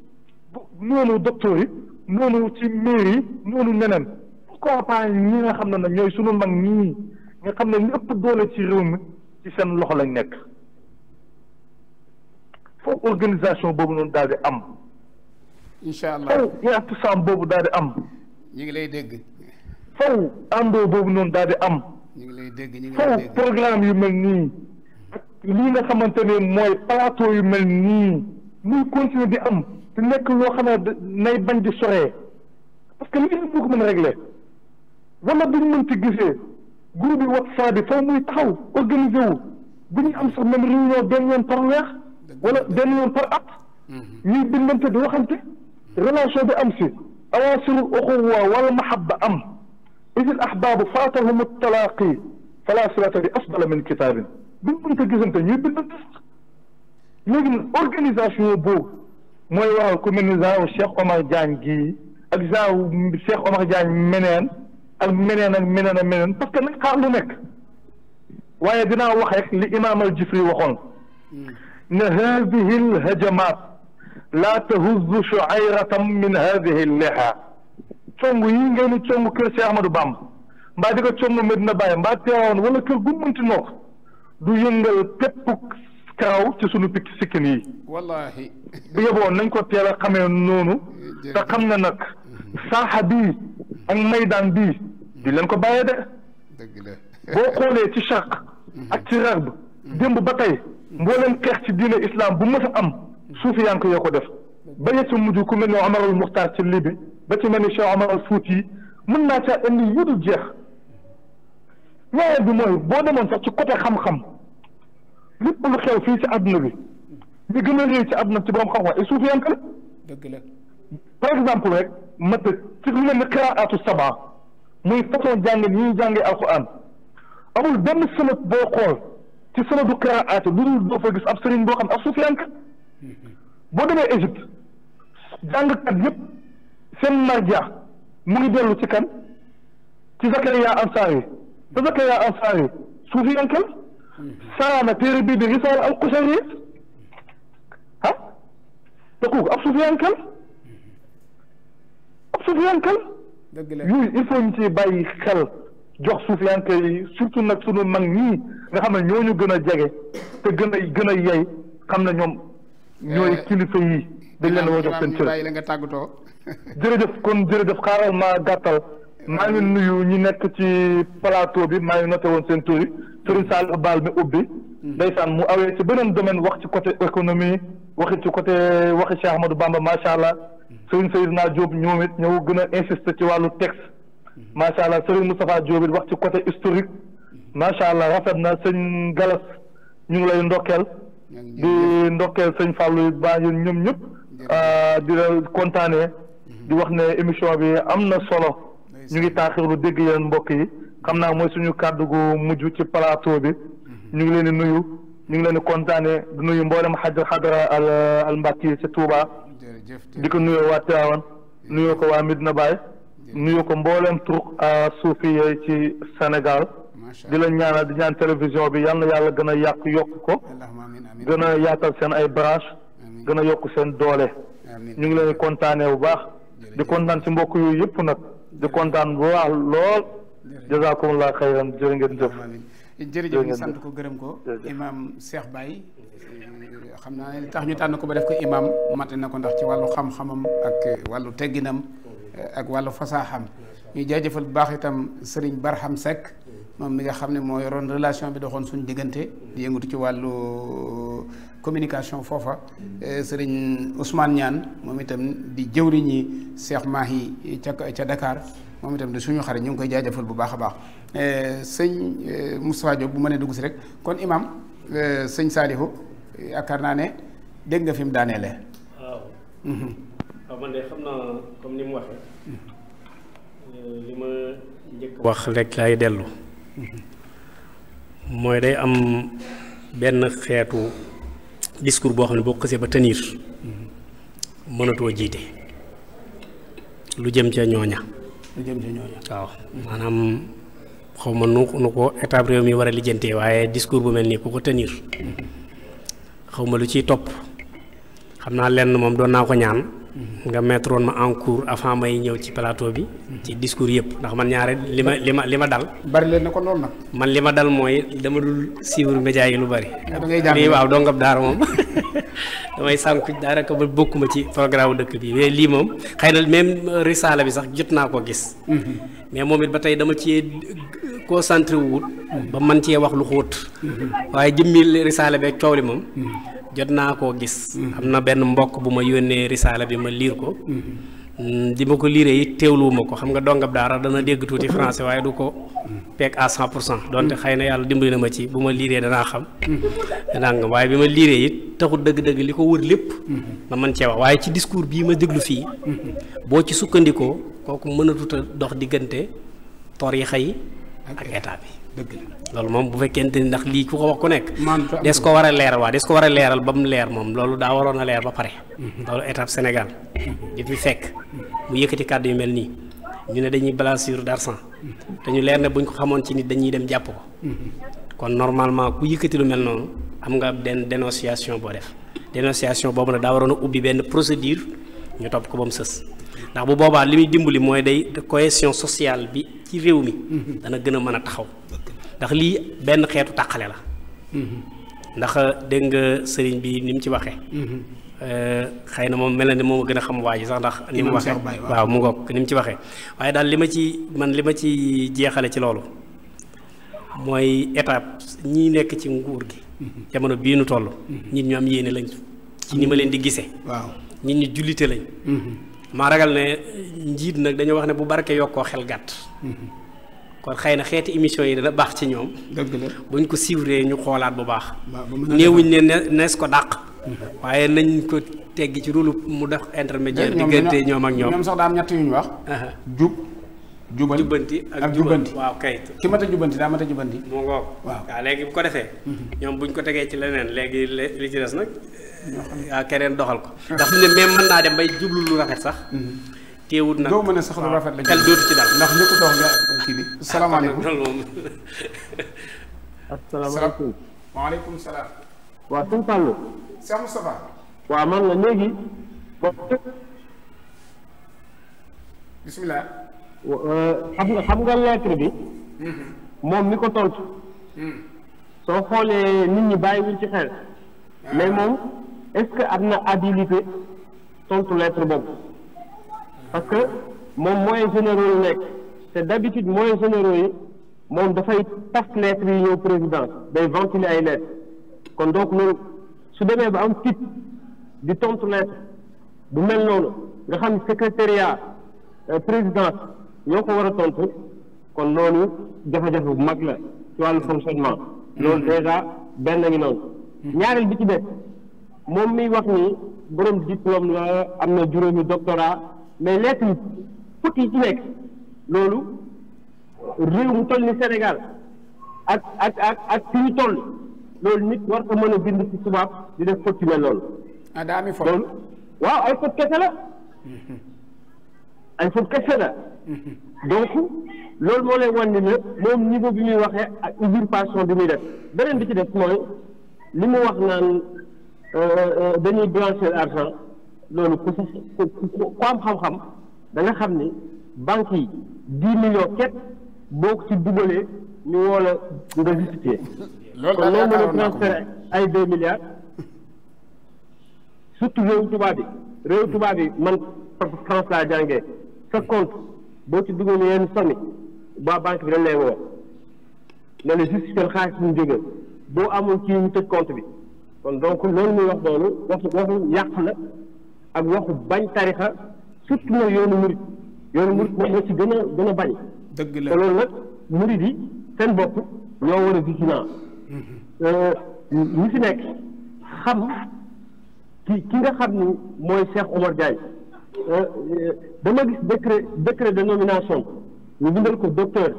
noonu docteur yi noonu ci mairie yi noonu neneen pourquoi pas ñi nga xam ne nag ñooy sunu mag ñii nga xam ne li ëpp doole ci réew ci seen loxo lañ nekk foog organisation boobu noonu daal di am. incha allah faw i'tisaam boobu daal di am. ñu ngi lay dégg. faw boobu noonu daal di am. ñu ngi lay dégg ñu ngi programme yu mel nii. lii nga xamante ne mooy plateau yu mel nii muy continuer di am. du nekk loo xam ne nay bañ di soree parce que lii moo ko mën a régler wala bu ñu mënti gisee groupe bi WhatsApp bi foofu muy taxaw organisé wu bu ñu am sax même réunion benn yoon par weer wala benn yoon par at mhm. ñuy bindante di waxante bi am si awaasirul uxuwa wala mahabba am idil a faatahum talaaqi fala silata bi afdala min kitaabin bu ñu mënta gisante ñuy bindante sax léegi organisation boobu mooy waaw ku mel ni zaawu Cheikh Omar Diagne gii ak zaawu Cheikh Omar Diagne meneen ak meneen ak meneen ak meneen parce que nag xaar nekk waaye dinaa wax rek li imaam al waxoon ne hadihi al hajamat laa tahuzzu shu'ayratan min hadihi al liha cong yi ngeen di cong kër Cheikh Ahmadou Bamba mbaa di ko cong Medina Baye mbaa du yëngal teppuk karaw ci sunu picc sikkin yi wallaahi bu yeboo nañ teel a xamee noonu te xam na nag saaxa bii ak bi di leen ko bàyyee de boo xoolee ci charq mhm. ak ci rarb mhm. démb ba tey mbooleen xeex ci diine islam bu mës a am mhm. suufi yaa ko yoo ko def ba yëcca mujj ku mel ne Omarul Muxtaar ci Libi ba ci mel ni Cheikh Omar al Fuuti yi mën naa caa indi jeex ñaareel bi mooy boo demoon sax ci côté xam-xam lépp lu xew fii ci àdduna bi li gën a réy ci àdduna bi ci borom xam-xam et suuf yànk la dëgg la par exemple rek ma tëj ci lu mel ni qiraatu sabaa muy façon jàng ni ñuy jàngee alquran benn sanad boo xool ci sanadu qiraatu lu dul doo fa gis ab sëriñ boo xam ne ab suuf yànk boo demee Égypte jàngkat yëpp seen marja mu ngi dellu ci kan ci Zakariya Ansari te Zakariya saa na téere bii di risaala al Qushayri ah te kooku ab Sufyaan kan ab Sufyaan kan yooyu il faut ñu ci bàyyi xel jox suufiyanke yi surtout nag sunu mag ñii nga xam ne ñooñu gën a jege te gën a gën a yey xam ne ñoom ñooy eh, kilifa yi dañ leen woo jox seen cër bàyyi la nga tàggatoo jërëjëf kon jërëjëf xaaral ma gàttal maa ngi nuyu ñi nekk ci plateau bi maa ngi noté woon seen tur Serigne Saliou Baal mi ubbi. Mm-hmm. ndeysaan mu awee ci beneen domaine wax ci côté économie waxi ci côté waxi Cheikh Ahmadou Bamba macha allah mm-hmm. Serigne Seydina Diop ñoom it ñëw gën a insister ci wàllu texte mm-hmm. macha allah Serigne Moustapha Diop it wax ci côté historique macha allah rafet na sëñ Galas ñu ngi lay ndokkeel. di ndokkeel sëñ Fallou Ba yéen ñoom ñëpp. Ah, di la kontaanee. di wax ne émission bi am na solo. ñu ngi lu dégg yéen mbokk yi. xam naa mooy suñu kàddu mujj ci palaato bi mhm. ñu ngi leen nuyu ñu ngi leen kontaane di nuyu mboolem xaj xadra al al Mbàkke ci Touba di ko nuyoo waa Tiwaawan nuyoo ko waa Medina Baye nuyoo ko mboolem turuk ah, suufi yee ci Sénégal di la ñaanal di ñaan télévision bi yal na yàlla gën a yàq yokku ko gën a yaatal seen ay branche gën a yokk seen doole ñu ngi leen kontaane bu baax di kontaan ci mbokk yooyu yëpp nag di kontaan bu baax lool jazakumullah xayran jërë ngeen jëf jërëjëf ñu sant ko gërëm ko imaam Cheikh Baye xam naa ne tax ñu tànn ko ba def ko imaam mate na ko ndax ci wàllu xam-xamam ak wàllu tegginam ak wàllu fasaaxam ñu jaajëfal bu baax itam Serigne Barham Seck moom mi nga xam ne moo yoroon relation bi doxoon suñu diggante di yëngatu ci wàllu communication foofa eh, sëriñ Ousmane Niane moom itam di jëwriñi Cheikh Mahi yi ca dakaar moom itam de suñu xarit ñu ngi koy jaajëfal bu baax a baax eh, sëñ eh, Moustapha Diop bu mënee dugg si rek kon imam eh, sëñ Saalihu yaakaar naa ne dégg nga fi mu daaneele mhm. waaw man de xam mhm. wax rek lay dellu mhm. mooy day am benn xeetu discours boo xam ne boo xësee ba tenir mënatoo jiite lu jëm ca ñooña lu waaw maanaam xaw ma nu nu ko état réew mi war a lijjantee waaye discours bu mel nii ku ko tenir mm-hmm. xaw ma lu ciy topp xam naa lenn moom doon naa ko ñaan. nga mettre ma en cours avant may ñëw ci plateau bi. ci discours yëpp ndax man ñaare li ma li ma li ma dal. bari ko lool nag. man li ma dal mooy dama dul suivre yi lu bari. Ah, lii waaw dongab daara moom (laughs) damay sànku daara ko ba bokkuma ci programme dëkk bi mais lii moom xëy na même risaala bi sax jot naa ko gis. Mhm. mais moom it ba tey dama cee concentré wu wut. Mhm. ba man cee wax lu xóot. Mhm. waaye jëmmi risaala beeg coow li moom. jot naa koo gis. Mm-hmm. am na benn mbokk bu ma yónnee risaala bi ma liir ko. Mm-hmm. di ma ko liiree it teewluwuma ko xam nga dongab daara dana dégg tuuti mm-hmm. français waaye du ko peeg à cent pour cent donte xëy na yàlla dimbali na ma ci bu ma liiree danaa xam. danaa nga waaye bi ma liiree it taxul dëgg-dëgg li ko wër lépp. ma man cee wax waaye ci discours bii ma déglu fii. boo ci sukkandikoo kooku mënatut a dox diggante torixa yi ak état bi. dëgg loolu moom bu fekkente ni ndax lii ku ko wax ku nekk. des ko war a leer waa des ko war a leeral ba mu leer moom loolu daa waroon a leer ba pare. Mhm. loolu état Sénégal. Mhm. di fi fekk mu yëkkati kàddu yu mel nii ñu ne dañuy blanchir d'argent mhm. te ñu leer ne buñ ko xamoon ci nit dañuy dem jàpp ko. kon normalement ku yëkkati lu mel noonu am nga benn dénonciation boo def dénonciation boobu nag daa waroon a ubbi benn procédure ñu topp ko ba mu sës. ndax bu boobaa li muy dimbali mooy day cohésion sociale bi ci réew mi. dana gën a mën a taxaw. ndax lii benn xeetu tàqale la mm-hmm. ndax dégg nga sëriñ bi ni mu ci waxee mm-hmm. euh, xëy na moom mel na ni moom a gën a xam waa ji sax ndax ni mu waxee waaw mu ngoog ni mu ci waxee waaye daal li ma ci man li ma ci jeexale ci loolu mooy étape ñi nekk ci nguur gi mm-hmm. jamono bii nu toll nit ñu am yéene lañ ci ni ma leen di gise waaw nit ñu jullite lañ maa ragal ne njiit nag dañoo wax ne bu barke yokkoo xel gàtt kon xëy na xeeti émission yi dana baax ci ñoom. dëgg la buñ ko siiwree ñu xoolaat bu baax. néewuñ ne nees ko dàq. Mhm. waaye nañ ko tegg ci rôle mu def intermédiaire. Eh, diggante ñoom ak ñoom ñoom sax daam ñett yu ñu wax. jub jubal jubanti ak jubanti waaw kay. ki mat a jubanti daa mat a jubanti. mu ngoog waaw léegi bu ko defee. Mhm. ñoom bu ñu ko tegee ci leneen léegi li ci des nag. waaw ah, keneen doxal ko. ndax fi ne même mën naa dem bay jublu ñu rafet sax. Mhm. teewut nag doo mën a sax lu rafet la xel daal ndax ñëpp dox nga kii bi ah, salaamaaleykum asalaamaaleykum waaleykum salaam waaw sëñ Fallou Cheikh Moustapha waaw man la léegi bo euh, xam nga xam bi mm-hmm. moom mi ko tontu mm. soo xoolee nit ñi bàyyiwuñ ci xel ah. mais moom est-ce na habilité tontu lettre boobu parce que moom moyens généraux yi nekk te d'habitude moyens généraux yi moom dafay tas lettres yi ñëw présidence day ventiler ay lettres kon donc loolu su demee ba am fit di tontu lettre bu mel noonu nga xam secrétariat euh, présidence ñoo ko war a tontu kon loolu jafe-jafe bu mag la ci wàllu fonctionnement mm-hmm. loolu déjà benn ngi noonu mm-hmm. ñaareel bi ci des moom miy wax ni borom diplôme la am na juróomi doctorat mais lettre yi put yi ci nekk loolu réew mu toll ni Sénégal ak ak ak ak fi ñu toll loolu nit war ko mën a bind ci tubaab di def faute yu mel noonu. loolu ah, waaw ay faute kese la. (laughs) ay faute kese la. donc loolu moo lay wan ni ne moom niveau bi muy waxee ak usurpation bi muy def beneen bi ci def mooy li mu wax naan euh, euh, dañuy blanchir argent. loolu ku si ku am xam-xam da xam ni banque yi dix millions ket boo ko ci dugalee ñu woo la nga justifié. kon loo mën a transféré ay deux milliards surtout réew tubaab bi réew tubaab bi man France laa jànge sa compte boo ci dugalee yenn somme ba banque bi dañ lay woo ne la justifié xaalis mu jógee boo amul kii ñu tëj compte bi kon donc loolu muy wax loolu waxu waxu yàq la. ak waxu bañ tarixa surtout nag yoonu murit yoonu murit moom la ci gën a gën a bañ dëgg la te loolu nag murit yi seen bopp ñoo war a vigilant mhm. euh, ñi fi nekk xam ki ki nga xam ni mooy Cheikh Omar Diagne euh, euh, dama gis décret décret de nomination ñu bindal ko docteur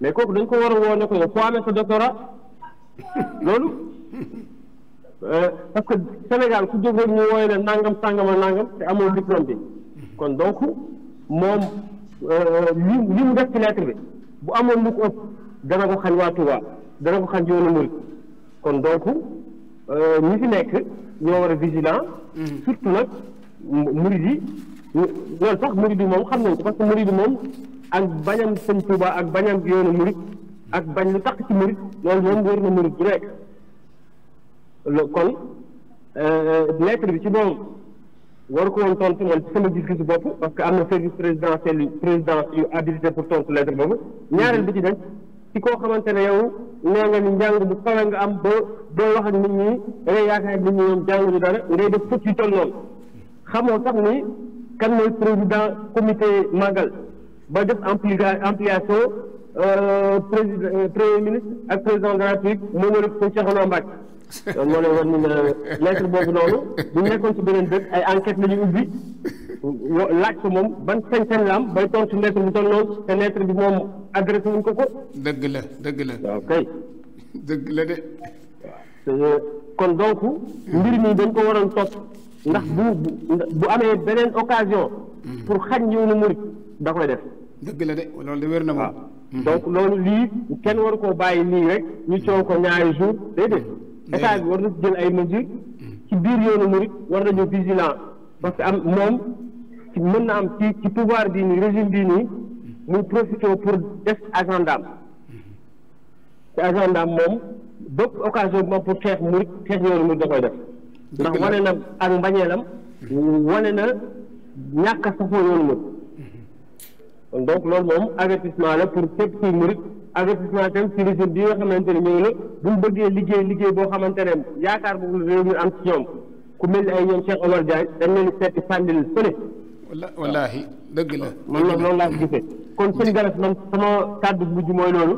mais kooku dañ ko war a woo ne ko yow foo amee sa doctorat (laughs) loolu Euh, parce que Sénégal ku jóg rek ñu wooye ne nangam sàngam a nangam te amoo diplôme bi kon donc moom euh, li li mu def ci lettre bi bu amoon lu ko ëpp dana ko xañ waa Touba dana ko xañ yoonu murit kon donc euh, ñi fi nekk ñoo war a vigilant mm-hmm. surtout nag murit yi loolu sax murit yi moom xam nañ ko parce que murit yi moom ak bañam sëñ Touba ak bañam yoonu murit ak bañ lu tax ci murit loolu moom wër na murit bu nekk kon euh, lettre bi ci moom waru ko woon tontu man sama gis-gisu bopp parce que am na service présidentiel yu président yu habilité pour tontu lettre boobu ñaareel bi ci def ci koo xamante ne yow nee nga ni njàng bu kawe nga am ba boo wax ak nit ñi da ngay yaakaar nit ñi ñoom jànguñu ngay def fukki yu toll noonu xamoo sax ni kan mooy président comité màggal ba def ampli ampliation euh, président euh, premier ministre ak président de la République def ko Cheikhouna Mbacké loolu moo lay wan ni euh, la boobu noonu bu nekkoon ci beneen dëkk ay enquete la ñu ubbi laaj ko moom ban sañ-sañ la am bay tontu lettre bu toll noonu te lettre bi moom adressé wuñ ko ko. dëgg la dëgg la. waaw kay. dëgg de. waaw euh, kon mbir mi dañ ko waroon topp. ndax bu amee beneen occasion. pour xañ ñëw na murit da koy def. dëgg la loolu de na moom. loolu lii kenn waru koo bàyyi nii rek ñu coow ko ñaari jour déedéet. état bi war na jël ay mesures ci biir yoonu murit war nañu vigilant parce que am moom ci mën na am ci ci pouvoir bii nii régime bii nii muy profité pour def agendaam te agendaam moom bépp occasion bu pour xeex murit xeex yoonu murit da koy def ndax wane na ak mbañeelam wane na ñàkk safoo yoonu murit donc loolu moom avertissement la pour képp kuy murit investissement itam ci région bi nga xamante ne ñëw la buñ bëggee liggéey liggéey boo xamante ne yaakaar boobu réew mi am ci ñoom ku mel ni ay ñoom Cheikh Omar Diagne dëgg la man loolu loolu laa kon sëñ Galas man sama kàddu mujj mooy loolu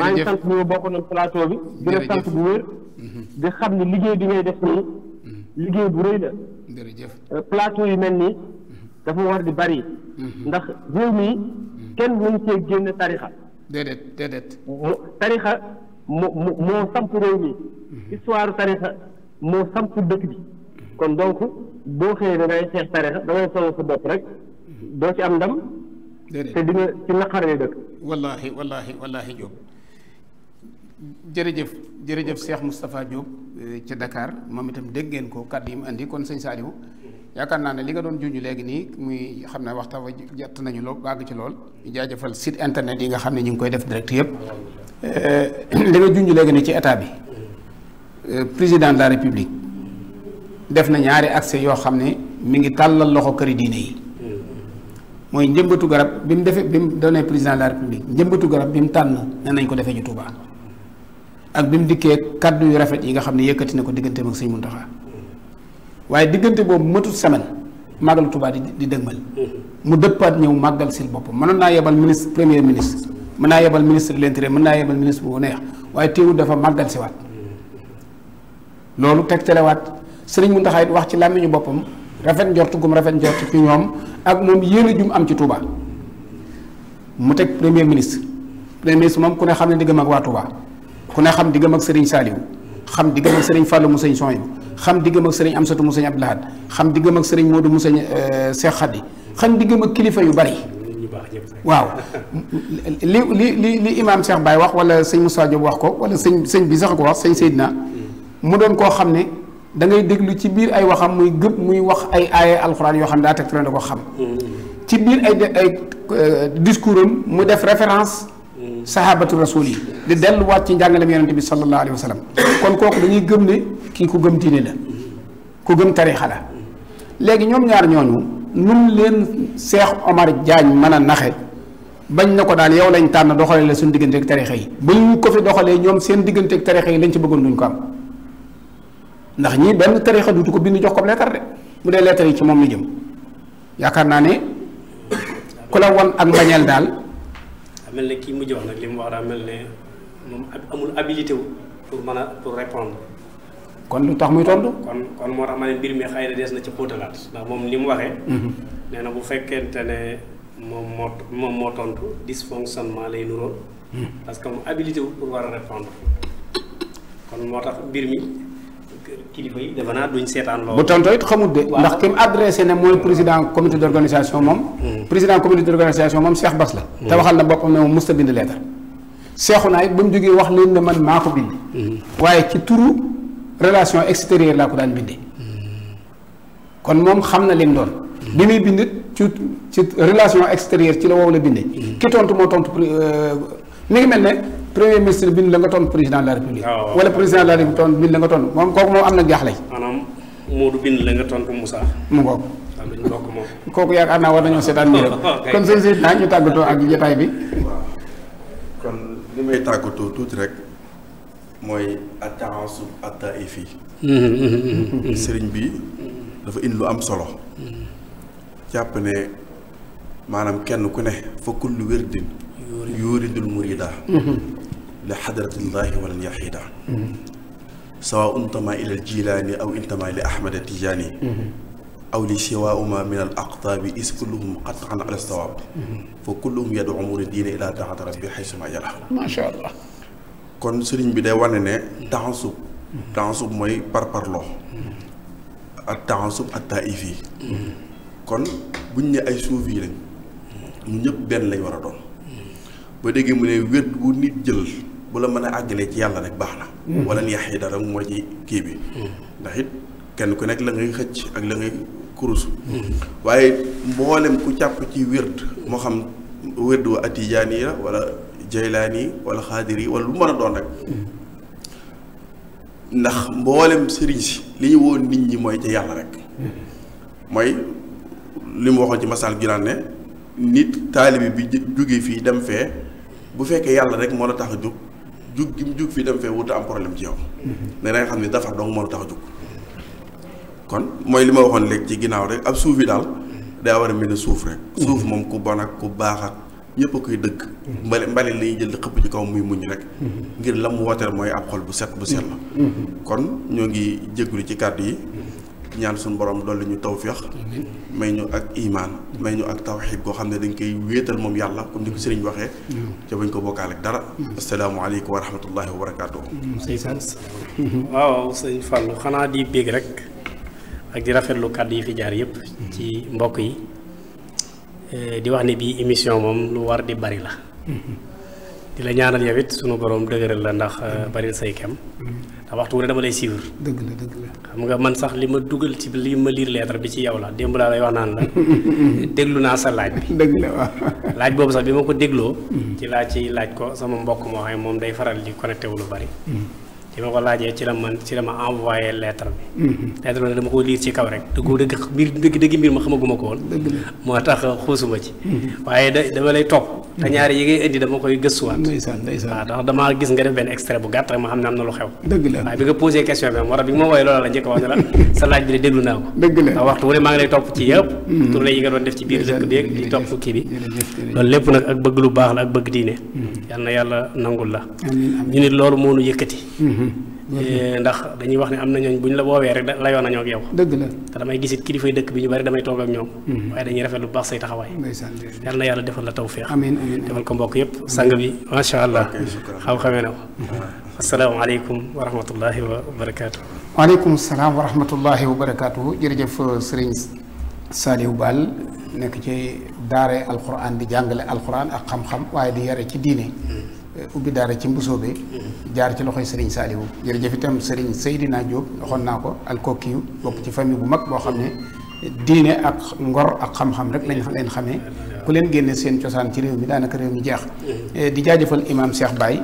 maa ngi sant ñu ma bokk nañ plateau bi dina bu wér mhm. di xam ne liggéey bi ngay def nii mhm. liggéey bu rëy la jërëjëf euh, plateau yu mel nii mhm. dafa war di bari ndax réew mi kenn mënu cee génn tarixa déedéet déedéet. mu tarixa mu mu moo samp réew mi. Mhm. histoire tarixa moo samp dëkk bi. kon donc boo xëyee da ngay tarixa da solo sa bopp rek mhm. doo ci am ndam. déedéet te di ci naqar lay dëkk. wallaahi wallaahi wallaahi Diop. jërëjëf jërëjëf Cheikh Moustapha Diop eh, ca Dakar moom itam dégg ngeen ko kàddu yi mu andi kon sëñ Saliou yaakaar naa ne li nga doon junj léegi nii muy xam ne waxtaan wi jàtt nañu lool bàgg ci lool ñu jaajëfal site internet yi nga xam ne ñu ngi koy def direct yëpp eh, (clears throat) li nga junj léegi nii ci état bi eh, président de la république def na ñaari accès yoo xam ne mi ngi tàllal loxo këri diine yi mooy njëmbatu garab bi mu defee bi mu doonee président de la république njëmbatu garab bi mu tànn ne nañ ko defee ñu Touba ak bi mu dikkee kaddu yu rafet yi nga xam ne yëkkati na ko digganteem ak sëñ Muntaxa waaye diggante boobu matut semaine màggalu Touba di di dëgmal mm-hmm. mu dëppaat ñëw màggal sil boppam mënoon naa yebal ministre premier ministre mën naa yebal ministre de l'intérieur mën naa yebal ministre bu neex waaye teewul dafa màggal si waat mm-hmm. loolu teg telewaat sëriñ Mountakha it wax ci làmmiñu boppam rafet njort gum rafet njort ci ñoom ak moom yéene jum am ci Touba mu teg premier ministre premier ministre moom ku ne xam ne diggam ak waa Touba ku ne xam diggam ak sëriñ Saliou xam diggam ak sëriñ Fallou mu sëriñ Soy xam diggam ak sëriñ Amsatu mu sëriñ Abdou Lahad xam diggam ak sëriñ Modou mu sëriñ euh, Cheikh Khady xam diggam ak kilifa yu bari waaw li li li li imaam Cheikh Baye wax wala sëñ Moussa Diop wax ko wala sëñ sëñ bi sax ko wax sëñ Seydina mu doon koo xam ne da ngay déglu ci biir ay waxam muy gëb muy wax ay aaya alxuraan yoo xam ne daa teg da ko xam mm-hmm. ci biir ay ay euh, mu def référence sahabatu rasul yi di delluwaat ci njàngalem yonente bi sallallahu alayhi wa sallam kon kooku dañuy gëm ne kii ku gëm diine la ku gëm tarixa la léegi ñoom ñaar ñooñu nun leen Cheikh Omar Diagne mën a naxe bañ na ko daal yow lañ tànn doxalee la suñ diggante ak tarixa yi bu ñu ko fi doxalee ñoom seen diggante ak tarixa yi lañ ci bëggoon duñ ko am ndax ñii benn tarixa dutu ko bind jox ko leetar de bu dee leetar yi ci moom la jëm yaakaar naa ne ku la won ak mbañeel daal mel ne kii mujj wax nag li mu wax daa mel ne moom amul habilité wu pour man a pour répondre kon lu tax muy tontu. kon kon moo tax ma ne mbir mi xëy na des na ci xóotalaat ndax moom li mu waxee. Mhm. nee na bu fekkente ne moom moo moom moo tontu dysfonctionnement lay nuróol. Mhm. parce que moom habilité pour war a répondre kon moo tax mbir mi. kilifa yi defe naa duñ seetaan loolu. bu tontoo it xamut de. ndax ki mu ne mooy président comité d' moom. Hmm. président comité d' moom Cheikh Bass la. Hmm. te waxal na boppam moom mës bind leetar. seexu naa it ba mu jógee wax leen ne man maa ko bind. Hmm. waaye ci turu relation extérieure laa ko daan bindee. kon moom xam na lim doon. bi muy bind ci ci relation extérieure ci la wow la bindee. ki tontu moo tontu euh, mi ngi mel ne. premier ministre bind la nga tontu président de la république. Ah, wala président la république tontu bind la nga tontu moom kooku moom am na jaaxle. maanaam Moodu bind la nga tontu Moussa. mu ngoog. kooku yaakaar naa war nañoo seetaan nii (laughs) ñu tàggatoo ak jotaay bi. waaw kon li may tuuti rek mooy attaansub fii. sëriñ bi dafa indi lu am solo. jàpp ne maanaam kenn ku ne fa kullu wérdin yóoridul murida li xadratillahi walan yaxiida sawa untama ila aljilaani aw intama li ahmada tijaani aw li siwaahuma min al aqtaabi is kulluhum qatan ala sawaab fa kulluhum yadu umuri diine ila taxat rabbi xaysuma bi day wane ne taxasub taxasub mooy parparloo ak taxasub ak taif yi kon buñ ne ay suuf yi lañ ñu ñëpp benn lañ war a ba déggee mu ne wet wu nit jël bu la mën a àggalee ci yàlla rek baax na. Mm-hmm. wala neex yi dara moo ci kii bi. Mm-hmm. ndax kenn ku nekk la ngay xëcc ak la ngay kurus. Mm-hmm. waaye mboolem ku càpp ci wird moo xam wird wa atijaani la wala jaylaani wala xaadiri wala lu mën a doon rek. ndax mboolem sëriñ si li ñu woon nit ñi mooy ci yàlla rek. mooy li mu waxoon ci masal ginaan ne nit taalibe bi jóge fii dem fee bu fekkee yàlla rek moo la tax a jóg. jug gi mu jug fii dem fee wut am problème ci yow. ne mhm. da xam ne defar dong moo la tax jug. kon mooy li ma waxoon léegi ci ginnaaw rek ab suuf yi daal daa war a mel ne suuf rek. Mhm. suuf moom ku bon ak ku baax ak ñëpp a koy dëkk. Mhm. mbale mbale la ñuy jël di xëpp ci kaw muy muñ rek. ngir la mu wooteel mooy ab xol bu set bu set la. kon ñoo ngi jégalu ci kàddu yi. ñaan suñu borom dool la ñu tawféex may ñu ak imaan may ñu ak tawxiid goo xam ne dañ koy wéetal moom yàlla comme ni ko sëriñ waxee ca bañ ko bokkaale dara asalaamaaleykum wa rahmatullahi wa barakaatu mm, sëñ Sans (laughs) waaw sëñ Fallou xanaa di bég rek ak di rafetlu kàdd yi fi jaar yëpp ci mbokk yi eh, di wax ne bii émission moom lu war di bari la mm-hmm. di la ñaanal yow it sunu borom dëgëral la ndax eh, bari say kem mm-hmm. ndax waxtu wu ne dama lay suivre. dëgg la dëgg la xam nga man sax li ma dugal ci lii ma liir lettre bi ci yow la démb laa lay wax naan la (laughs) déglu naa sa laaj bi. dëgg la waaw. (laughs) laaj boobu sax bi ma ko dégloo. Mm. ci laa ci laaj ko sama mbokk moo xam moom day faral di connecté wu lu bari. Mm. ci ma ko laajee ci la man ci la ma envoyé lettre bi. Mm-hmm. lettre bi dama ko liir ci kaw rek. dëgg dëgg mbir ma xamaguma ko woon. moo tax xuusuma ci. Mm-hmm. waaye da dama lay topp. te mm-hmm. ñaari yi ngay indi dama koy gëstuwaat. ndeysaan ndeysaan waaw gis nga def benn extrait bu gàtt rek ma xam ne am na lu xew. dëgg la waaye bi nga posé question bi moo tax bi nga ma wooyee loolu la njëkk wax ne la (laughs) sa laaj bi de déglu naa ko. dëgg la ndax waxtu wu ne maa ngi lay topp ci yëpp. tur yi bi loolu lépp nag ak la na la. ñu nit loolu moo nu Mmh. Mmh. Eh, ndax dañuy wax ne am na ñooñ bu ñu la woowee rek layoon a ak yow dëgg la te damay gisit kilifay dëkk bi ñu bari damay toog ak ñoom mmh. waaye dañuy rafet lu baax say taxawaay yàlla na yàlla defal la tawféex amiin amiin defal ko mbokk yëpp sang bi macha allah xam-xamee na ko asalaamaaleykum wa rahmatullahi wa barakaatu waaleykum salaam wa rahmatullahi wa barakaatu jërëjëf euh, sëriñ Saliou Ball nekk ci daare alquran di jàngale alquran ak xam-xam waaye di yare ci di Eh, ubbi daara ci mbusoobe mm-hmm. jaar ci loxoy Serigne Saliou jërëjëf itam seydi naa Diop waxoon naa ko alkookiyu bokk ci famille bu mag boo xam ne diine ak ngor ak xam-xam rek lañ leen xamee ku leen génne seen cosaan ci réew mi daanaka réew mi jeex mm-hmm. eh, di jaajëfal imam Cheikh Baye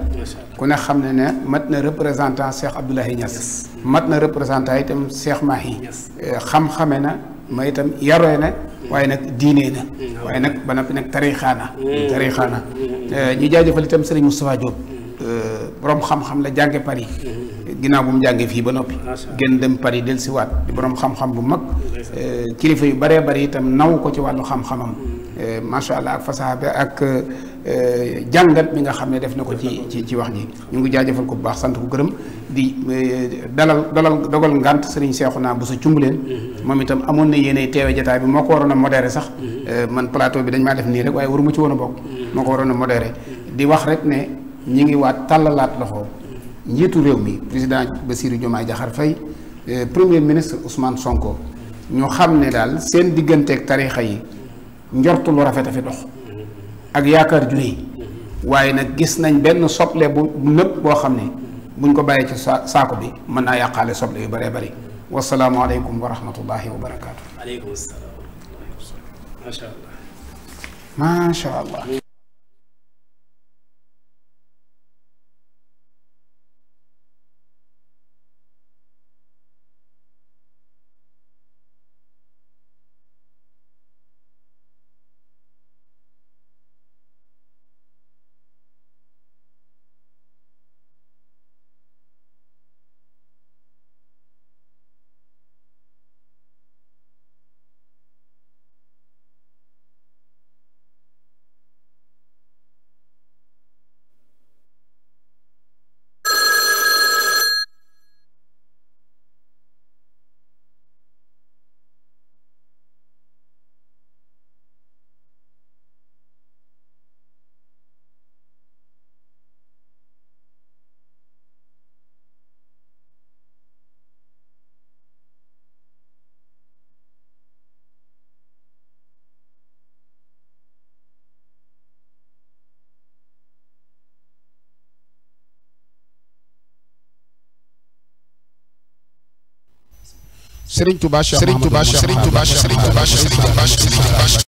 ku ne xam ne ne mat na représentant Cheikh Abdoulaye Niass mat na représentant itam Cheikh Mahi eh, xam-xame na ma itam yaroo na waaye nag diine la waaye nag ba noppi nag tarixaana tarixaana ñu jaajëfal itam sëriñ Moustapha Diop borom xam-xam la jànge Paris ginnaaw bu mu jàngee fii ba noppi gën dem Paris del si waat di xam-xam bu mag kilifa yu baree bari itam naw ko ci wàllu xam-xamam mm. eh, macha allah ak fasaha ak Euh, jàngat bi nga xam ne def na ko ci ci ci wax nii ñu ngi jaajëfal ko bu baax sant ko gërëm di euh, dalal dalal dogal ngant sëriñ naa bu sa cumbuleen moom itam amoon na yéene teewe jataay bi moo ko waroon a modéré sax mm-hmm. euh, man plateau bi dañ maa def nii rek waaye waruma ci woon bokk mm-hmm. moo ko waroon a modéré mm-hmm. di wax rek ne ñi ngi waat tàllalaat loxo njiitu réew mi président Bassirou Diomaye Diakhar fay premier ministre Ousmane Sonko ñu xam ne daal seen diggante digganteeg tarixa yi njortu lu rafet dox ak yaakaar ju rëy waaye nag gis nañ benn soble bu nëpp boo xam ne buñ ko bàyyee ci sa saako bi mën naa yàqaale soble yu bëree bëri wasalaamualeykum wa rahmatullahi wa barakaatu. aleykum salaam. macha allah. macha allah. Serigne Touba Cheikh Serigne Touba Cheikh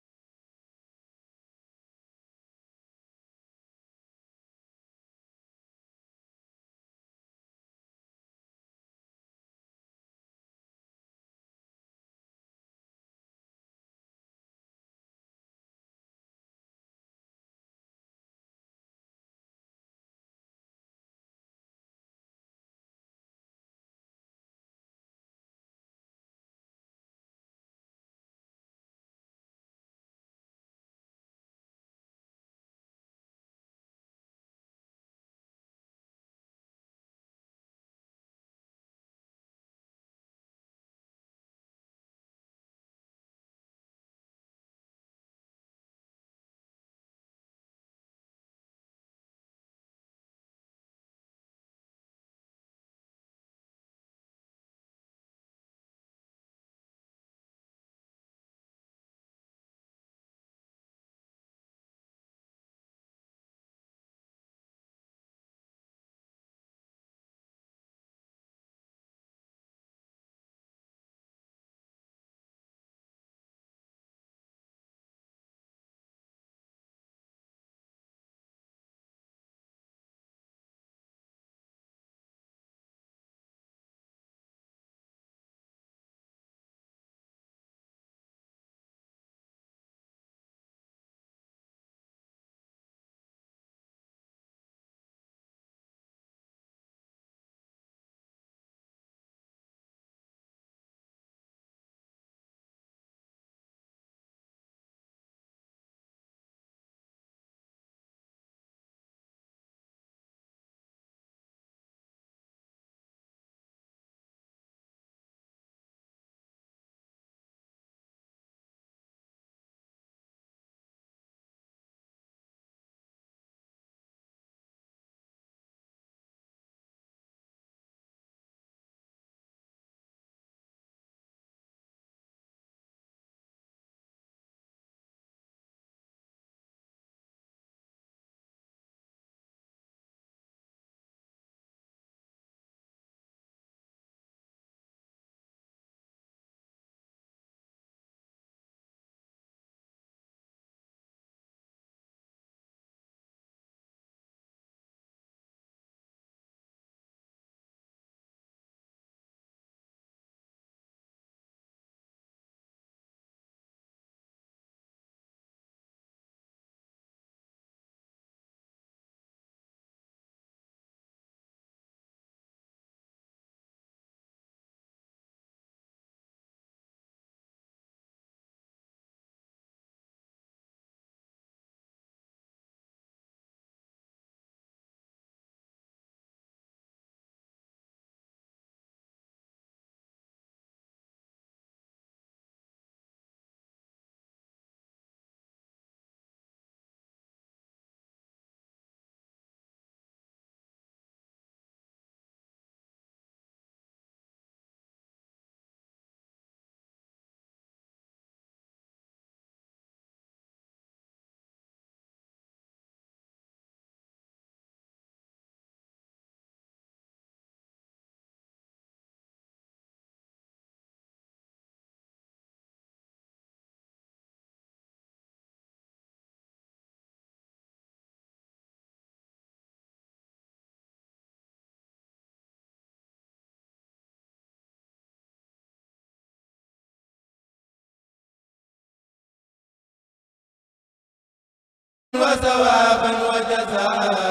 وثوابا وجزاء